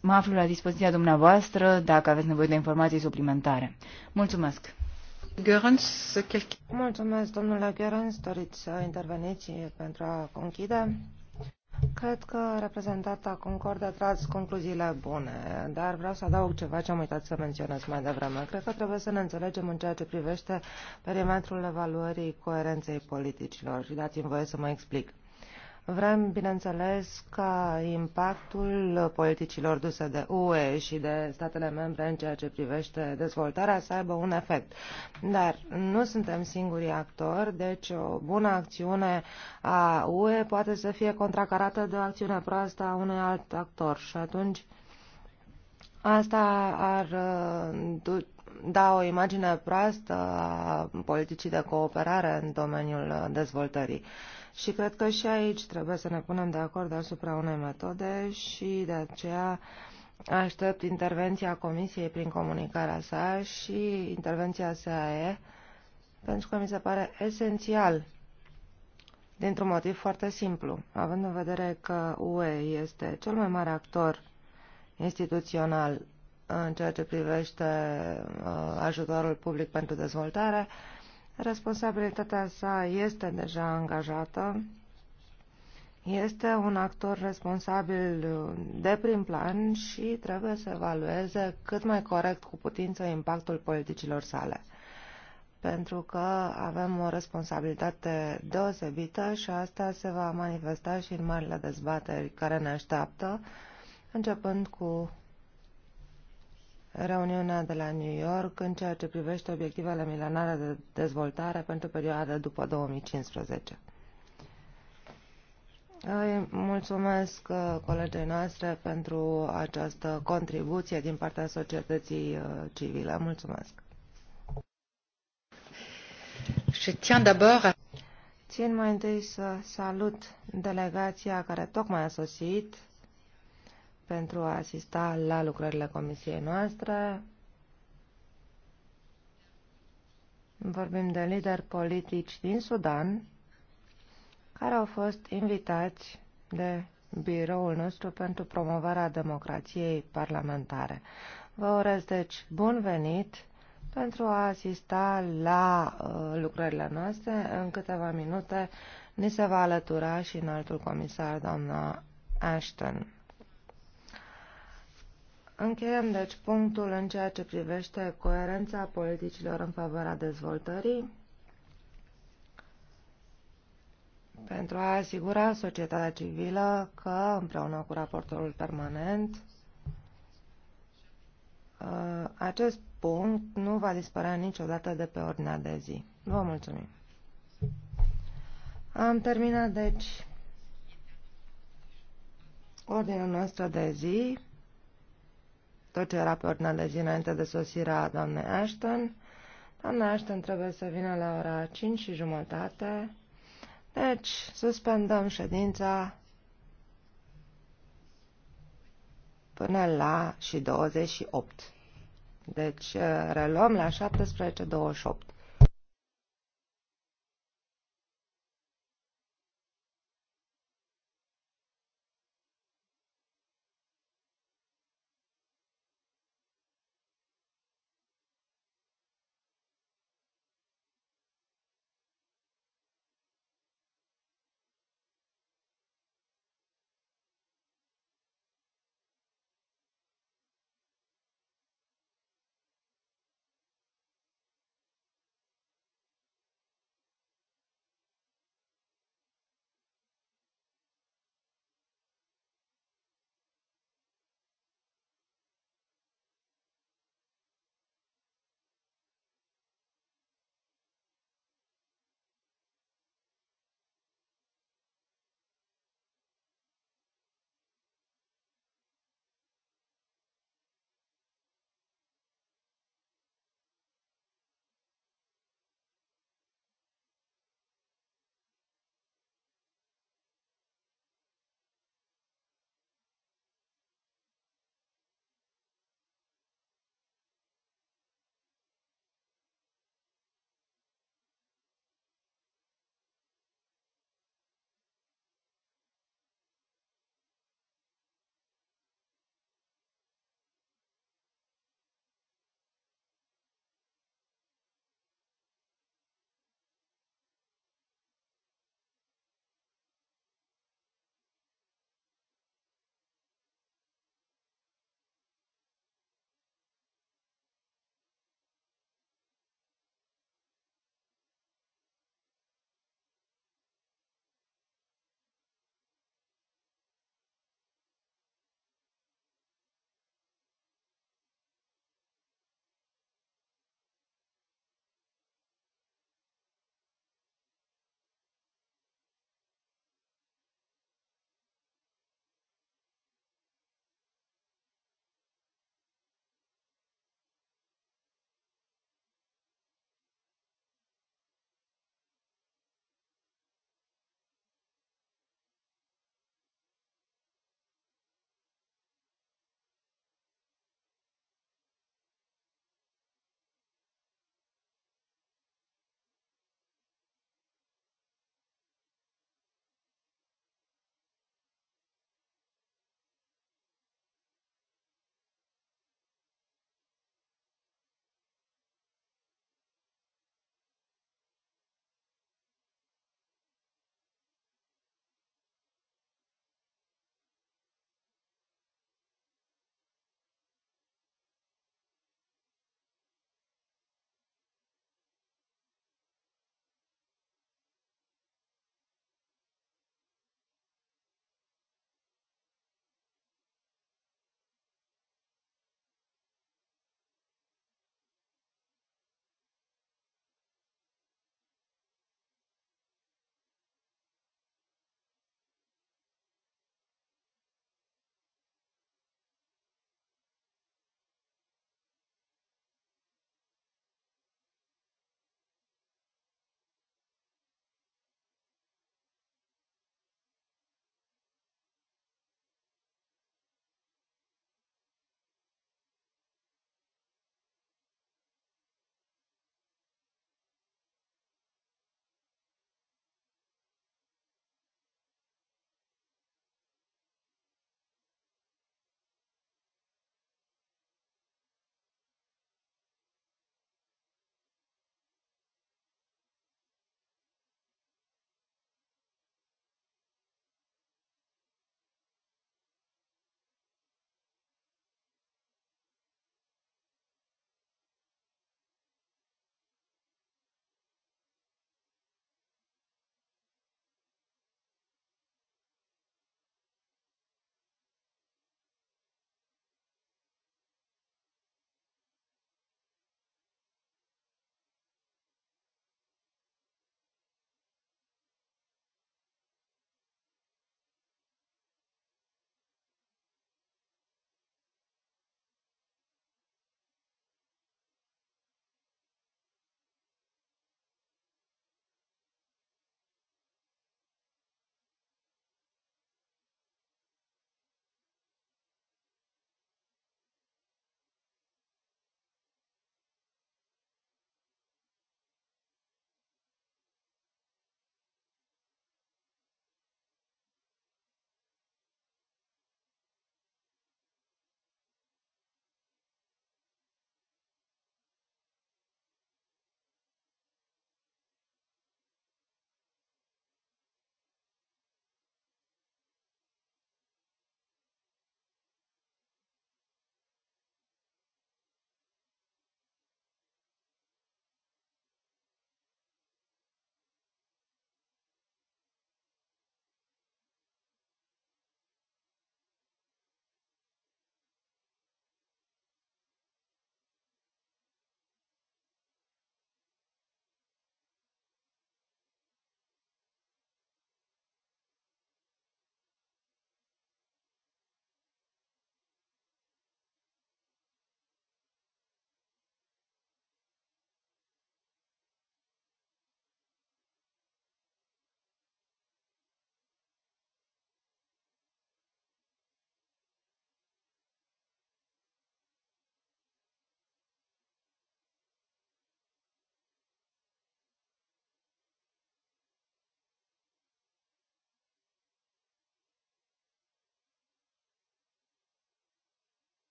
mă aflu la dispoziția dumneavoastră dacă aveți nevoie de informații suplimentare. Mulțumesc! Mulțumesc, domnule Gerens. Doriți să interveniți pentru a conchide? Cred că reprezentata Concord a tras concluziile bune, dar vreau să adaug ceva ce am uitat să menționez mai devreme. Cred că trebuie să ne înțelegem în ceea ce privește perimetrul evaluării coerenței politicilor și dați-mi voie să mă explic. Vrem, bineînțeles, ca impactul politicilor duse de UE și de statele membre în ceea ce privește dezvoltarea să aibă un efect. Dar nu suntem singurii actori, deci o bună acțiune a UE poate să fie contracarată de o acțiune proastă a unui alt actor și atunci asta ar uh, da o imagine proastă a politicii de cooperare în domeniul dezvoltării. Și cred că și aici trebuie să ne punem de acord asupra unei metode și de aceea aștept intervenția Comisiei prin comunicarea sa și intervenția SAE, pentru că mi se pare esențial dintr-un motiv foarte simplu, având în vedere că UE este cel mai mare actor instituțional în ceea ce privește uh, ajutorul public pentru dezvoltare, uh, Responsabilitatea sa este deja angajată, este un actor responsabil uh, de prim plan și trebuie să evalueze cât mai corect cu putință impactul politicilor sale pentru că avem o responsabilitate deosebită și asta se va manifesta și în marile dezbateri care ne așteaptă, începând cu reuniunea de la New York în ceea ce privește obiectivele milenare de dezvoltare pentru perioada după 2015. Îi mulțumesc uh, colegii noastre pentru această contribuție din partea societății uh, civile. Mulțumesc! Je tiens d'abord Țin mai întâi să salut delegația care tocmai a sosit pentru a asista la lucrările comisiei noastre. Vorbim de lideri politici din Sudan care au fost invitați de biroul nostru pentru promovarea democrației parlamentare. Vă urez deci bun venit pentru a asista la uh, lucrările noastre. În câteva minute ni se va alătura și înaltul comisar, doamna Ashton. Încheiem, deci, punctul în ceea ce privește coerența politicilor în favoarea dezvoltării pentru a asigura societatea civilă că, împreună cu raportorul permanent, uh, acest punct nu va dispărea niciodată de pe ordinea de zi. Vă mulțumim! Am terminat, deci, ordinea noastră de zi tot ce era pe ordinea de zi înainte de sosirea doamnei Ashton. Doamna Ashton trebuie să vină la ora 5 și jumătate. Deci, suspendăm ședința până la și 28. Deci, reluăm la 17.28.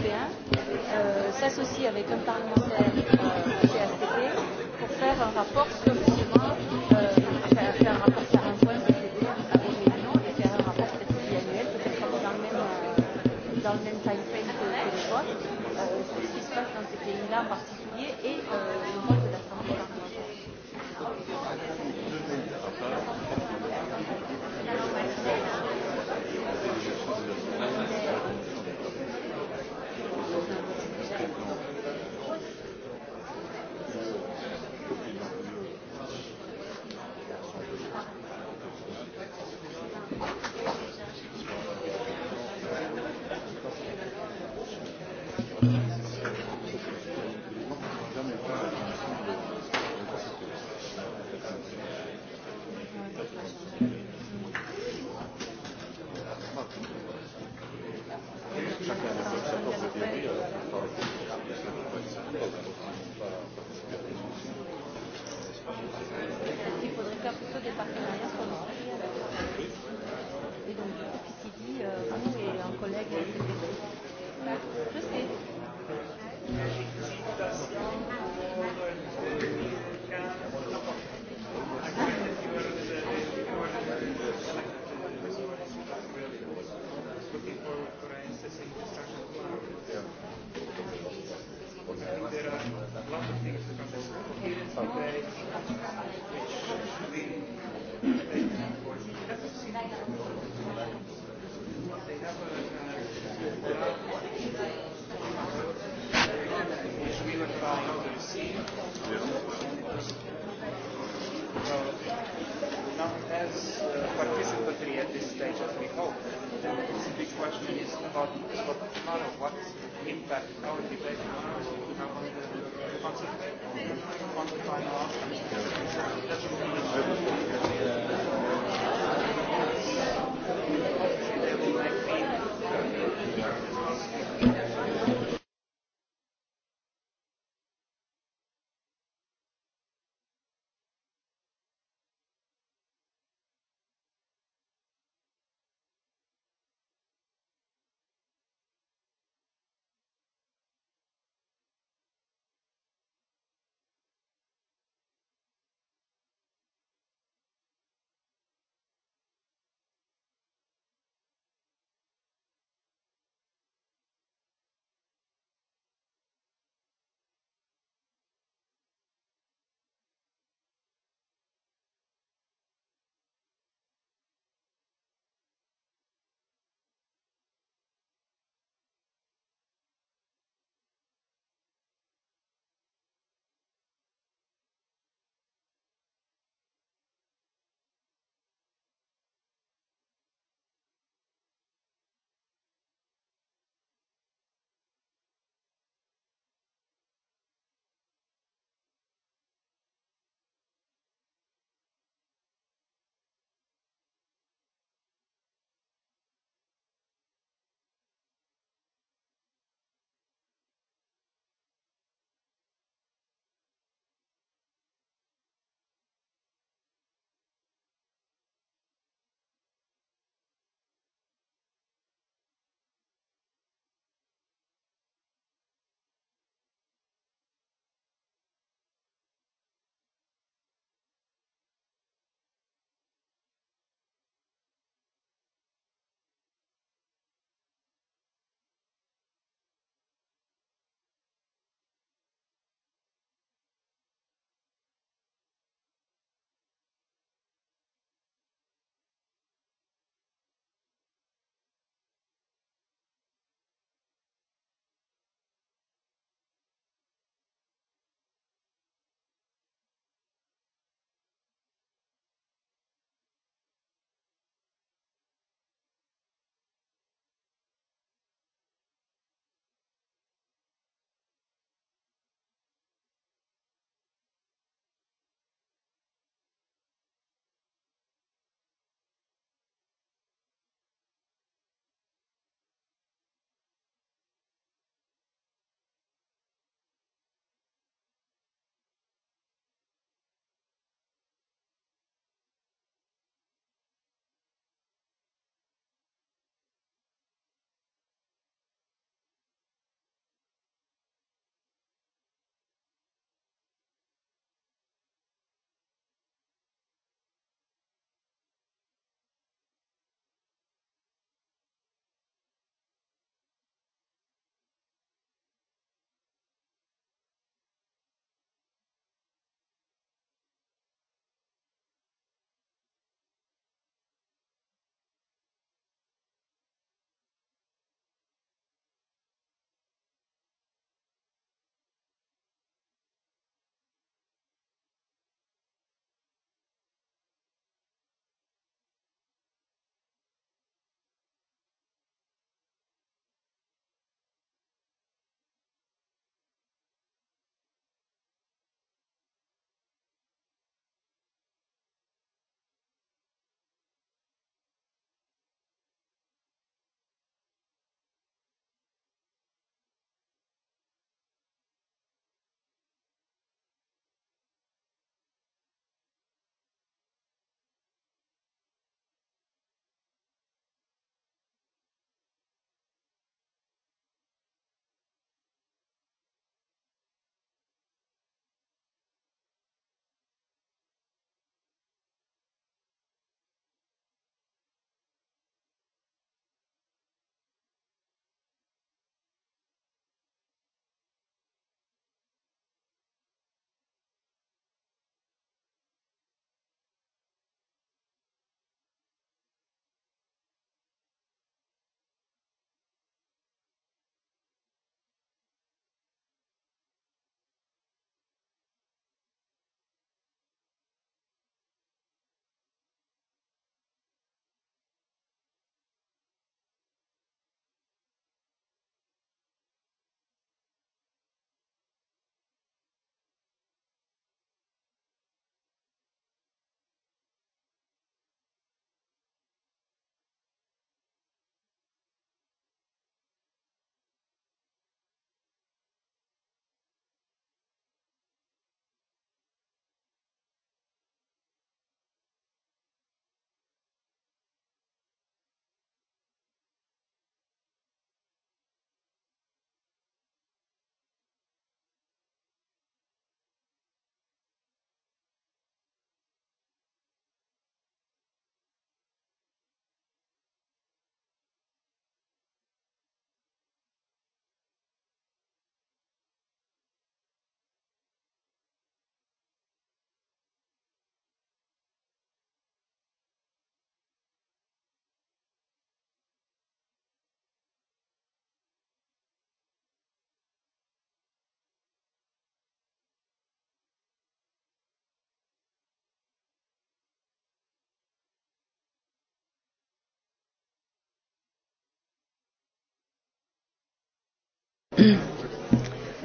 européen euh, s'associe avec un parlementaire euh, CACP pour faire un rapport sur justement euh, faire, faire un rapport sur un point de CCD avec l'Union et faire un rapport peut-être biannuel, peut-être dans le même euh, dans le même time frame que, que les autres, euh, sur ce qui se passe dans ces pays-là en particulier et euh, le rôle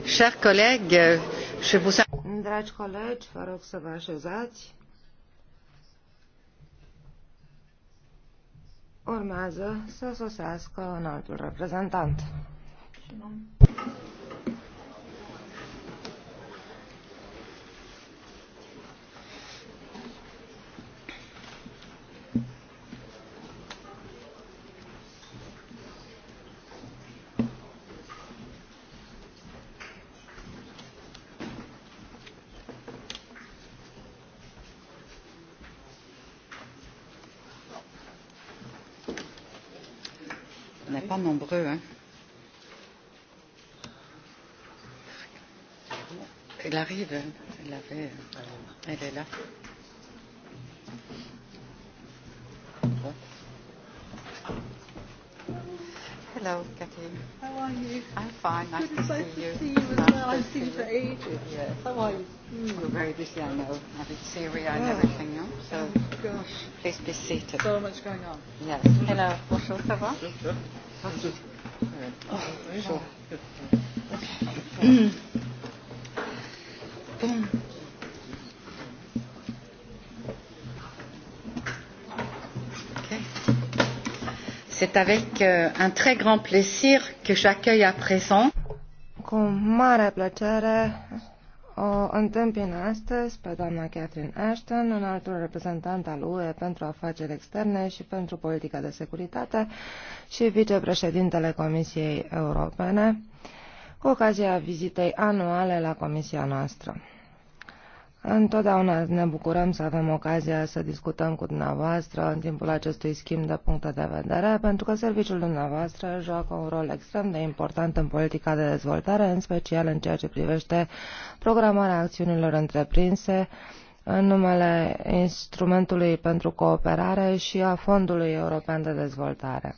Chers collègues, je vous... Dragi colegi, vă rog să vă așezați. Urmează să sosească un altul reprezentant. arrive. Elle, avait, elle est là. Hello, Kathleen. How are you? I'm fine. Nice to see you. To see you as nice well. I've seen you for ages. Yes. How are you? Mm. very busy, I know, having Syria oh. and everything. No? So, oh, gosh. Please be seated. So much going on. Yes. Hello. Bonjour, ça va? Bonjour. Oh, bonjour. Okay. c'est avec euh, un très grand plaisir que j'accueille à présent. Cu mare plăcere o întâmpin astăzi pe doamna Catherine Ashton, un alt reprezentant al UE pentru afaceri externe și pentru politica de securitate și vicepreședintele Comisiei Europene, cu ocazia vizitei anuale la Comisia noastră. Întotdeauna ne bucurăm să avem ocazia să discutăm cu dumneavoastră în timpul acestui schimb de puncte de vedere, pentru că serviciul dumneavoastră joacă un rol extrem de important în politica de dezvoltare, în special în ceea ce privește programarea acțiunilor întreprinse în numele instrumentului pentru cooperare și a Fondului European de Dezvoltare.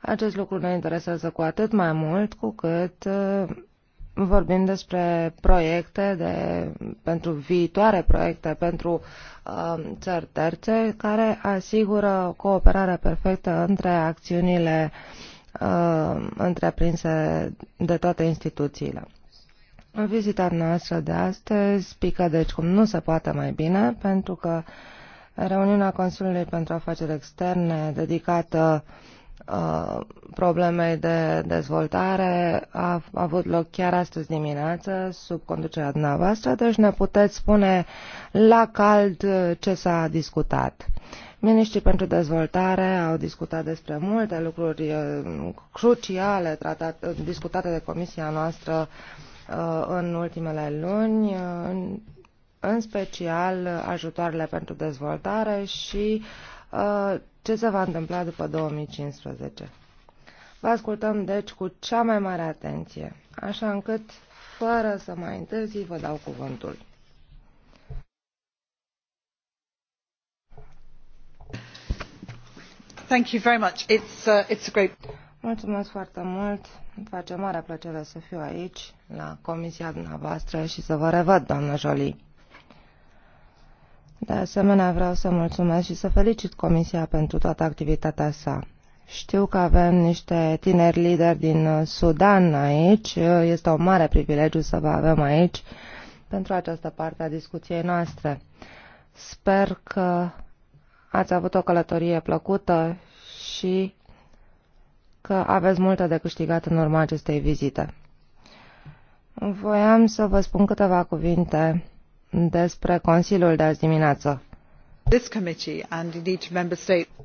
Acest lucru ne interesează cu atât mai mult cu cât vorbim despre proiecte de, pentru viitoare proiecte pentru uh, țări terțe care asigură cooperarea perfectă între acțiunile uh, întreprinse de toate instituțiile. În vizita noastră de astăzi pică deci cum nu se poate mai bine pentru că reuniunea Consiliului pentru Afaceri Externe dedicată uh, Uh, problemei de dezvoltare a avut loc chiar astăzi dimineață sub conducerea dumneavoastră, deci ne puteți spune la cald uh, ce s-a discutat. Ministrii pentru dezvoltare au discutat despre multe lucruri uh, cruciale tratat, discutate de comisia noastră în ultimele luni, în special ajutoarele pentru dezvoltare și ce se va întâmpla după 2015. Vă ascultăm, deci, cu cea mai mare atenție, așa încât, fără să mai întârzi, vă dau cuvântul. Thank you very much. It's, uh, it's a great... Mulțumesc foarte mult. Îmi face mare plăcere să fiu aici, la comisia dumneavoastră și să vă revăd, doamnă Jolie. De asemenea, vreau să mulțumesc și să felicit Comisia pentru toată activitatea sa. Știu că avem niște tineri lideri din uh, Sudan aici. Este un mare privilegiu să vă avem aici pentru această parte a discuției noastre. Sper că ați avut o călătorie plăcută și că aveți multe de câștigat în urma acestei vizite. Voiam să vă spun câteva cuvinte despre Consiliul de azi dimineață.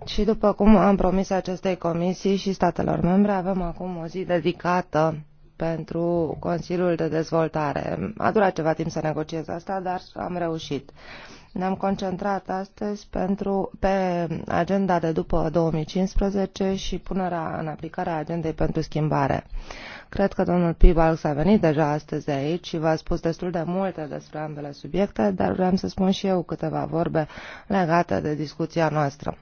Și după cum am promis acestei comisii și statelor membre, avem acum o zi dedicată pentru Consiliul de Dezvoltare. A durat ceva timp să negociez asta, dar am reușit. Ne-am concentrat astăzi pentru, pe agenda de după 2015 și punerea în aplicare a agendei pentru schimbare. Uh, Cred că domnul Pibalx a venit deja astăzi aici și v-a spus destul de multe despre ambele subiecte, dar vreau să spun și eu câteva vorbe legate de discuția noastră.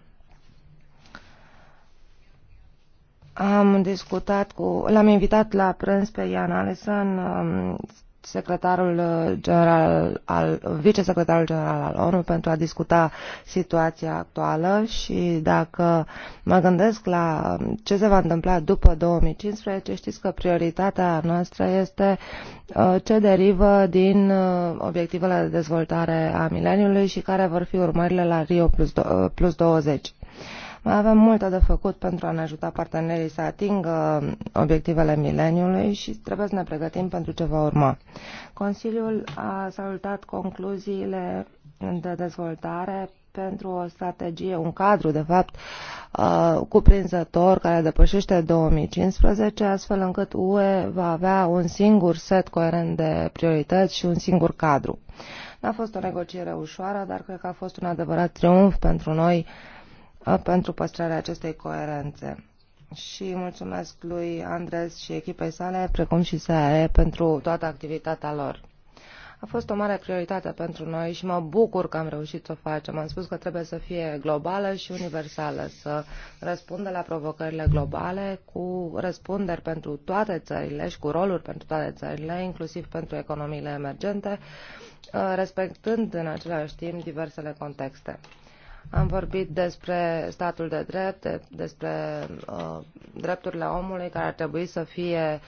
Am discutat cu, l-am invitat la prânz pe Ian Alison, um, secretarul uh, general al, vicesecretarul general al ONU pentru a discuta situația actuală și dacă mă gândesc la um, ce se va întâmpla după 2015, știți că prioritatea noastră este uh, ce derivă din uh, obiectivele de dezvoltare a mileniului și care vor fi urmările la Rio plus 20. Mai avem multe de făcut pentru a ne ajuta partenerii să atingă obiectivele mileniului și trebuie să ne pregătim pentru ce va urma. Consiliul a salutat concluziile de dezvoltare pentru o strategie, un cadru, de fapt, uh, cuprinzător care depășește 2015, astfel încât UE va avea un singur set coerent de priorități și un singur cadru. N-a fost o negociere ușoară, dar cred că a fost un adevărat triumf pentru noi uh, pentru păstrarea acestei coerențe. Și mulțumesc lui Andres și echipei sale, precum și SAE, pentru toată activitatea lor. A fost o mare prioritate pentru noi și mă bucur că am reușit să o facem. Am spus că trebuie să fie globală și universală, să răspundă la provocările globale cu răspunderi pentru toate țările și cu roluri pentru toate țările, inclusiv pentru economiile emergente, respectând în același timp diversele contexte. Am vorbit despre statul de drept, despre uh, drepturile omului care ar trebui să fie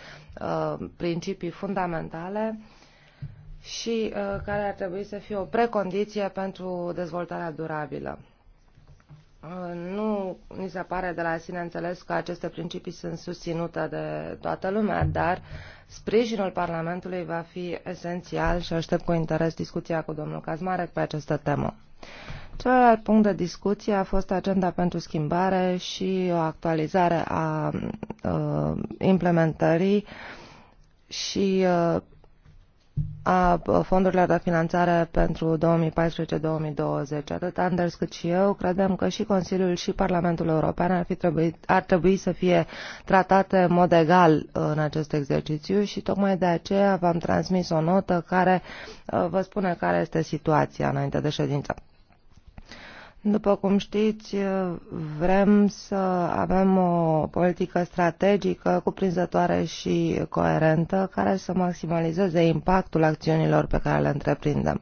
uh, principii fundamentale și uh, care ar trebui să fie o precondiție pentru dezvoltarea durabilă. Uh, nu ni se pare de la sine înțeles că aceste principii sunt susținute de toată lumea, dar sprijinul Parlamentului va fi esențial și aștept cu interes discuția cu domnul Cazmarec pe această temă. Celălalt punct de discuție a fost agenda pentru schimbare și o actualizare a uh, implementării și uh, a fondurilor de finanțare pentru 2014-2020. Atât Anders cât și eu credem că și Consiliul și Parlamentul European ar, fi trebuit, ar trebui să fie tratate în mod egal uh, în acest exercițiu și tocmai de aceea v-am transmis o notă care uh, vă spune care este situația înainte de ședință. După cum știți, vrem să avem o politică strategică, cuprinzătoare și coerentă, care să maximalizeze impactul acțiunilor pe care le întreprindem.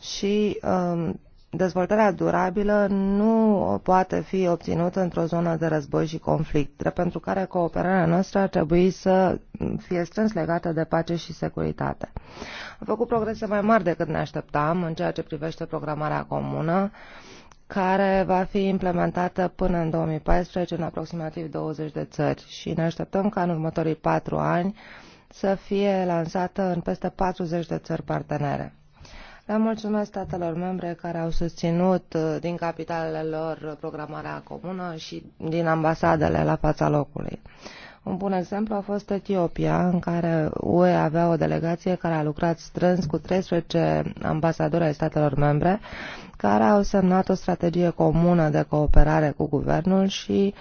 Și um, dezvoltarea durabilă nu poate fi obținută într-o zonă de război și conflict, pentru care cooperarea noastră ar trebui să fie strâns legată de pace și securitate. Am făcut progrese mai mari decât ne așteptam în ceea ce privește programarea comună, care va fi implementată până în 2014 în aproximativ 20 de țări și ne așteptăm ca în următorii patru ani să fie lansată în peste 40 de țări partenere. Le mulțumesc statelor membre care au susținut uh, din capitalele lor uh, programarea comună și din ambasadele la fața locului. Un bun exemplu a fost Etiopia, în care UE avea o delegație care a lucrat strâns cu 13 ambasadori ai statelor membre, care au semnat o strategie comună de cooperare cu guvernul și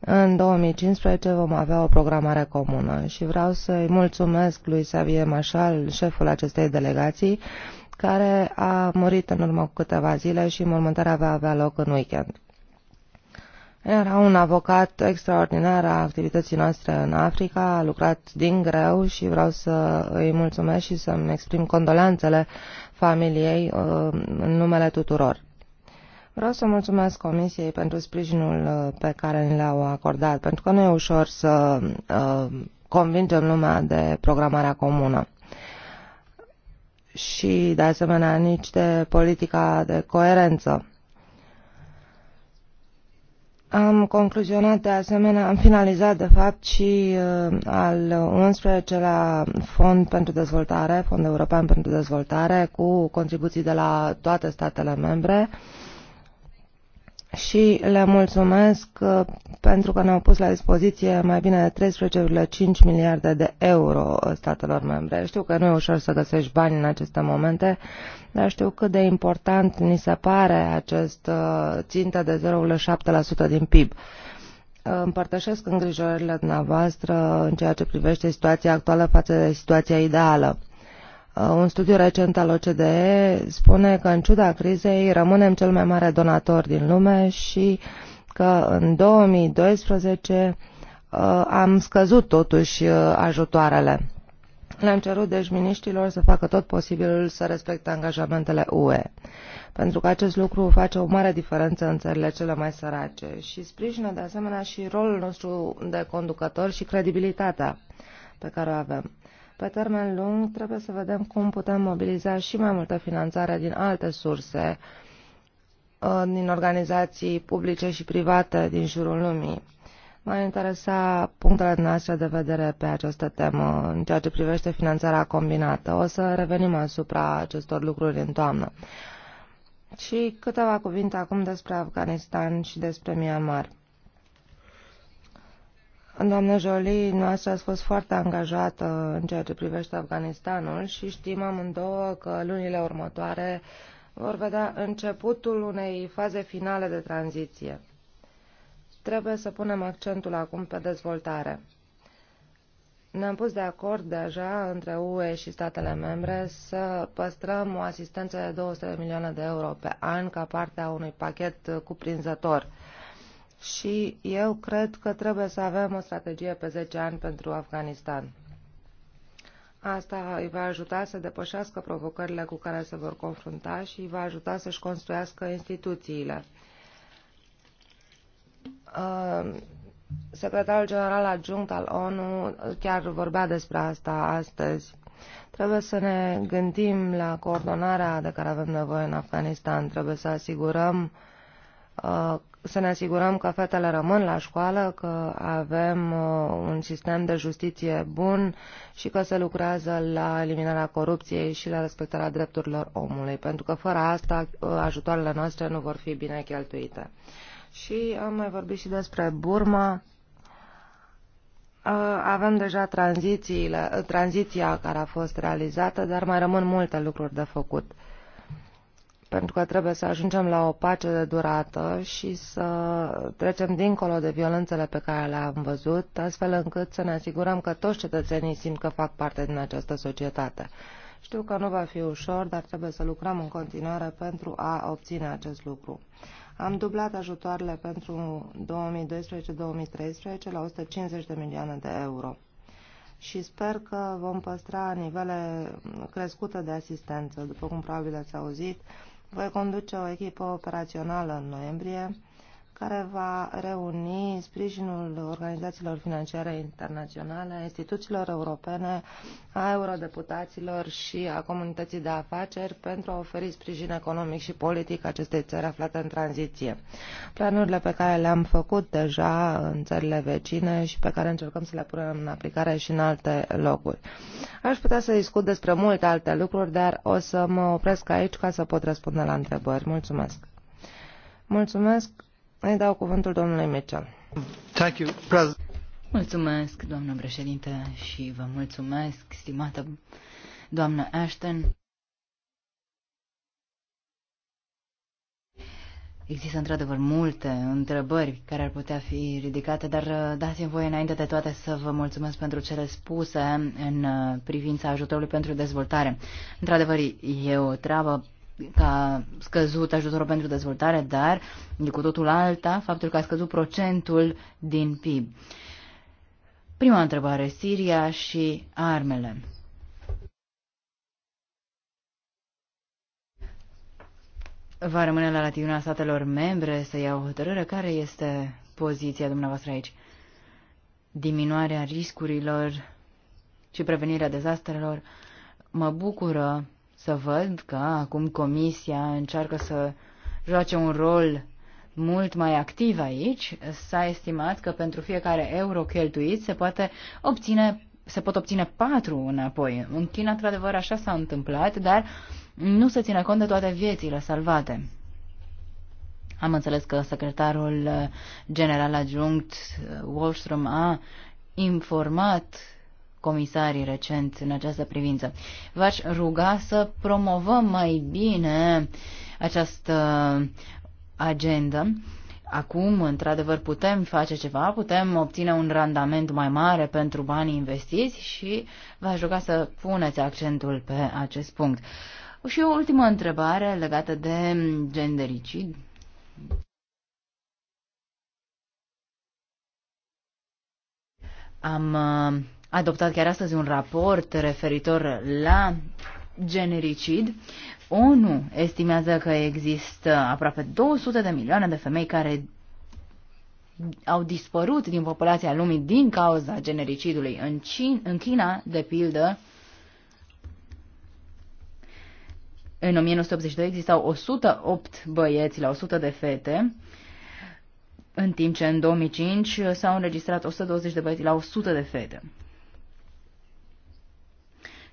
în 2015 vom avea o programare comună și vreau să-i mulțumesc lui Xavier Mașal, șeful acestei delegații, care a murit în urmă cu câteva zile și mormântarea va avea loc în weekend. Era un avocat extraordinar a activității noastre în Africa, a lucrat din greu și vreau să îi mulțumesc și să-mi exprim condolențele familiei uh, în numele tuturor. Vreau să mulțumesc Comisiei pentru sprijinul uh, pe care ni l-au acordat, pentru că nu e ușor să uh, convingem lumea de programarea comună și, de asemenea, nici de politica de coerență. Am concluzionat de asemenea, am finalizat de fapt și uh, al 11-lea Fond pentru Dezvoltare, Fond European pentru Dezvoltare, cu contribuții de la toate statele membre. Uh, și le mulțumesc uh, pentru că ne-au pus la dispoziție mai bine de 13,5 miliarde de euro statelor membre. Știu că nu e ușor să găsești bani în aceste momente, dar știu cât de important ni se pare acest uh, țintă de 0,7% din PIB. Uh, împărtășesc îngrijorările dumneavoastră în ceea ce privește situația actuală față de situația ideală Uh, un studiu recent al OCDE spune că, în ciuda crizei, rămânem cel mai mare donator din lume și că în 2012 uh, am scăzut totuși uh, ajutoarele. Le-am cerut deci miniștilor să facă tot posibilul să respecte angajamentele UE, pentru că acest lucru face o mare diferență în țările cele mai sărace și sprijină de asemenea și rolul nostru de conducător și credibilitatea pe care o avem. Pe termen lung trebuie să vedem cum putem mobiliza și mai multă finanțare din alte surse, uh, din organizații publice și private din jurul lumii. m a interesa punctele noastre de vedere pe această temă în ceea ce privește finanțarea combinată. O să revenim asupra acestor lucruri în toamnă. Și câteva cuvinte acum despre Afganistan și despre Myanmar. Doamnă Jolie, noastră ați fost foarte angajată în ceea ce privește Afganistanul și știm amândouă că lunile următoare vor vedea începutul unei faze finale de tranziție. Trebuie să punem accentul acum pe dezvoltare. Ne-am pus de acord deja între UE și statele membre să păstrăm o asistență de 200 de milioane de euro pe an ca parte a unui pachet cuprinzător și eu cred că trebuie să avem o strategie pe 10 ani pentru Afganistan. Asta îi va ajuta să depășească provocările cu care se vor confrunta și îi va ajuta să-și construiască instituțiile. Uh, secretarul General Adjunct al ONU chiar vorbea despre asta astăzi. Trebuie să ne gândim la coordonarea de care avem nevoie în Afganistan. Trebuie să asigurăm uh, să ne asigurăm că fetele rămân la școală, că avem uh, un sistem de justiție bun și că se lucrează la eliminarea corupției și la respectarea drepturilor omului, pentru că fără asta uh, ajutoarele noastre nu vor fi bine cheltuite. Și am mai vorbit și despre Burma. Uh, avem deja tranziția care a fost realizată, dar mai rămân multe lucruri de făcut pentru că trebuie să ajungem la o pace de durată și să trecem dincolo de violențele pe care le-am văzut, astfel încât să ne asigurăm că toți cetățenii simt că fac parte din această societate. Știu că nu va fi ușor, dar trebuie să lucrăm în continuare pentru a obține acest lucru. Am dublat ajutoarele pentru 2012-2013 la 150 de milioane de euro și sper că vom păstra nivele crescute de asistență. După cum probabil ați auzit, voi conduce o echipă operațională în noiembrie care va reuni sprijinul organizațiilor financiare internaționale, a instituțiilor europene, a eurodeputaților și a comunității de afaceri pentru a oferi sprijin economic și politic acestei țări aflate în tranziție. Planurile pe care le-am făcut deja în țările vecine și pe care încercăm să le punem în aplicare și în alte locuri. Aș putea să discut despre multe alte lucruri, dar o să mă opresc aici ca să pot răspunde la întrebări. Mulțumesc! Mulțumesc! cuvântul Mulțumesc, doamnă președinte, și vă mulțumesc, stimată doamnă Ashton. Există într-adevăr multe întrebări care ar putea fi ridicate, dar uh, dați-mi voie înainte de toate să vă mulțumesc pentru cele spuse în uh, privința ajutorului pentru dezvoltare. Într-adevăr, e o treabă că a scăzut ajutorul pentru dezvoltare, dar e cu totul alta faptul că a scăzut procentul din PIB. Prima întrebare, Siria și armele. Va rămâne la latitudinea statelor membre să ia o hotărâre? Care este poziția dumneavoastră aici? Diminuarea riscurilor și prevenirea dezastrelor mă bucură să văd că acum Comisia încearcă să joace un rol mult mai activ aici. S-a estimat că pentru fiecare euro cheltuit se poate obține se pot obține patru înapoi. În China, într-adevăr, așa s-a întâmplat, dar nu se ține cont de toate viețile salvate. Am înțeles că secretarul general adjunct uh, Wallström a informat comisarii recent în această privință. V-aș ruga să promovăm mai bine această agendă. Acum, într-adevăr, putem face ceva, putem obține un randament mai mare pentru banii investiți și v-aș ruga să puneți accentul pe acest punct. Și o ultimă întrebare legată de gendericid. Am uh, adoptat chiar astăzi un raport referitor la genericid. ONU estimează că există aproape 200 de milioane de femei care au dispărut din populația lumii din cauza genericidului. În, Cin- în China, de pildă, în 1982 existau 108 băieți la 100 de fete, în timp ce în 2005 s-au înregistrat 120 de băieți la 100 de fete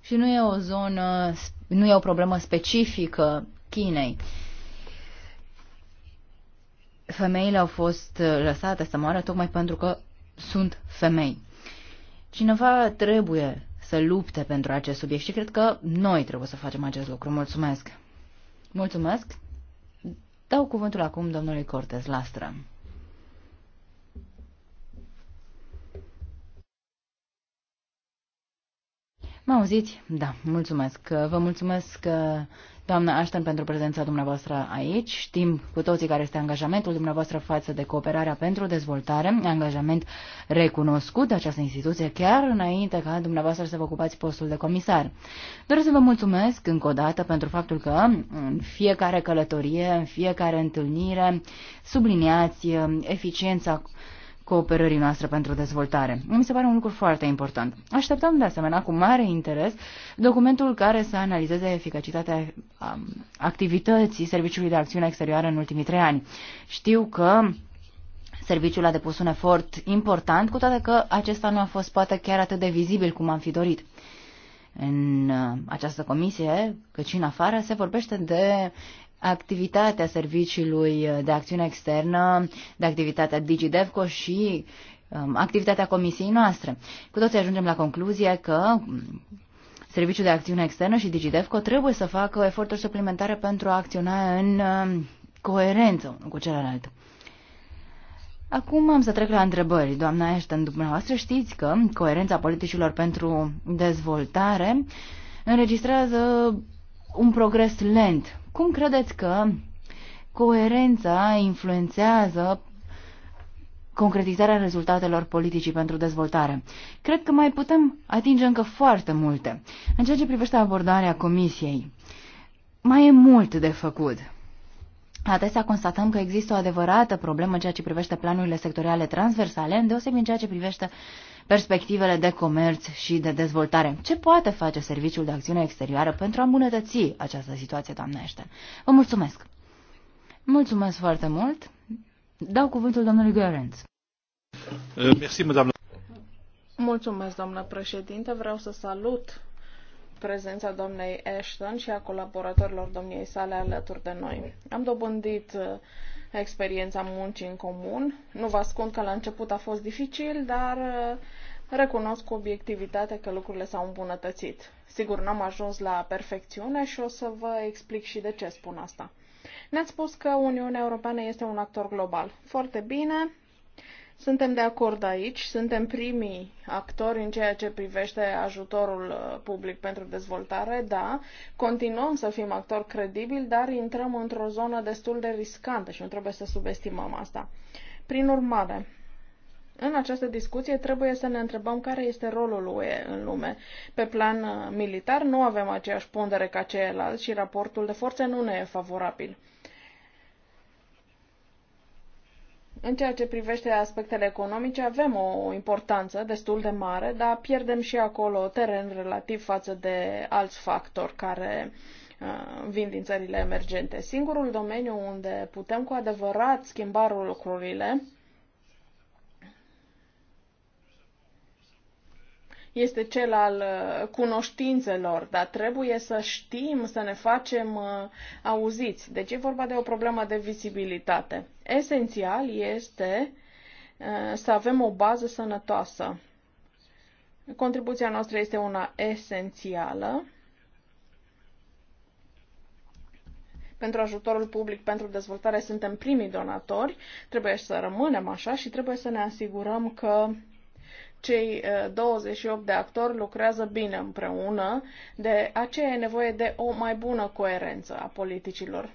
și nu e o zonă, nu e o problemă specifică Chinei. Femeile au fost uh, lăsate să moară tocmai pentru că sunt femei. Cineva trebuie să lupte pentru acest subiect și cred că noi trebuie să facem acest lucru. Mulțumesc! Mulțumesc! Dau cuvântul acum domnului Cortez Lastră. Mă auziți? Da, mulțumesc. Vă mulțumesc, doamna Ashton, pentru prezența dumneavoastră aici. Știm cu toții care este angajamentul dumneavoastră față de cooperarea pentru dezvoltare, angajament recunoscut de această instituție chiar înainte ca dumneavoastră să vă ocupați postul de comisar. Doresc să vă mulțumesc încă o dată pentru faptul că în fiecare călătorie, în fiecare întâlnire, subliniați eficiența cooperării noastre pentru dezvoltare. Mi se pare un lucru foarte important. Așteptăm de asemenea cu mare interes documentul care să analizeze eficacitatea um, activității Serviciului de Acțiune Exterioară în ultimii trei ani. Știu că Serviciul a depus un efort important, cu toate că acesta nu a fost poate chiar atât de vizibil cum am fi dorit. În uh, această comisie, Căci în afară, se vorbește de activitatea Serviciului de Acțiune Externă, de activitatea DigiDevco și um, activitatea comisiei noastre. Cu toții ajungem la concluzie că um, Serviciul de Acțiune Externă și DigiDevco trebuie să facă eforturi suplimentare pentru a acționa în um, coerență unul cu celălalt. Acum am să trec la întrebări. Doamna Ashton, dumneavoastră știți că coerența politicilor pentru dezvoltare înregistrează un progres lent. Cum credeți că coerența influențează concretizarea rezultatelor politicii pentru dezvoltare. Cred că mai putem atinge încă foarte multe. În ceea ce privește abordarea Comisiei, mai e mult de făcut. Adesea constatăm că există o adevărată problemă în ceea ce privește planurile sectoriale transversale, îndeosebi în ceea ce privește uh, perspectivele de comerț și de dezvoltare. Ce poate face Serviciul de Acțiune Exterioară pentru a îmbunătăți această situație, doamne Ashton? Vă mulțumesc! Mulțumesc foarte mult! Dau cuvântul domnului Gărenț. Uh, mulțumesc, doamnă președinte. Vreau să salut prezența doamnei Ashton și a colaboratorilor domniei sale alături de noi. Am dobândit uh, experiența muncii în comun. Nu vă ascund că la început a fost dificil, dar uh, recunosc cu obiectivitate că lucrurile s-au îmbunătățit. Sigur, n-am ajuns la perfecțiune și o să vă explic și de ce spun asta. Ne-ați spus că Uniunea Europeană este un actor global. Foarte bine, suntem de acord aici, suntem primii actori în ceea ce privește ajutorul uh, public pentru dezvoltare, da, continuăm să fim actori credibili, dar intrăm într-o zonă destul de riscantă și nu trebuie să subestimăm asta. Prin urmare, în această discuție trebuie să ne întrebăm care este rolul UE în lume. Pe plan uh, militar nu avem aceeași pondere ca ceilalți și raportul de forțe nu ne e favorabil. În ceea ce privește aspectele economice, avem o importanță destul de mare, dar pierdem și acolo teren relativ față de alți factori care uh, vin din țările emergente. Singurul domeniu unde putem cu adevărat schimba lucrurile este cel al uh, cunoștințelor, dar trebuie să știm, să ne facem uh, auziți. Deci e vorba de o problemă de vizibilitate. Esențial este uh, să avem o bază sănătoasă. Contribuția noastră este una esențială pentru ajutorul public pentru dezvoltare suntem primii donatori, trebuie să rămânem așa și trebuie să ne asigurăm că cei 28 uh, de actori lucrează bine împreună, de aceea e nevoie de o mai bună coerență a politicilor.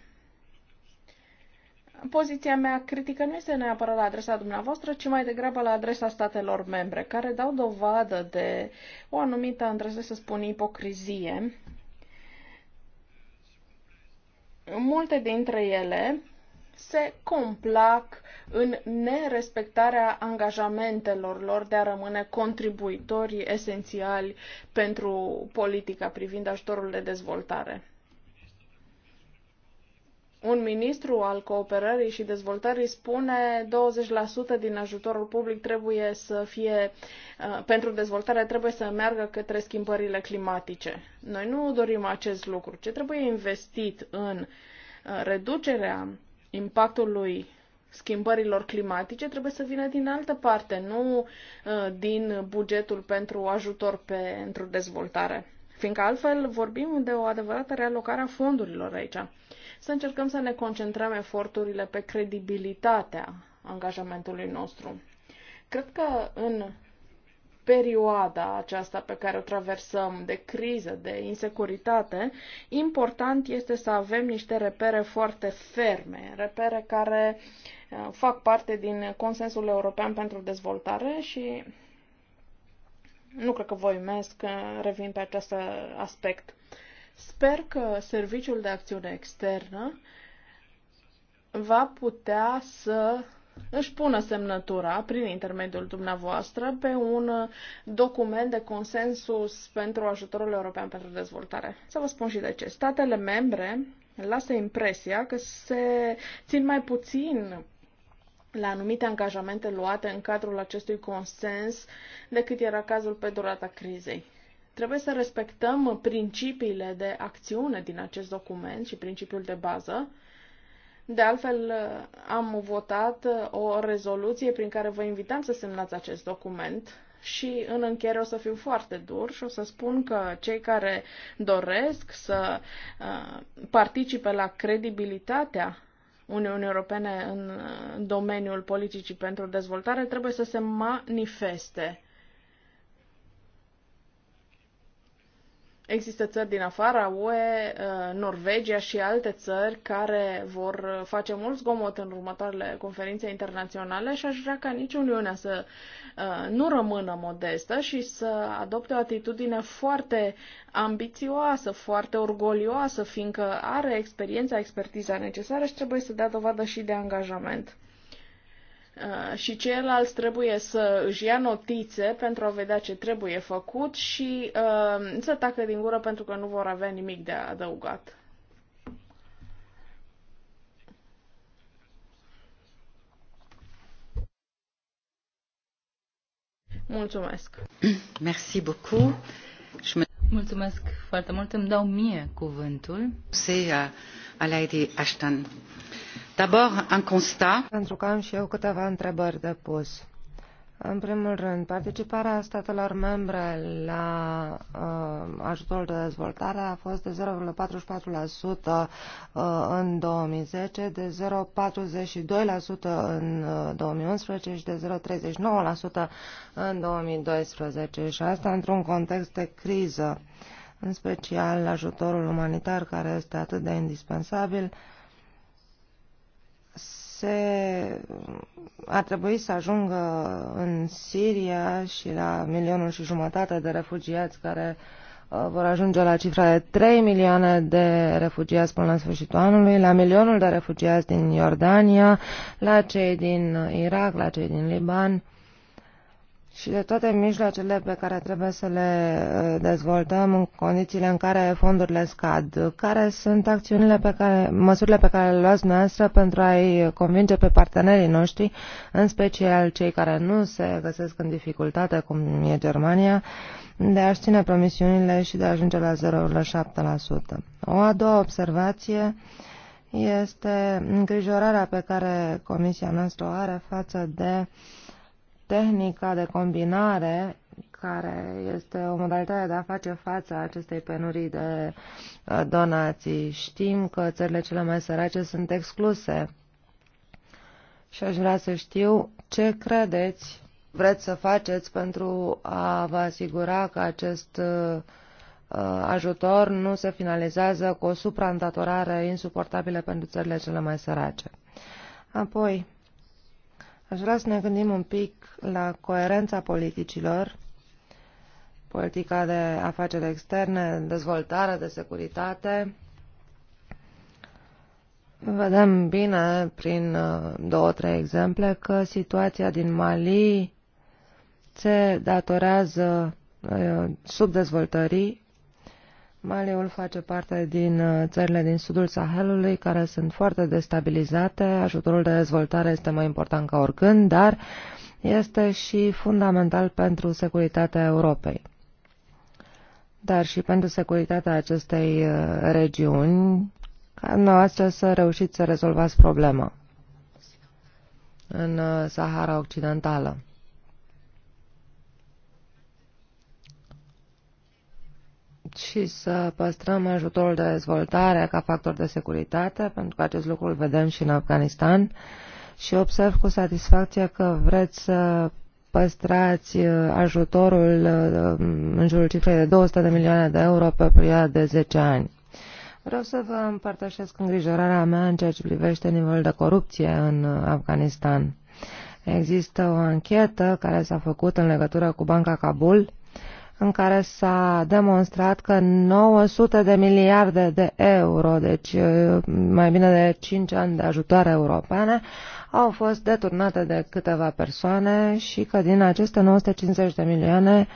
Poziția mea critică nu este neapărat la adresa dumneavoastră, ci mai degrabă la adresa statelor membre, care dau dovadă de o anumită, îndrăznesc să spun, ipocrizie. Multe dintre ele se complac în nerespectarea angajamentelor lor de a rămâne contribuitori esențiali pentru politica privind ajutorul de dezvoltare. Un ministru al cooperării și dezvoltării spune 20% din ajutorul public trebuie să fie uh, pentru dezvoltare trebuie să meargă către schimbările climatice. Noi nu dorim acest lucru, ce trebuie investit în uh, reducerea impactului schimbărilor climatice trebuie să vină din altă parte, nu uh, din bugetul pentru ajutor pentru dezvoltare. Fiindcă altfel vorbim de o adevărată realocare a fondurilor aici. Să încercăm să ne concentrăm eforturile pe credibilitatea angajamentului nostru. Cred că în perioada aceasta pe care o traversăm de criză, de insecuritate, important este să avem niște repere foarte ferme, repere care uh, fac parte din consensul european pentru dezvoltare și nu cred că voi voimesc că uh, revin pe acest aspect. Sper că Serviciul de Acțiune Externă va putea să își pună semnătura prin intermediul dumneavoastră pe un uh, document de consensus pentru ajutorul european pentru dezvoltare. Să vă spun și de ce. Statele membre lasă impresia că se țin mai puțin la anumite angajamente luate în cadrul acestui consens decât era cazul pe durata crizei. Trebuie să respectăm principiile de acțiune din acest document și principiul de bază, de altfel, uh, am votat uh, o rezoluție prin care vă invitam să semnați acest document și în încheiere o să fiu foarte dur și o să spun că cei care doresc să uh, participe la credibilitatea Uniunii Europene în domeniul politicii pentru dezvoltare trebuie să se manifeste Există țări din afara UE, uh, Norvegia și alte țări care vor face mult zgomot în următoarele conferințe internaționale și aș vrea ca nici Uniunea să uh, nu rămână modestă și să adopte o atitudine foarte ambițioasă, foarte orgolioasă, fiindcă are experiența, expertiza necesară și trebuie să dea dovadă și de angajament. Uh, și ceilalți trebuie să își ia notițe pentru a vedea ce trebuie făcut și uh, să tacă din gură pentru că nu vor avea nimic de adăugat. Mulțumesc. Merci beaucoup. Mulțumesc foarte mult. Îmi dau mie cuvântul. Se euh, a Lady Ashton. D'abord, un constat. Pentru că am și eu câteva întrebări de pus. În primul rând, participarea statelor membre la uh, ajutorul de dezvoltare a fost de 0,44% uh, în 2010, de 0,42% în 2011 uh, și de 0,39% în 2012 și asta într-un context de criză, în special ajutorul umanitar care este atât de indispensabil uh, se, ar trebui să ajungă în Siria și la milionul și jumătate de refugiați care uh, vor ajunge la cifra de 3 milioane de refugiați până la sfârșitul anului, la milionul de refugiați din Iordania, la cei din uh, Irak, la cei din Liban și de toate mijloacele pe care trebuie să le uh, dezvoltăm în condițiile în care fondurile scad. Care sunt acțiunile pe care, măsurile pe care le luați noastră pentru a-i convinge pe partenerii noștri, în special cei care nu se găsesc în dificultate, cum e Germania, de a-și ține promisiunile și de a ajunge la 0,7%. O a doua observație este îngrijorarea pe care Comisia noastră o are față de uh, tehnica de combinare care este o modalitate de a face față acestei penurii de uh, donații. Știm că țările cele mai sărace sunt excluse și aș vrea să știu ce credeți, vreți să faceți pentru a vă asigura că acest uh, uh, ajutor nu se finalizează cu o supraîndatorare insuportabilă pentru țările cele mai sărace. Apoi, Aș vrea să ne gândim un pic la coerența politicilor, politica de afaceri externe, dezvoltare, de securitate. Vedem bine, prin uh, două, trei exemple, că situația din Mali se datorează uh, subdezvoltării Maliul face parte din uh, țările din sudul Sahelului, care sunt foarte destabilizate. Ajutorul de dezvoltare este mai important ca oricând, dar este și fundamental pentru securitatea Europei, dar și pentru securitatea acestei uh, regiuni, ca noastră să reușiți să rezolvați problema în uh, Sahara Occidentală. și să păstrăm ajutorul de dezvoltare ca factor de securitate, pentru că acest lucru îl vedem și în Afganistan și observ cu satisfacție că vreți să păstrați uh, ajutorul uh, în jurul cifrei de 200 de milioane de euro pe perioada de 10 ani. Vreau să vă împărtășesc îngrijorarea mea în ceea ce privește nivelul de corupție în uh, Afganistan. Există o anchetă care s-a făcut în legătură cu Banca Kabul în care s-a demonstrat că 900 de miliarde de euro, deci uh, mai bine de 5 ani de ajutoare europene, au fost deturnate de câteva persoane și că din aceste 950 de milioane,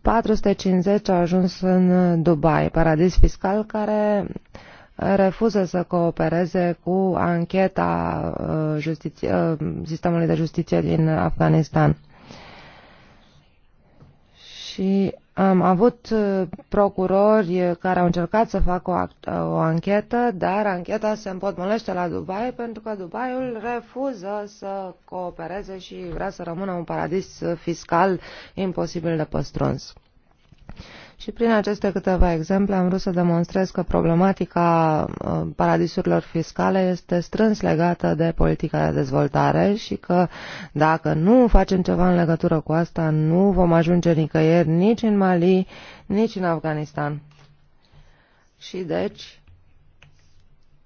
450 au ajuns în Dubai, paradis fiscal care refuză să coopereze cu ancheta uh, uh, sistemului de justiție din Afganistan și am avut uh, procurori uh, care au încercat să facă o, uh, o anchetă, dar ancheta se împotmolește la Dubai pentru că Dubaiul refuză să coopereze și vrea să rămână un paradis fiscal imposibil de păstruns. Și prin aceste câteva exemple am vrut să demonstrez că problematica uh, paradisurilor fiscale este strâns legată de politica de dezvoltare și că dacă nu facem ceva în legătură cu asta, nu vom ajunge nicăieri nici în Mali, nici în Afganistan. Și deci,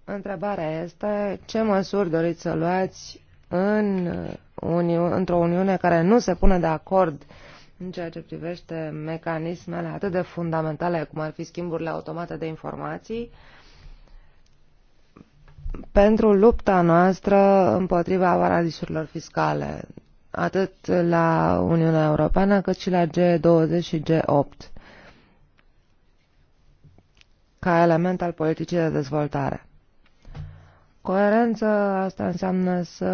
întrebarea este ce măsuri doriți să luați în uh, într-o Uniune care nu se pune de acord în ceea ce privește mecanismele atât de fundamentale cum ar fi schimburile automate de informații, pentru lupta noastră împotriva paradisurilor fiscale, atât la Uniunea Europeană cât și la G20 și G8, ca element al politicii de dezvoltare. Coerență asta înseamnă să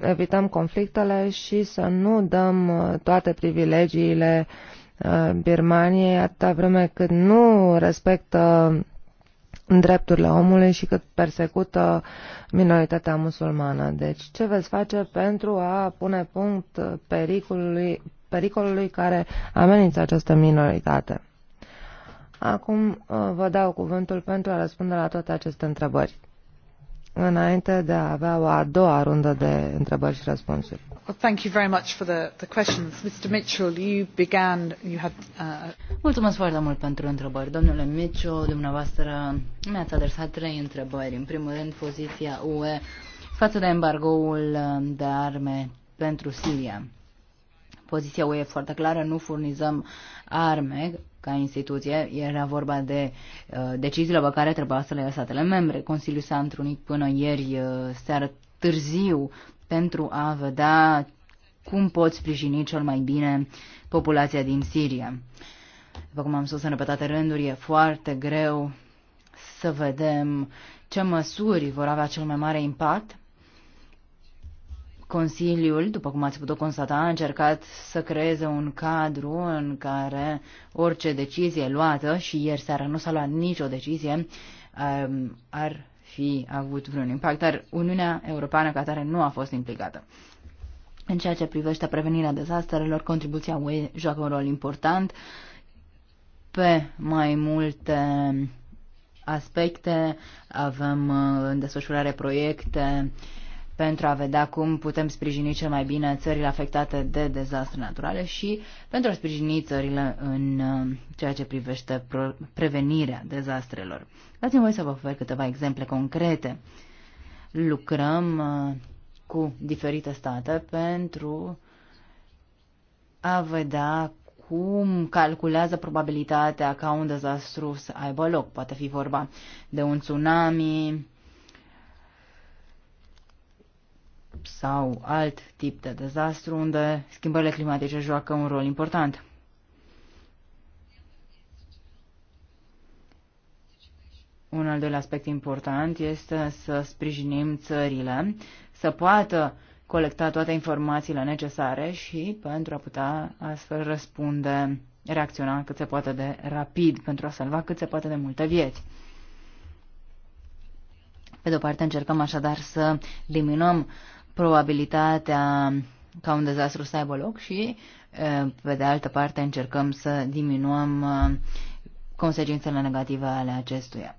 evităm conflictele și să nu dăm uh, toate privilegiile uh, Birmaniei atâta vreme cât nu respectă drepturile omului și cât persecută minoritatea musulmană. Deci ce veți face pentru a pune punct pericolului, pericolului care amenință această minoritate? Acum uh, vă dau cuvântul pentru a răspunde la toate aceste întrebări înainte de a avea o a doua rundă de întrebări și răspunsuri. Mulțumesc foarte mult pentru întrebări. Domnule Mitchell, dumneavoastră mi-ați adresat trei întrebări. În primul rând, poziția UE față de embargoul uh, de arme pentru Siria. Poziția UE e foarte clară, nu furnizăm arme ca instituție. Era vorba de uh, deciziile pe care trebuia să le ia statele membre. Consiliul s-a întrunit până ieri uh, seară târziu pentru a vedea cum pot sprijini cel mai bine populația din Siria. După cum am spus în repetate rânduri, e foarte greu să vedem ce măsuri vor avea cel mai mare impact Consiliul, după cum ați putut constata, a încercat să creeze un cadru în care orice decizie luată, și ieri seara nu s-a luat nicio decizie, um, ar fi avut vreun impact, dar Uniunea Europeană ca tare nu a fost implicată. În ceea ce privește prevenirea dezastrelor, contribuția UE joacă un rol important pe mai multe aspecte. Avem uh, în desfășurare proiecte uh, pentru a vedea cum putem sprijini cel mai bine țările afectate de dezastre naturale și pentru a sprijini țările în uh, ceea ce privește prevenirea dezastrelor. Dați-mi voi să vă ofer câteva exemple concrete. Lucrăm uh, cu diferite state pentru a vedea cum calculează probabilitatea ca un dezastru să aibă loc. Poate fi vorba de un tsunami, sau alt tip de dezastru unde schimbările climatice joacă un rol important. Un al doilea aspect important este să sprijinim țările să poată colecta toate informațiile necesare și pentru a putea astfel răspunde, reacționa cât se poate de rapid pentru a salva cât se poate de multe vieți. Pe de o parte încercăm așadar să diminuăm uh, probabilitatea ca un dezastru să aibă loc și, pe de altă parte, încercăm să diminuăm consecințele negative ale acestuia.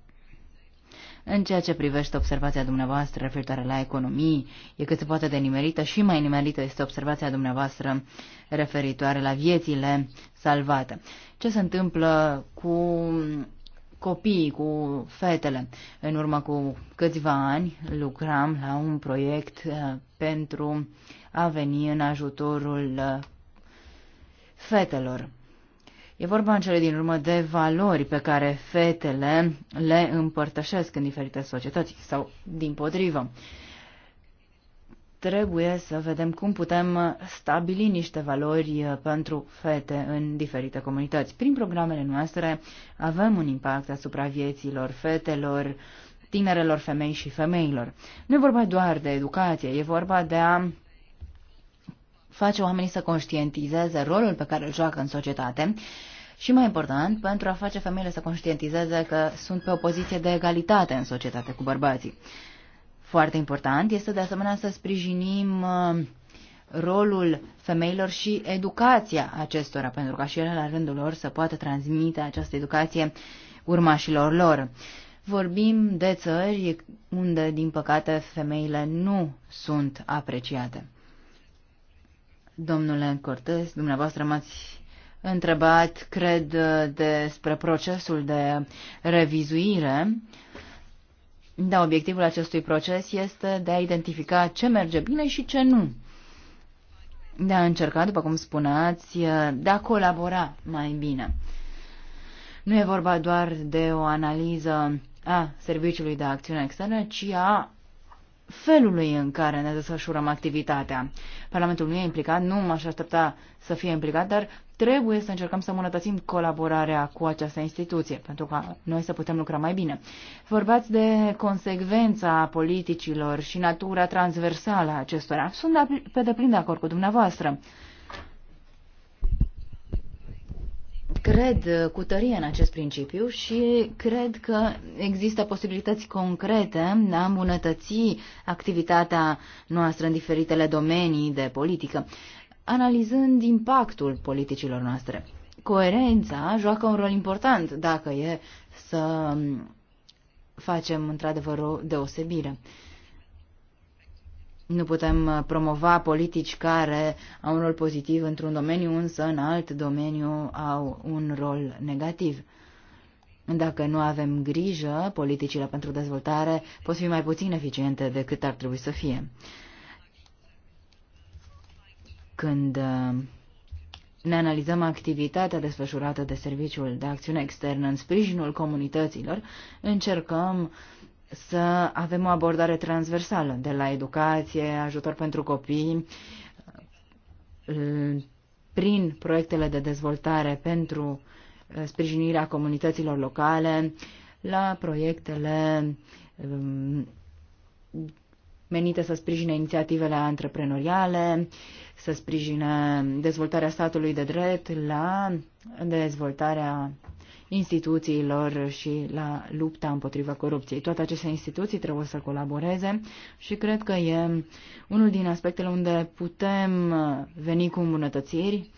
În ceea ce privește observația dumneavoastră referitoare la economii, e cât se poate de nimerită și mai nimerită este observația dumneavoastră referitoare la viețile salvate. Ce se întâmplă cu copiii, cu fetele. În urmă cu câțiva ani lucram la un proiect uh, pentru a veni în ajutorul uh, fetelor. E vorba în cele din urmă de valori pe care fetele le împărtășesc în diferite societăți sau din potrivă trebuie să vedem cum putem uh, stabili niște valori uh, pentru fete în diferite comunități. Prin programele noastre avem un impact asupra vieților fetelor, tinerelor femei și femeilor. Nu e vorba doar de educație, e vorba de a face oamenii să conștientizeze rolul pe care îl joacă în societate și, mai important, pentru a face femeile să conștientizeze că sunt pe o poziție de egalitate în societate cu bărbații. Foarte important este de asemenea să sprijinim uh, rolul femeilor și educația acestora, pentru ca și ele la rândul lor să poată transmite această educație urmașilor lor. Vorbim de țări unde, din păcate, femeile nu sunt apreciate. Domnule Cortez, dumneavoastră m-ați întrebat, cred, despre procesul de revizuire da, obiectivul acestui proces este de a identifica ce merge bine și ce nu. De a încerca, după cum spuneați, de a colabora mai bine. Nu e vorba doar de o analiză a Serviciului de Acțiune Externă, ci a felului în care ne desfășurăm activitatea. Parlamentul nu e implicat, nu m-aș aștepta să fie implicat, dar trebuie să încercăm să îmbunătățim colaborarea cu această instituție, pentru ca noi să putem lucra mai bine. Vorbați de consecvența politicilor și natura transversală a acestora. Sunt pe deplin de acord cu dumneavoastră. cred uh, cu tărie în acest principiu și cred că există posibilități concrete de a îmbunătăți activitatea noastră în diferitele domenii de politică, analizând impactul politicilor noastre. Coerența joacă un rol important dacă e să um, facem într-adevăr o deosebire. Nu putem uh, promova politici care au un rol pozitiv într-un domeniu, însă în alt domeniu au un rol negativ. Dacă nu avem grijă, politicile pentru dezvoltare pot fi mai puțin eficiente decât ar trebui să fie. Când uh, ne analizăm activitatea desfășurată de Serviciul de Acțiune Externă în sprijinul comunităților, încercăm să avem o abordare transversală, de la educație, ajutor pentru copii, prin proiectele de dezvoltare pentru uh, sprijinirea comunităților locale, la proiectele um, menite să sprijine inițiativele antreprenoriale, să sprijine dezvoltarea statului de drept, la dezvoltarea instituțiilor și la lupta împotriva corupției. Toate aceste instituții trebuie să colaboreze și cred că e unul din aspectele unde putem veni cu îmbunătățiri.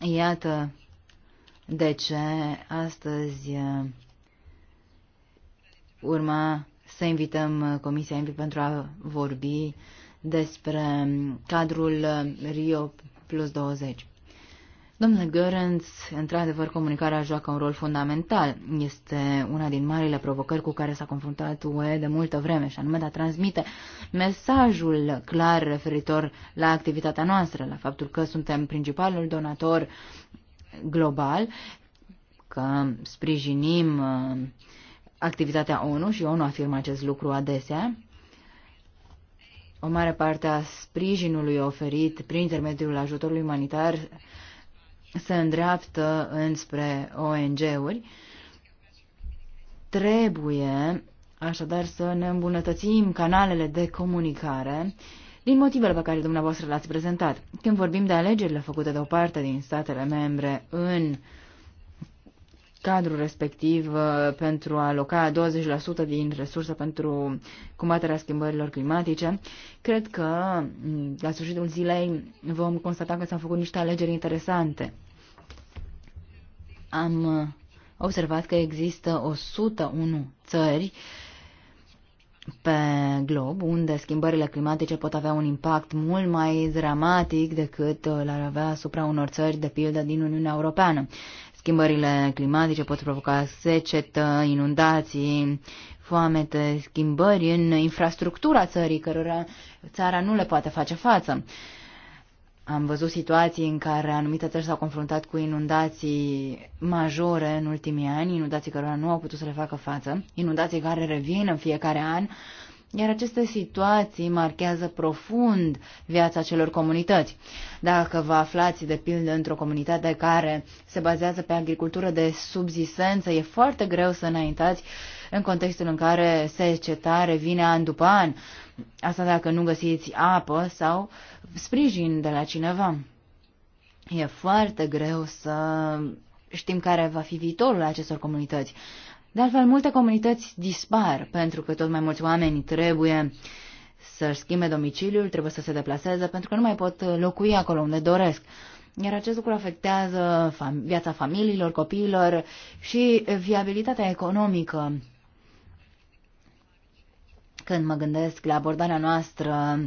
Iată de ce astăzi uh, urma să invităm uh, Comisia MP pentru a vorbi despre um, cadrul uh, Rio plus 20. Domnule Görens, într-adevăr, comunicarea joacă un rol fundamental. Este una din marile provocări cu care s-a confruntat UE de multă vreme, și anume de a transmite mesajul clar referitor la activitatea noastră, la faptul că suntem principalul donator global, că sprijinim uh, activitatea ONU și ONU afirmă acest lucru adesea, o mare parte a sprijinului oferit prin intermediul ajutorului umanitar se îndreaptă înspre ONG-uri. Trebuie așadar să ne îmbunătățim canalele de comunicare din motivele pe care dumneavoastră le-ați prezentat. Când vorbim de alegerile făcute de o parte din statele membre în uh, cadrul respectiv uh, pentru a aloca 20% din resurse pentru combaterea schimbărilor climatice. Cred că mm, la sfârșitul zilei vom constata că s-au făcut niște alegeri interesante. Am uh, observat că există 101 țări pe glob, unde schimbările climatice pot avea un impact mult mai dramatic decât uh, l-ar avea asupra unor țări, de pildă, din Uniunea Europeană. Schimbările climatice pot provoca secetă, uh, inundații, foamete, schimbări în infrastructura țării, cărora țara nu le poate face față. Am văzut situații în care anumite țări s-au confruntat cu inundații majore în ultimii ani, inundații cărora nu au putut să le facă față, inundații care revin în fiecare an, iar aceste situații marchează profund viața celor comunități. Dacă vă aflați, de pildă, într-o comunitate care se bazează pe agricultură de subzistență, e foarte greu să înaintați în contextul în care secetare vine an după an. Asta dacă nu găsiți apă sau sprijin de la cineva. E foarte greu să știm care va fi viitorul acestor comunități. De altfel, multe comunități dispar pentru că tot mai mulți oameni trebuie să-și schimbe domiciliul, trebuie să se deplaseze pentru că nu mai pot locui acolo unde doresc. Iar acest lucru afectează fam- viața familiilor, copiilor și viabilitatea economică. Când mă gândesc la abordarea noastră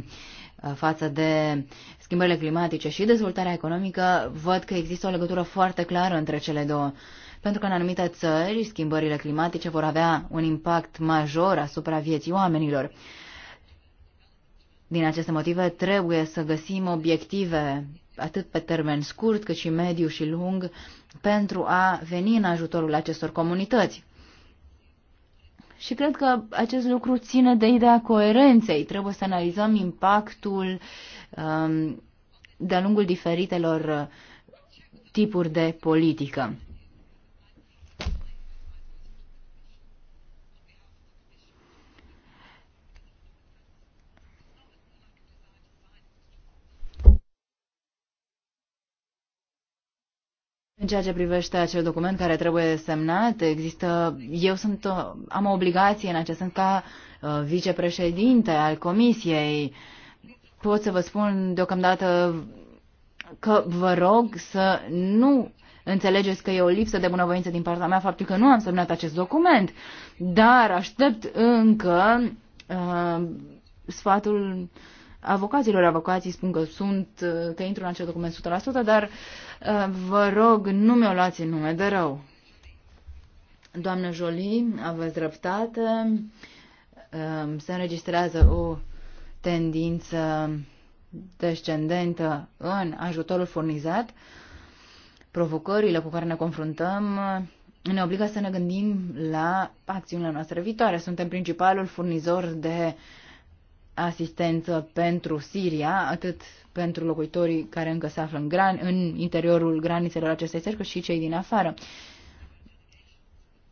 Uh, față de schimbările climatice și dezvoltarea economică, văd că există o legătură foarte clară între cele două. Pentru că în anumite țări schimbările climatice vor avea un impact major asupra vieții oamenilor. Din aceste motive trebuie să găsim obiective atât pe termen scurt cât și mediu și lung pentru a veni în ajutorul acestor comunități. Și cred că acest lucru ține de ideea coerenței. Trebuie să analizăm impactul um, de-a lungul diferitelor uh, tipuri de politică. În ceea ce privește acel document care trebuie semnat, există, eu sunt, am o obligație în acest sens ca uh, vicepreședinte al comisiei. Pot să vă spun deocamdată că vă rog să nu înțelegeți că e o lipsă de bunăvoință din partea mea faptul că nu am semnat acest document, dar aștept încă uh, sfatul uh, avocaților. Avocații spun că sunt, că intru în acel document 100%, dar uh, vă rog, nu mi-o luați în nume de rău. Doamnă Jolie, aveți dreptate. Um, se înregistrează o tendință descendentă în ajutorul furnizat. Provocările cu care ne confruntăm uh, ne obligă să ne gândim la acțiunile noastre viitoare. Suntem principalul furnizor de asistență pentru Siria, atât pentru locuitorii care încă se află în, gran, în interiorul granițelor acestei țări, cât și cei din afară.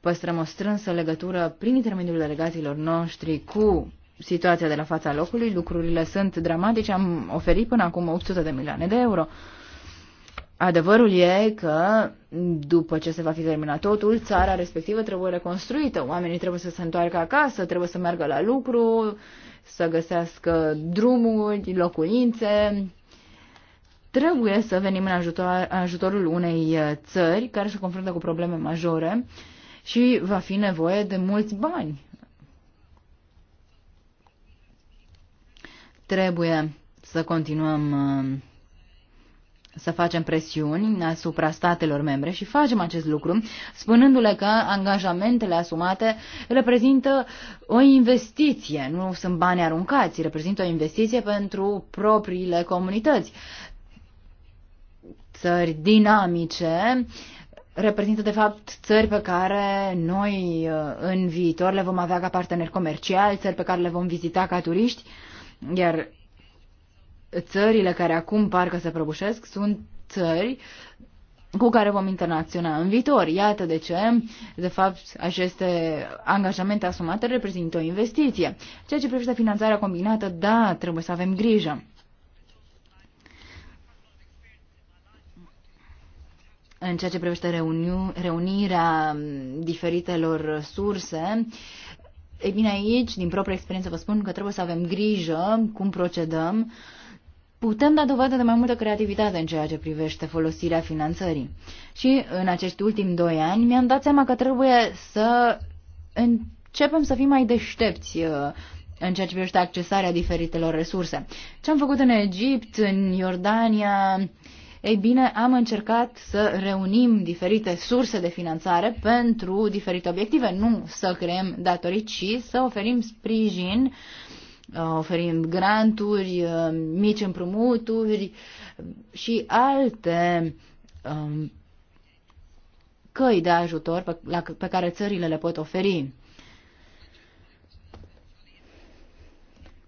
Păstrăm o strânsă legătură prin intermediul delegațiilor noștri cu situația de la fața locului. Lucrurile sunt dramatice. Am oferit până acum 800 de milioane de euro. Adevărul e că după ce se va fi terminat totul, țara respectivă trebuie reconstruită. Oamenii trebuie să se întoarcă acasă, trebuie să meargă la lucru, să găsească drumuri, locuințe. Trebuie să venim în ajutor, ajutorul unei uh, țări care se confruntă cu probleme majore și va fi nevoie de mulți bani. Trebuie să continuăm uh, să facem presiuni asupra statelor membre și facem acest lucru, spunându-le că angajamentele asumate reprezintă o investiție, nu sunt bani aruncați, reprezintă o investiție pentru propriile comunități. Țări dinamice reprezintă, de fapt, țări pe care noi uh, în viitor le vom avea ca parteneri comerciali, țări pe care le vom vizita ca turiști, iar țările care acum parcă se prăbușesc sunt țări cu care vom internaționa în viitor. Iată de ce, de fapt, aceste angajamente asumate reprezintă o investiție. Ceea ce privește finanțarea combinată, da, trebuie să avem grijă. În ceea ce privește reuniu, reunirea diferitelor surse, ei bine, aici, din propria experiență, vă spun că trebuie să avem grijă cum procedăm uh, putem da dovadă de mai multă creativitate în ceea ce privește folosirea finanțării. Și în acești ultimi doi ani mi-am dat seama că trebuie să începem să fim mai deștepți uh, în ceea ce privește accesarea diferitelor resurse. Ce am făcut în Egipt, în Iordania, ei bine, am încercat să reunim diferite surse de finanțare pentru diferite obiective, nu să creăm datorii, ci să oferim sprijin uh, Uh, oferind granturi, uh, mici împrumuturi și alte um, căi de ajutor pe care țările le pot oferi.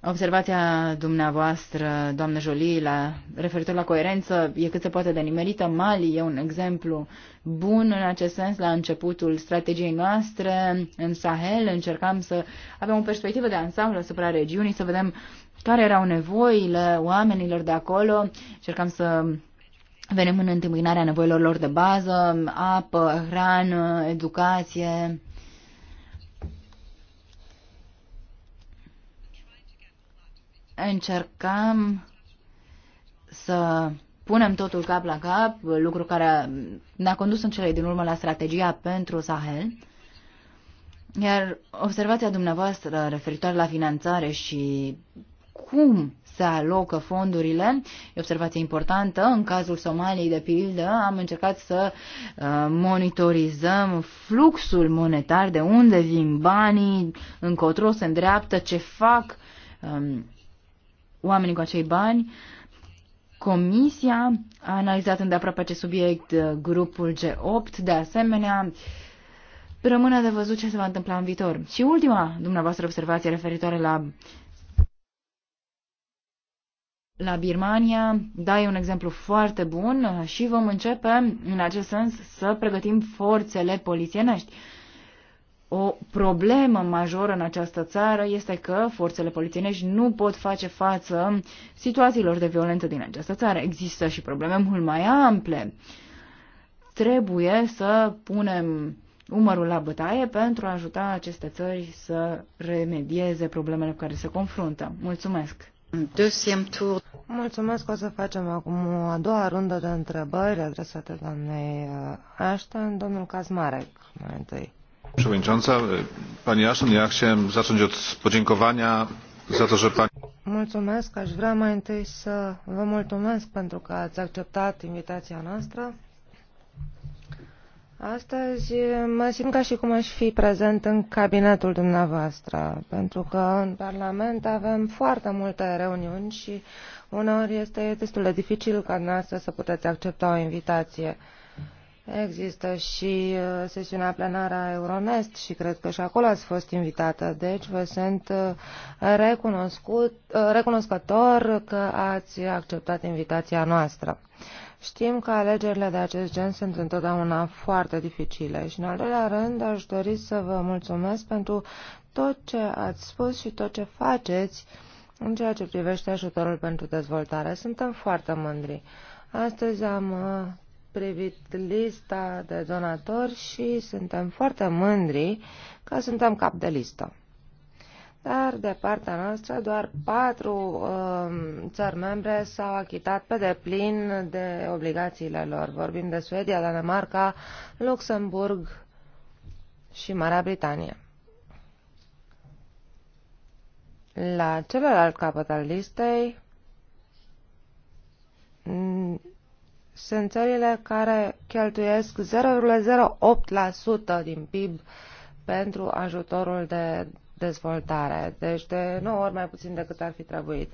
Observația dumneavoastră, doamnă Jolie, la, referitor la coerență, e cât se poate de nimerită. Mali e un exemplu bun în acest sens. La începutul strategiei noastre în Sahel încercam să avem o perspectivă de ansamblu asupra regiunii, să vedem care erau nevoile oamenilor de acolo. Încercam să venim în întâmpinarea nevoilor lor de bază, apă, hrană, educație Încercăm să punem totul cap la cap, lucru care ne-a condus în cele din urmă la strategia pentru Sahel. Iar observația dumneavoastră referitoare la finanțare și cum se alocă fondurile, e observație importantă. În cazul Somaliei, de pildă, am încercat să uh, monitorizăm fluxul monetar, de unde vin banii, încotro se îndreaptă, ce fac um, oamenii cu acei bani. Comisia a analizat îndeaproape acest subiect, uh, grupul G8, de asemenea, rămâne de văzut ce se va întâmpla în viitor. Și ultima dumneavoastră observație referitoare la la Birmania, da, e un exemplu foarte bun și vom începe în acest sens să pregătim forțele polițienești. O problemă majoră în această țară este că forțele polițienești nu pot face față situațiilor de violență din această țară. Există și probleme mult mai ample. Trebuie să punem umărul la bătaie pentru a ajuta aceste țări să remedieze problemele cu care se confruntă. Mulțumesc! Mulțumesc, o să facem acum a doua rundă de întrebări adresate doamnei uh, Ashton, domnul Kazmarek mai întâi. Przewodnicząca, pani Ashton, ja chciałem zacząć od podziękowania za to, że pani... Mulțumesc, aș vrea mai întâi să vă mulțumesc pentru că ați acceptat invitația noastră. Astăzi mă simt ca și cum aș fi prezent în cabinetul dumneavoastră, pentru că în Parlament avem foarte multe reuniuni și uneori este destul de dificil ca dumneavoastră să puteți accepta o invitație. Uh, Există și uh, sesiunea plenară a Euronest și cred că și acolo ați fost invitată. Deci vă sunt uh, recunoscut, uh, recunoscător că ați acceptat invitația noastră. Știm că alegerile de acest gen sunt întotdeauna foarte dificile și, în al doilea rând, aș dori să vă mulțumesc pentru tot ce ați spus și tot ce faceți în ceea ce privește ajutorul pentru dezvoltare. Suntem foarte mândri. Astăzi am privit lista de donatori și suntem foarte mândri că suntem cap de listă. Dar de partea noastră doar patru uh, țări membre s-au achitat pe deplin de obligațiile lor. Vorbim de Suedia, Danemarca, Luxemburg și Marea Britanie. La celălalt capăt al listei sunt țările care cheltuiesc 0,08% din PIB pentru ajutorul de dezvoltare, deci de 9 ori mai puțin decât ar fi trebuit.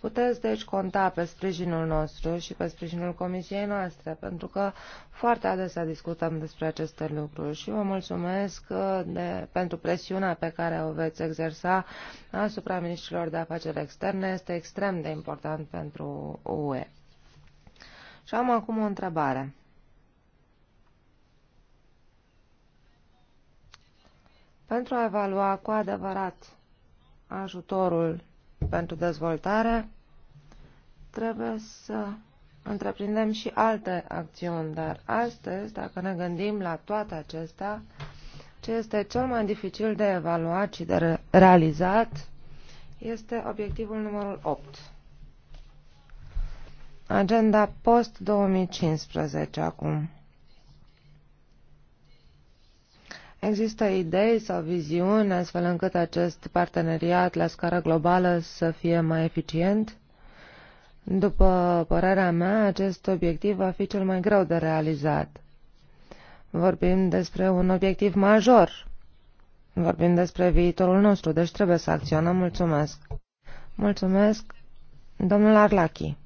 Puteți deci conta pe sprijinul nostru și pe sprijinul comisiei noastre, pentru că foarte adesea discutăm despre aceste lucruri și vă mulțumesc uh, de, pentru presiunea pe care o veți exersa asupra ministrilor de afaceri externe. Este extrem de important pentru UE. Și am acum o întrebare. Pentru a evalua cu adevărat ajutorul pentru dezvoltare, trebuie să întreprindem și alte acțiuni, dar astăzi, dacă ne gândim la toate acestea, ce este cel mai dificil de evaluat și de realizat este obiectivul numărul 8. Agenda post-2015 acum. Există idei sau viziuni astfel încât acest parteneriat la scară globală să fie mai eficient? După părerea mea, acest obiectiv va fi cel mai greu de realizat. Vorbim despre un obiectiv major. Vorbim despre viitorul nostru, deci trebuie să acționăm. Mulțumesc. Mulțumesc, domnul Arlachi.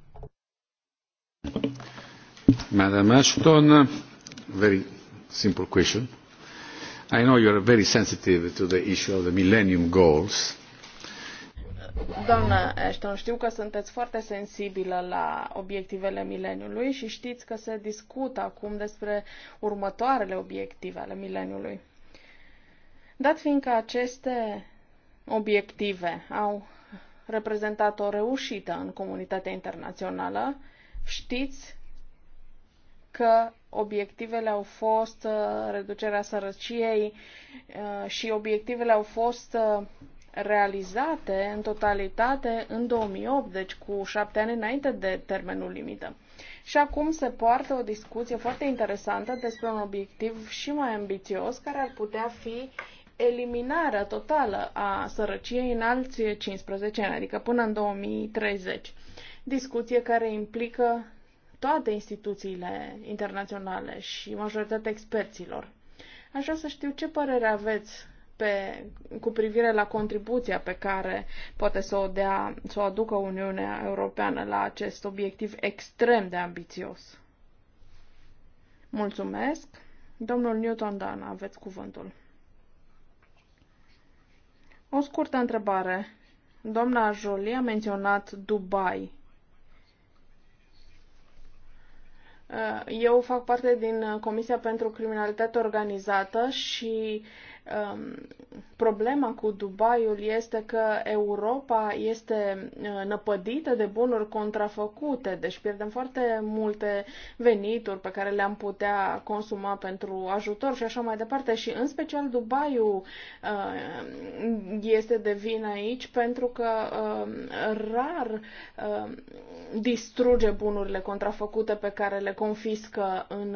Madam Ashton, very simple question. I know you are very sensitive to the issue of the Millennium Goals. Doamna Ashton, știu că sunteți foarte sensibilă la obiectivele mileniului și știți că se discută acum despre următoarele obiective ale mileniului. Dat fiindcă aceste obiective au reprezentat o reușită în comunitatea internațională, Știți că obiectivele au fost uh, reducerea sărăciei uh, și obiectivele au fost uh, realizate în totalitate în 2008, deci cu șapte ani înainte de termenul limită. Și acum se poartă o discuție foarte interesantă despre un obiectiv și mai ambițios care ar putea fi eliminarea totală a sărăciei în alți 15 ani, adică până în 2030 discuție care implică toate instituțiile internaționale și majoritatea experților. Aș vrea să știu ce părere aveți pe, cu privire la contribuția pe care poate să o, dea, să o aducă Uniunea Europeană la acest obiectiv extrem de ambițios. Mulțumesc. Domnul Newton Dana, aveți cuvântul. O scurtă întrebare. Doamna Jolie a menționat Dubai Eu fac parte din Comisia pentru Criminalitate Organizată și Um, problema cu Dubaiul este că Europa este uh, năpădită de bunuri contrafăcute, deci pierdem foarte multe venituri pe care le-am putea consuma pentru ajutor și așa mai departe și în special Dubaiul uh, este de vină aici pentru că um, rar um, distruge bunurile contrafăcute pe care le confiscă în,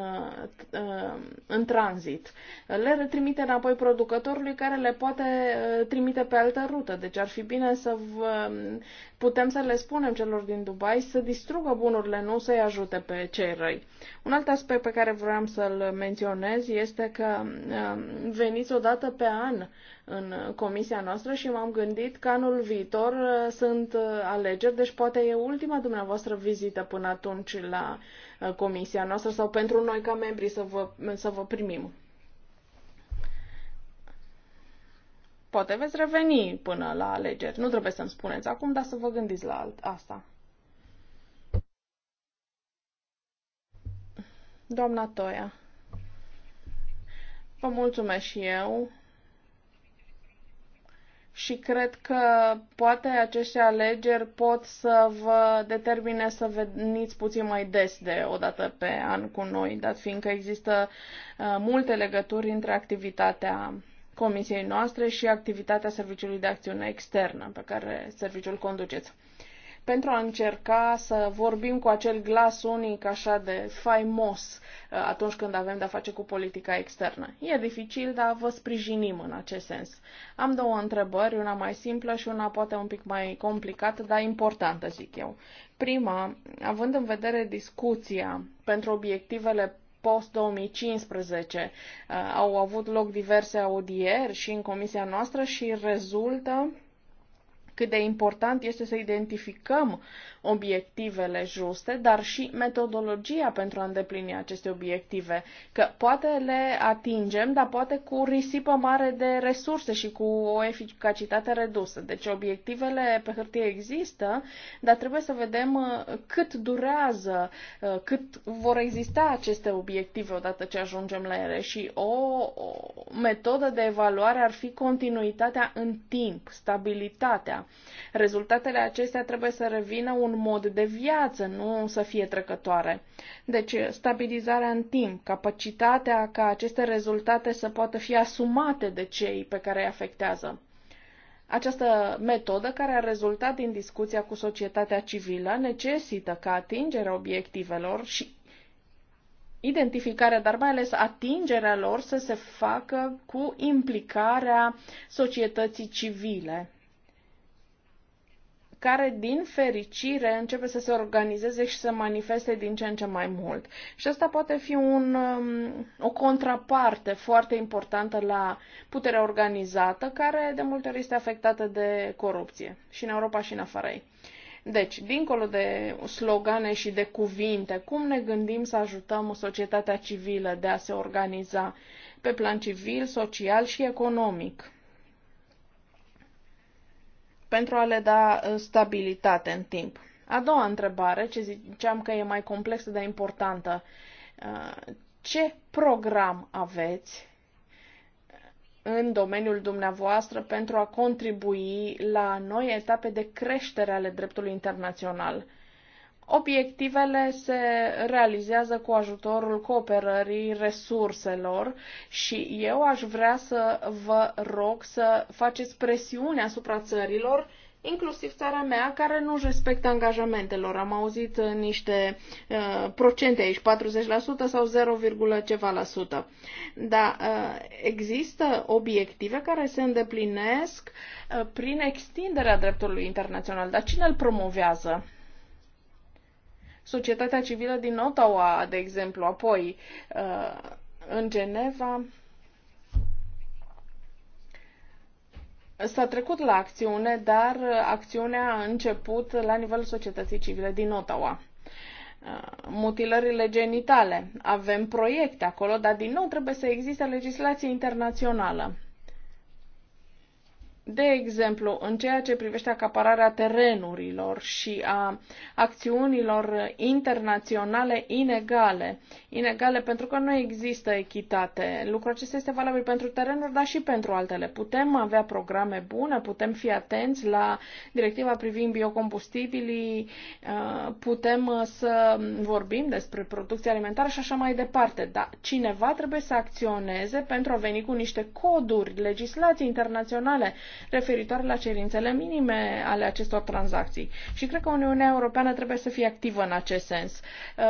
uh, în tranzit. Le retrimite înapoi produsul producătorului care le poate uh, trimite pe altă rută. Deci ar fi bine să vă, um, putem să le spunem celor din Dubai să distrugă bunurile, nu să-i ajute pe cei răi. Un alt aspect pe care vreau să-l menționez este că um, veniți o dată pe an în comisia noastră și m-am gândit că anul viitor uh, sunt uh, alegeri, deci poate e ultima dumneavoastră vizită până atunci la comisia noastră sau pentru noi ca membri să vă, să vă primim. Poate veți reveni până la alegeri. Nu trebuie să-mi spuneți acum, dar să vă gândiți la asta. Doamna Toia, vă mulțumesc și eu și cred că poate aceste alegeri pot să vă determine să veniți puțin mai des de o dată pe an cu noi, dat fiindcă există uh, multe legături între activitatea comisiei noastre și activitatea Serviciului de Acțiune Externă pe care serviciul conduceți. Pentru a încerca să vorbim cu acel glas unic așa de faimos uh, atunci când avem de-a face cu politica externă. E dificil, dar vă sprijinim în acest sens. Am două întrebări, una mai simplă și una poate un pic mai complicată, dar importantă, zic eu. Prima, având în vedere discuția pentru obiectivele post-2015. Uh, au avut loc diverse audieri și în comisia noastră și rezultă cât de important este să identificăm obiectivele juste, dar și metodologia pentru a îndeplini aceste obiective. Că poate le atingem, dar poate cu risipă mare de resurse și cu o eficacitate redusă. Deci obiectivele pe hârtie există, dar trebuie să vedem uh, cât durează, uh, cât vor exista aceste obiective odată ce ajungem la ele și o, o metodă de evaluare ar fi continuitatea în timp, stabilitatea. Rezultatele acestea trebuie să revină un un mod de viață, nu să fie trecătoare. Deci, stabilizarea în timp, capacitatea ca aceste rezultate să poată fi asumate de cei pe care îi afectează. Această metodă, care a rezultat din discuția cu societatea civilă, necesită ca atingerea obiectivelor și identificarea, dar mai ales atingerea lor să se facă cu implicarea societății civile care, din fericire, începe să se organizeze și să manifeste din ce în ce mai mult. Și asta poate fi un, um, o contraparte foarte importantă la puterea organizată, care de multe ori este afectată de corupție, și în Europa și în afară. ei. Deci, dincolo de slogane și de cuvinte, cum ne gândim să ajutăm societatea civilă de a se organiza pe plan civil, social și economic? pentru a le da uh, stabilitate în timp. A doua întrebare, ce ziceam că e mai complexă, dar importantă. Uh, ce program aveți în domeniul dumneavoastră pentru a contribui la noi etape de creștere ale dreptului internațional? Obiectivele se realizează cu ajutorul cooperării resurselor și eu aș vrea să vă rog să faceți presiune asupra țărilor, inclusiv țara mea, care nu respectă angajamentelor. Am auzit uh, niște uh, procente aici, 40% sau 0, ceva la sută. Dar uh, există obiective care se îndeplinesc uh, prin extinderea dreptului internațional. Dar cine îl promovează? societatea civilă din Ottawa, de exemplu, apoi uh, în Geneva. S-a trecut la acțiune, dar acțiunea a început la nivelul societății civile din Ottawa. Uh, mutilările genitale. Avem proiecte acolo, dar din nou trebuie să existe legislație internațională. De exemplu, în ceea ce privește acapararea terenurilor și a acțiunilor internaționale inegale, inegale pentru că nu există echitate. Lucrul acesta este valabil pentru terenuri, dar și pentru altele. Putem avea programe bune, putem fi atenți la directiva privind biocombustibilii, uh, putem uh, să vorbim despre producția alimentară și așa mai departe, dar cineva trebuie să acționeze pentru a veni cu niște coduri, legislații internaționale referitoare la cerințele minime ale acestor tranzacții. Și cred că Uniunea Europeană trebuie să fie activă în acest sens. Uh,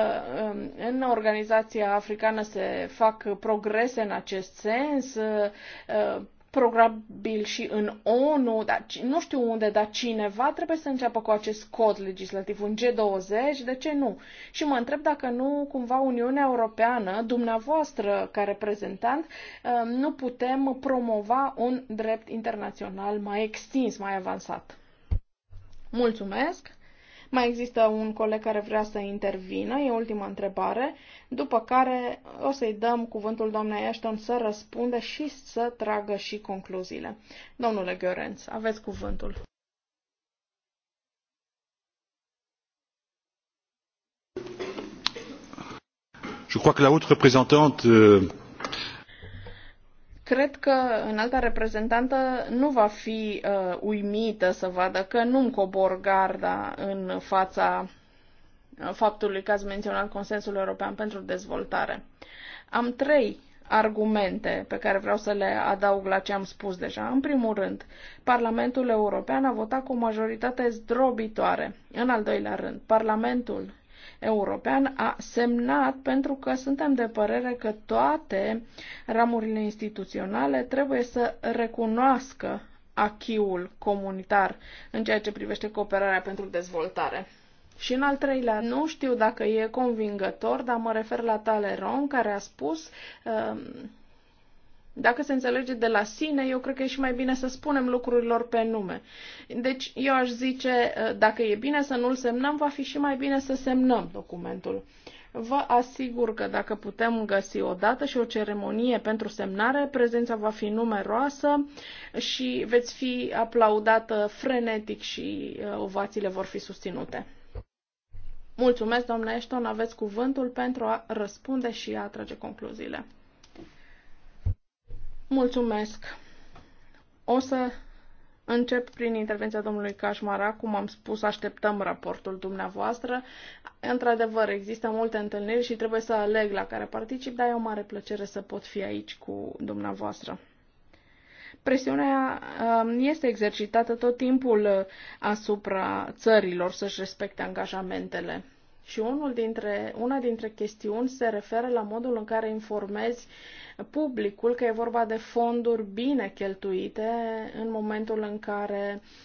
um, în organizația africană se fac progrese în acest sens uh, uh, probabil și în ONU, dar nu știu unde, dar cineva trebuie să înceapă cu acest cod legislativ, un G20, de ce nu? Și mă întreb dacă nu cumva Uniunea Europeană, dumneavoastră ca reprezentant, um, nu putem promova un drept internațional mai extins, mai avansat. Mulțumesc! Mai există un coleg care vrea să intervină, e ultima întrebare, după care o să-i dăm cuvântul doamnei Ashton să răspundă și să tragă și concluziile. Domnule Gheorenț, aveți cuvântul. Je crois que la haute représentante euh, Cred că înalta reprezentantă nu va fi uh, uimită să vadă că nu-mi cobor garda în fața uh, faptului că ați menționat Consensul European pentru Dezvoltare. Am trei argumente pe care vreau să le adaug la ce am spus deja. În primul rând, Parlamentul European a votat cu o majoritate zdrobitoare. În al doilea rând, Parlamentul European a semnat pentru că suntem de părere că toate ramurile instituționale trebuie să recunoască achiul comunitar în ceea ce privește cooperarea pentru dezvoltare. Și în al treilea, nu știu dacă e convingător, dar mă refer la Taleron, care a spus uh, dacă se înțelege de la sine, eu cred că e și mai bine să spunem lucrurilor pe nume. Deci, eu aș zice, uh, dacă e bine să nu-l semnăm, va fi și mai bine să semnăm documentul. Vă asigur că dacă putem găsi o dată și o ceremonie pentru semnare, prezența va fi numeroasă și veți fi aplaudată frenetic și uh, ovațiile vor fi susținute. Mulțumesc, domnule Ashton, aveți cuvântul pentru a răspunde și a trage concluziile. Mulțumesc. O să încep prin intervenția domnului Cașmara. Cum am spus, așteptăm raportul dumneavoastră. Într-adevăr, există multe întâlniri și trebuie să aleg la care particip, dar e o mare plăcere să pot fi aici cu dumneavoastră presiunea um, este exercitată tot timpul uh, asupra țărilor să-și respecte angajamentele. Și unul dintre, una dintre chestiuni se referă la modul în care informezi publicul că e vorba de fonduri bine cheltuite în momentul în care uh,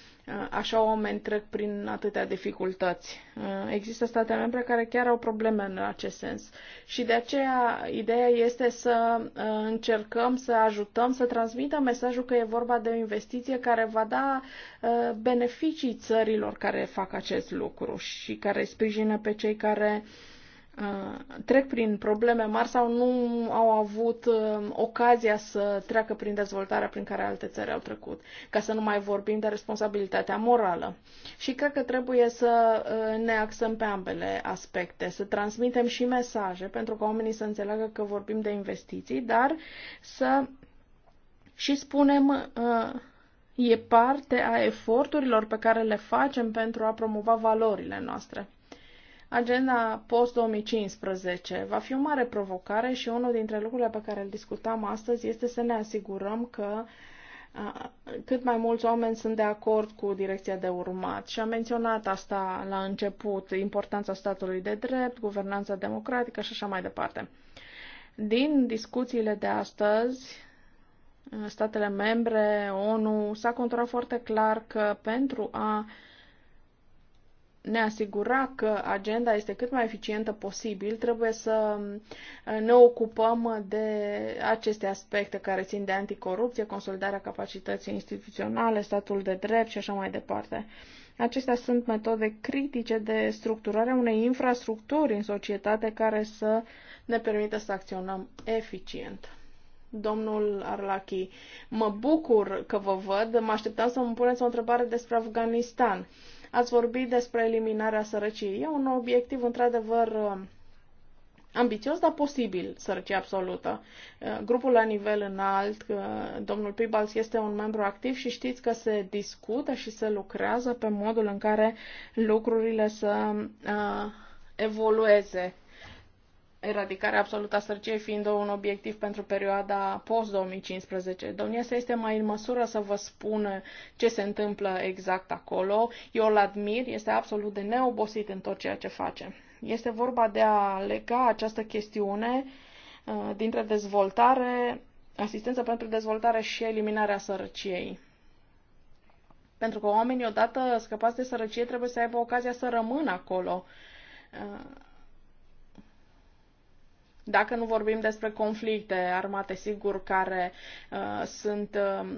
așa oameni trec prin atâtea dificultăți. Uh, există state membre care chiar au probleme în acest sens. Și de aceea ideea este să uh, încercăm să ajutăm să transmită mesajul că e vorba de o investiție care va da uh, beneficii țărilor care fac acest lucru și care sprijină pe cei care uh, Uh, trec prin probleme mari sau nu au avut uh, ocazia să treacă prin dezvoltarea prin care alte țări au trecut, ca să nu mai vorbim de responsabilitatea morală. Și cred că trebuie să uh, ne axăm pe ambele aspecte, să transmitem și mesaje pentru ca oamenii să înțeleagă că vorbim de investiții, dar să și spunem e parte a eforturilor pe care le facem pentru a promova valorile noastre. Agenda post-2015 va fi o mare provocare și unul dintre lucrurile pe care îl discutam astăzi este să ne asigurăm că cât mai mulți oameni sunt de acord cu direcția de urmat. Și am menționat asta la început, importanța statului de drept, guvernanța democratică și așa mai departe. Din discuțiile de astăzi, statele membre, ONU, s-a conturat foarte clar că pentru a uh, ne asigura că agenda este cât mai eficientă posibil, trebuie să uh, ne ocupăm de aceste aspecte care țin de anticorupție, consolidarea capacității instituționale, statul de drept și așa mai departe. Acestea sunt metode critice de structurare unei infrastructuri în societate care să ne permită să acționăm eficient domnul Arlachi. Mă bucur că vă văd. Mă așteptam să mă puneți o întrebare despre Afganistan. Ați vorbit despre eliminarea sărăciei. E un obiectiv într-adevăr uh, ambițios, dar posibil, sărăcie absolută. Uh, grupul la nivel înalt, uh, domnul Pibals este un membru activ și știți că se discută și se lucrează pe modul în care lucrurile să evolueze eradicarea absolută a sărăciei fiind un obiectiv pentru perioada post-2015. Domnia sa este mai în măsură să vă spună ce se întâmplă exact acolo. Eu îl admir, este absolut de neobosit în tot ceea ce face. Este vorba de a lega această chestiune uh, dintre dezvoltare, asistență pentru dezvoltare și eliminarea sărăciei. Pentru că oamenii, odată scăpați de sărăcie, trebuie să aibă ocazia să rămână acolo uh, dacă nu vorbim despre conflicte armate, sigur, care uh, sunt uh,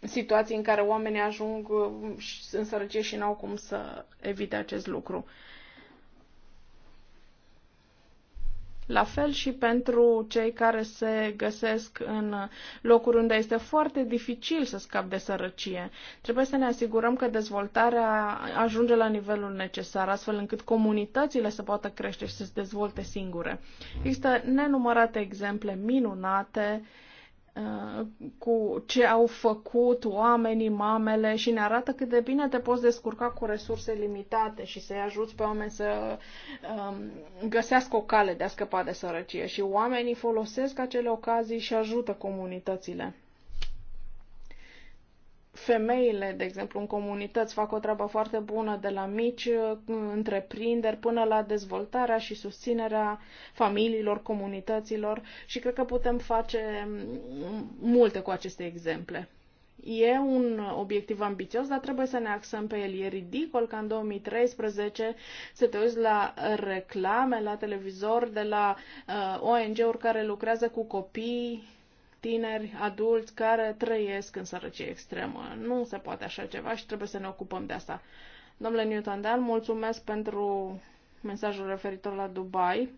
situații în care oamenii ajung în uh, sărăcie și n-au cum să evite acest lucru. Uh, La fel și pentru cei care se găsesc în locuri unde este foarte dificil să scap de sărăcie. Trebuie să ne asigurăm că dezvoltarea ajunge la nivelul necesar, astfel încât comunitățile să poată crește și să se dezvolte singure. Există nenumărate exemple minunate Uh, cu ce au făcut oamenii, mamele și ne arată cât de bine te poți descurca cu resurse limitate și să-i ajuți pe oameni să um, găsească o cale de a scăpa de sărăcie. Și oamenii folosesc acele ocazii și ajută comunitățile femeile, de exemplu, în comunități fac o treabă foarte bună de la mici uh, întreprinderi până la dezvoltarea și susținerea familiilor, comunităților și cred că putem face mm, multe cu aceste exemple. E un obiectiv ambițios, dar trebuie să ne axăm pe el. E ridicol ca în 2013 să te uiți la reclame, la televizor, de la uh, ONG-uri care lucrează cu copii tineri, adulți care trăiesc în sărăcie extremă. Nu se poate așa ceva și trebuie să ne ocupăm de asta. Domnule Newton Dan, mulțumesc pentru mesajul referitor la Dubai.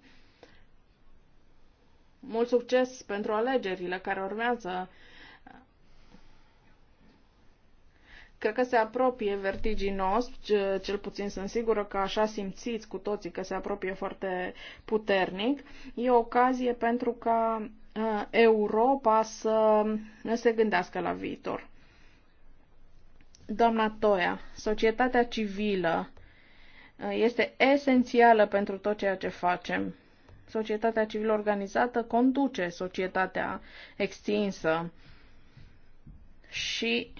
Mult succes pentru alegerile care urmează. Cred că se apropie vertiginos, cel puțin sunt sigură că așa simțiți cu toții că se apropie foarte puternic. E o ocazie pentru ca Uh, Europa să se gândească la viitor. Doamna Toia, societatea civilă uh, este esențială pentru tot ceea ce facem. Societatea civilă organizată conduce societatea extinsă și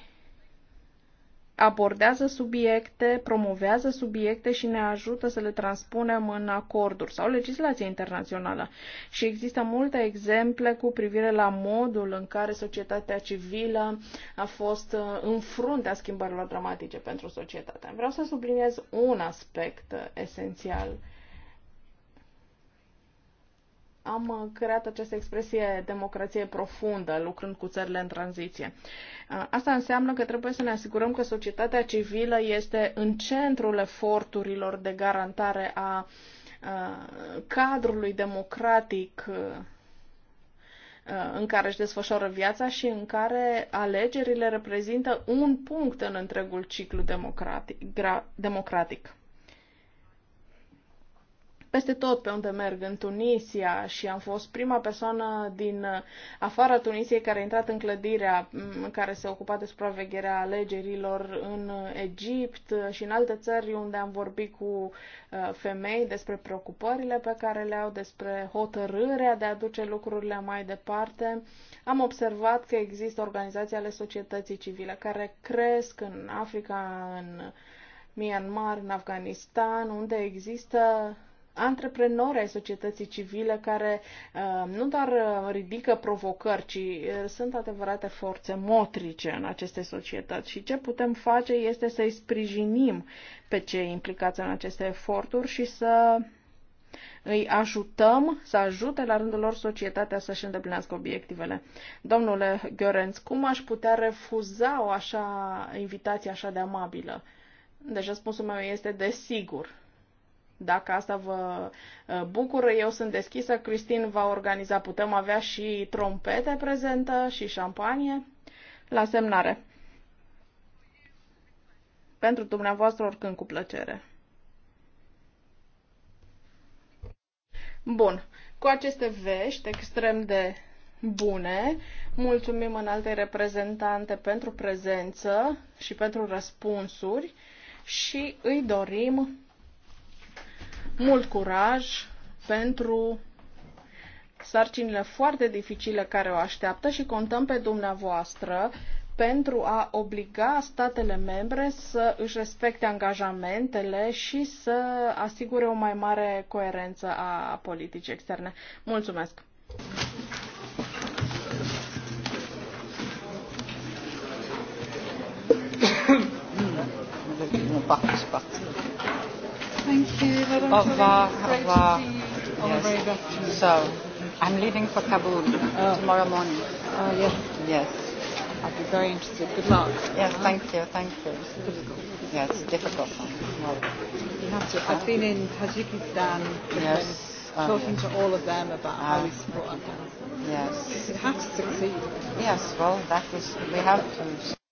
abordează subiecte, promovează subiecte și ne ajută să le transpunem în acorduri sau legislație internațională. Și există multe exemple cu privire la modul în care societatea civilă a fost uh, în fruntea schimbărilor dramatice pentru societate. Vreau să subliniez un aspect uh, esențial am uh, creat această expresie democrație profundă, lucrând cu țările în tranziție. Uh, asta înseamnă că trebuie să ne asigurăm că societatea civilă este în centrul eforturilor de garantare a uh, cadrului democratic în care își desfășoară viața și în care alegerile reprezintă un punct în întregul ciclu democratic. democratic peste tot pe unde merg, în Tunisia și am fost prima persoană din afara Tunisiei care a intrat în clădirea mm, care se ocupa de supravegherea alegerilor în Egipt și în alte țări unde am vorbit cu uh, femei despre preocupările pe care le au, despre hotărârea de a duce lucrurile mai departe. Am observat că există organizații ale societății civile care cresc în Africa, în Myanmar, în Afganistan, unde există antreprenori ai societății civile care uh, nu doar uh, ridică provocări, ci uh, sunt adevărate forțe motrice în aceste societăți. Și ce putem face este să-i sprijinim pe cei implicați în aceste eforturi și să îi ajutăm să ajute la rândul lor societatea să-și îndeplinească obiectivele. Domnule Gheorenț, cum aș putea refuza o așa invitație așa de amabilă? Deci răspunsul meu este desigur. Dacă asta vă ă, bucură, eu sunt deschisă. Cristin va organiza, putem avea și trompete prezentă și șampanie la semnare. Pentru dumneavoastră, oricând cu plăcere. Bun. Cu aceste vești extrem de bune, mulțumim în alte reprezentante pentru prezență și pentru răspunsuri și îi dorim mult curaj pentru sarcinile foarte dificile care o așteaptă și contăm pe dumneavoastră pentru a obliga statele membre să își respecte angajamentele și să asigure o mai mare coerență a politicii externe. Mulțumesc! Nu, nu, nu, Thank you. Au revoir. Yes. So, I'm leaving for Kabul oh. tomorrow morning. Oh, yes. Yes. I'll be very interested. Good luck. Yes, uh-huh. thank you, thank you. It's difficult. Yes, difficult. Well, You have to. I've been in Tajikistan. Yes. um, talking yes. to all of them about uh, how we uh, support Afghanistan. Yes. It has to succeed. Yes, well, that is, we have to.